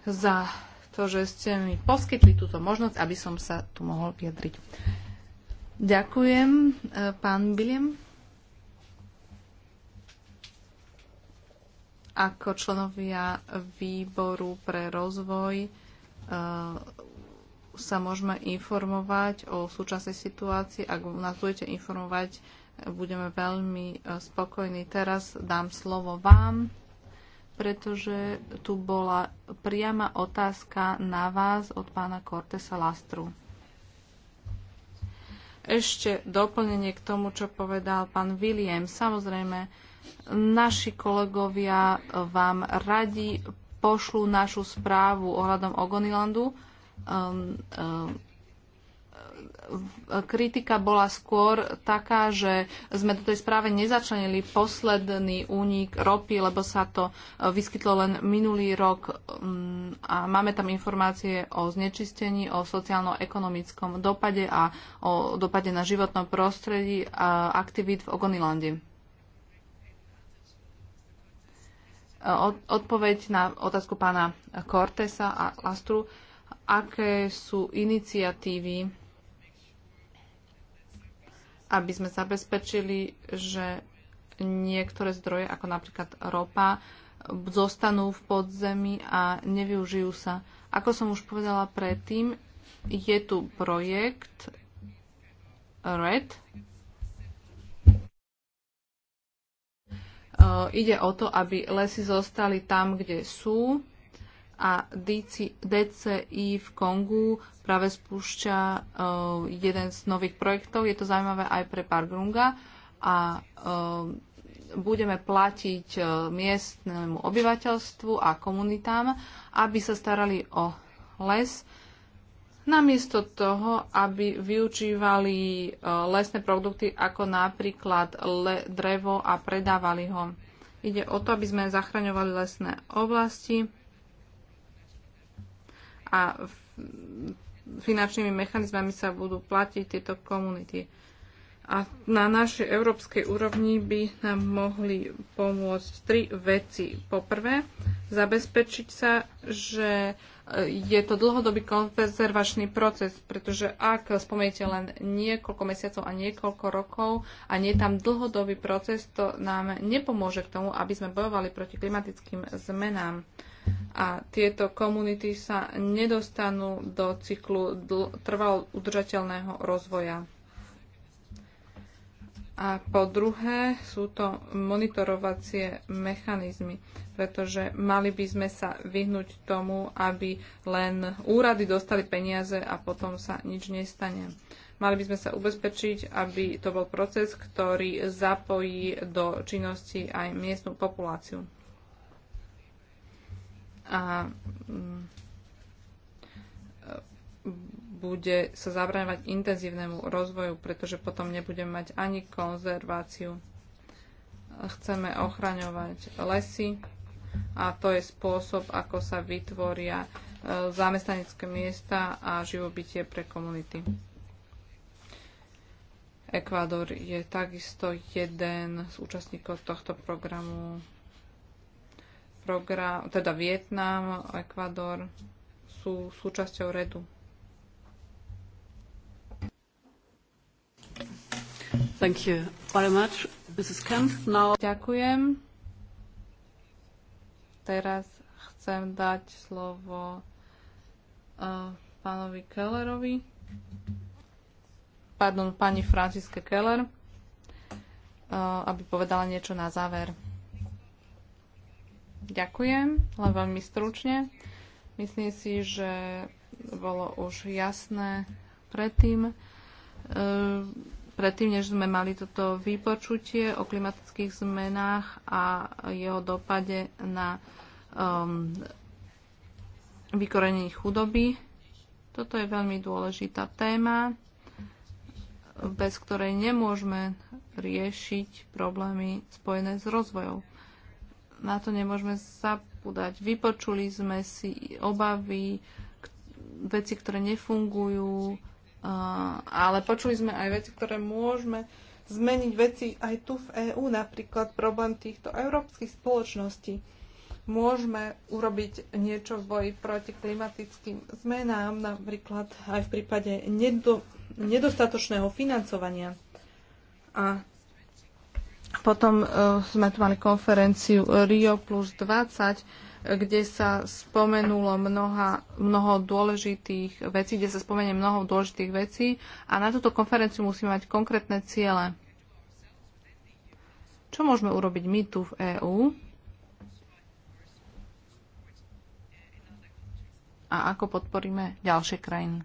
za to, že ste mi poskytli túto možnosť, aby som sa tu mohol vyjadriť. Ďakujem. E, pán Biliem. Ako členovia výboru pre rozvoj e, sa môžeme informovať o súčasnej situácii. Ak nás budete informovať, budeme veľmi e, spokojní. Teraz dám slovo vám, pretože tu bola priama otázka na vás od pána Cortesa Lastru. Ešte doplnenie k tomu, čo povedal pán William. Samozrejme, naši kolegovia vám radi pošlú našu správu ohľadom Ogonilandu. Um, um, kritika bola skôr taká, že sme do tej správe nezačlenili posledný únik ropy, lebo sa to eh, vyskytlo len minulý rok mm, a máme tam informácie o znečistení, o sociálno-ekonomickom dopade a o dopade na životnom prostredí a aktivít v Ogonilande. Eh, odpoveď na otázku pána Cortesa a Lastru aké sú iniciatívy aby sme zabezpečili, že niektoré zdroje, ako napríklad ropa, zostanú v podzemí a nevyužijú sa. Ako som už povedala predtým, je tu projekt RED. Ide o to, aby lesy zostali tam, kde sú a DCI v Kongu práve spúšťa uh, jeden z nových projektov. Je to zaujímavé aj pre Pargrunga a uh, budeme platiť uh, miestnemu obyvateľstvu a komunitám, aby sa starali o les, namiesto toho, aby využívali lesné produkty ako napríklad le, drevo a predávali ho. Ide o to, aby sme zachraňovali lesné oblasti a finančnými mechanizmami sa budú platiť tieto komunity. A na našej európskej úrovni by nám mohli pomôcť tri veci. Poprvé, zabezpečiť sa, že je to dlhodobý konzervačný proces, pretože ak spomeniete len niekoľko mesiacov a niekoľko rokov a nie je tam dlhodobý proces, to nám nepomôže k tomu, aby sme bojovali proti klimatickým zmenám. A tieto komunity sa nedostanú do cyklu trvalo udržateľného rozvoja. A po druhé sú to monitorovacie mechanizmy, pretože mali by sme sa vyhnúť tomu, aby len úrady dostali peniaze a potom sa nič nestane. Mali by sme sa ubezpečiť, aby to bol proces, ktorý zapojí do činnosti aj miestnú populáciu. A mm, bude sa zabraňovať intenzívnemu rozvoju, pretože potom nebudeme mať ani konzerváciu. Chceme ochraňovať lesy a to je spôsob, ako sa vytvoria e, zamestnanecké miesta a živobytie pre komunity. Ekvádor je takisto jeden z účastníkov tohto programu. Program, teda Vietnam, Ekvádor sú súčasťou REDu. Thank you very much, Mrs. Kemp. Now... Ďakujem. Teraz chcem dať slovo uh, pánovi Kellerovi. Pardon, pani Franciske Keller, uh, aby povedala niečo na záver. Ďakujem, len veľmi stručne. Myslím si, že bolo už jasné predtým, uh, predtým, než sme mali toto vypočutie o klimatických zmenách a jeho dopade na um, vykorenenie chudoby. Toto je veľmi dôležitá téma, bez ktorej nemôžeme riešiť problémy spojené s rozvojom. Na to nemôžeme zapúdať. Vypočuli sme si obavy, veci, ktoré nefungujú, ale počuli sme aj veci, ktoré môžeme zmeniť veci aj tu v EÚ, napríklad problém týchto európskych spoločností. Môžeme urobiť niečo v boji proti klimatickým zmenám, napríklad aj v prípade nedo, nedostatočného financovania. A potom uh, sme tu mali konferenciu Rio plus 20, kde sa spomenulo mnoha, mnoho dôležitých vecí, kde sa spomenie mnoho dôležitých vecí a na túto konferenciu musíme mať konkrétne ciele. Čo môžeme urobiť my tu v EÚ? A ako podporíme ďalšie krajiny?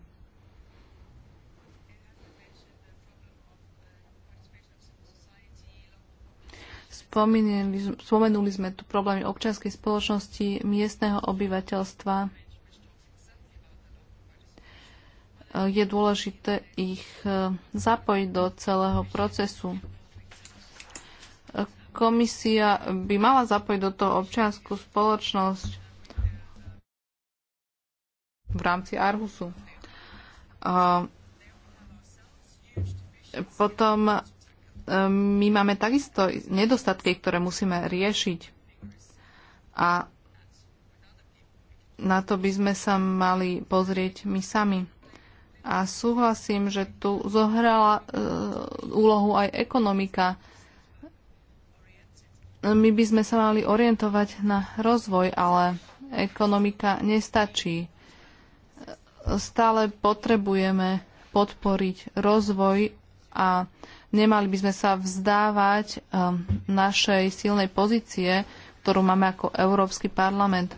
spomenuli sme tu problémy občianskej spoločnosti, miestneho obyvateľstva. E, je dôležité ich e, zapojiť do celého procesu. E, komisia by mala zapojiť do toho občianskú spoločnosť v rámci Arhusu. Potom Ehm, my máme takisto nedostatky, ktoré musíme riešiť. A na to by sme sa mali pozrieť my sami. A súhlasím, že tu zohrala uh, úlohu aj ekonomika. My by sme sa mali orientovať na rozvoj, ale ekonomika nestačí. Stále potrebujeme podporiť rozvoj a Nemali by sme sa vzdávať um, našej silnej pozície, ktorú máme ako Európsky parlament,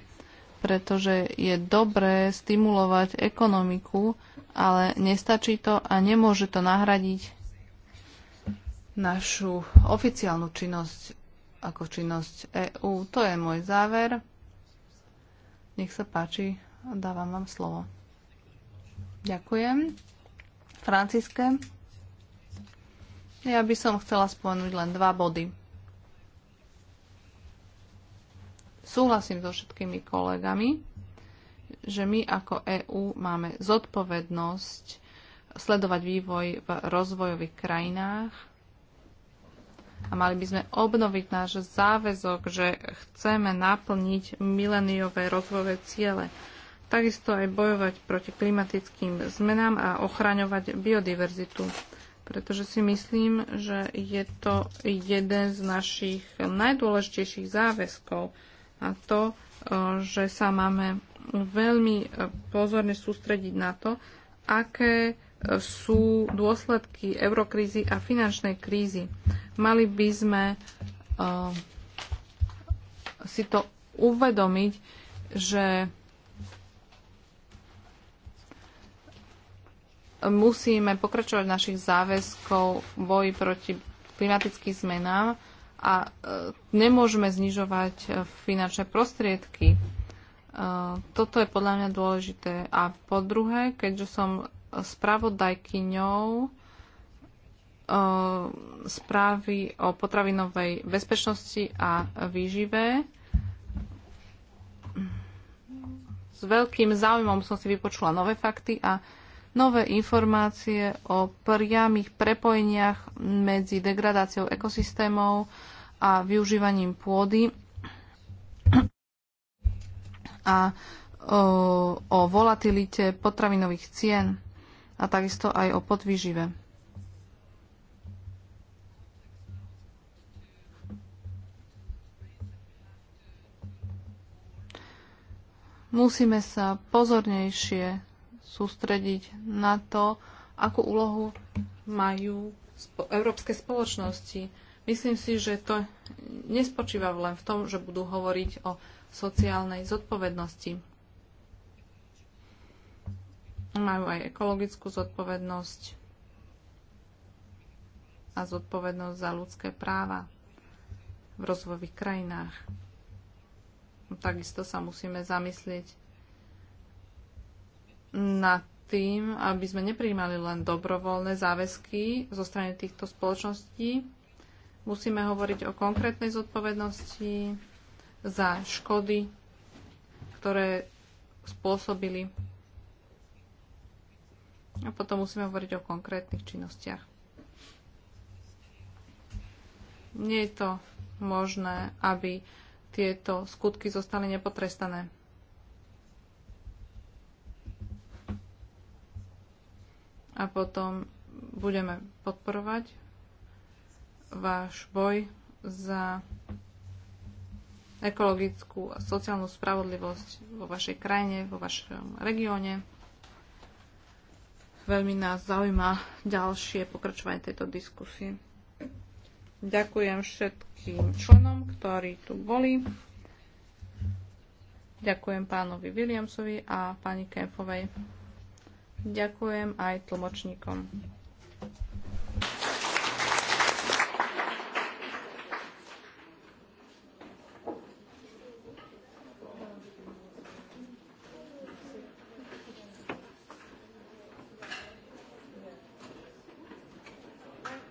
pretože je dobré stimulovať ekonomiku, ale nestačí to a nemôže to nahradiť našu oficiálnu činnosť ako činnosť EÚ. To je môj záver. Nech sa páči, dávam vám slovo. Ďakujem. Franciske. Ja by som chcela spomenúť len dva body. Súhlasím so všetkými kolegami, že my ako EÚ máme zodpovednosť sledovať vývoj v rozvojových krajinách a mali by sme obnoviť náš záväzok, že chceme naplniť mileniové rozvojové ciele. Takisto aj bojovať proti klimatickým zmenám a ochraňovať biodiverzitu pretože si myslím, že je to jeden z našich najdôležitejších záväzkov a to, e, že sa máme veľmi e, pozorne sústrediť na to, aké e, sú dôsledky eurokrízy a finančnej krízy. Mali by sme si to uvedomiť, že musíme pokračovať v našich záväzkov v boji proti klimatickým zmenám a e, nemôžeme znižovať e, finančné prostriedky. E, toto je podľa mňa dôležité. A po druhé, keďže som spravodajkyňou správy o potravinovej bezpečnosti a výžive, s veľkým záujmom som si vypočula nové fakty a nové informácie o priamých prepojeniach medzi degradáciou ekosystémov a využívaním pôdy a o, o volatilite potravinových cien a takisto aj o podvýžive. Musíme sa pozornejšie sústrediť na to, akú úlohu majú spo európske spoločnosti. Myslím si, že to nespočíva len v tom, že budú hovoriť o sociálnej zodpovednosti. Majú aj ekologickú zodpovednosť a zodpovednosť za ľudské práva v rozvojových krajinách. Takisto sa musíme zamyslieť nad tým, aby sme neprijímali len dobrovoľné záväzky zo strany týchto spoločností. Musíme hovoriť o konkrétnej zodpovednosti za škody, ktoré spôsobili. A potom musíme hovoriť o konkrétnych činnostiach. Nie je to možné, aby tieto skutky zostali nepotrestané. a potom budeme podporovať váš boj za ekologickú a sociálnu spravodlivosť vo vašej krajine, vo vašom regióne. Veľmi nás zaujíma ďalšie pokračovanie tejto diskusie. Ďakujem všetkým členom, ktorí tu boli. Ďakujem pánovi Williamsovi a pani Kempovej. Ďakujem aj tlmočníkom.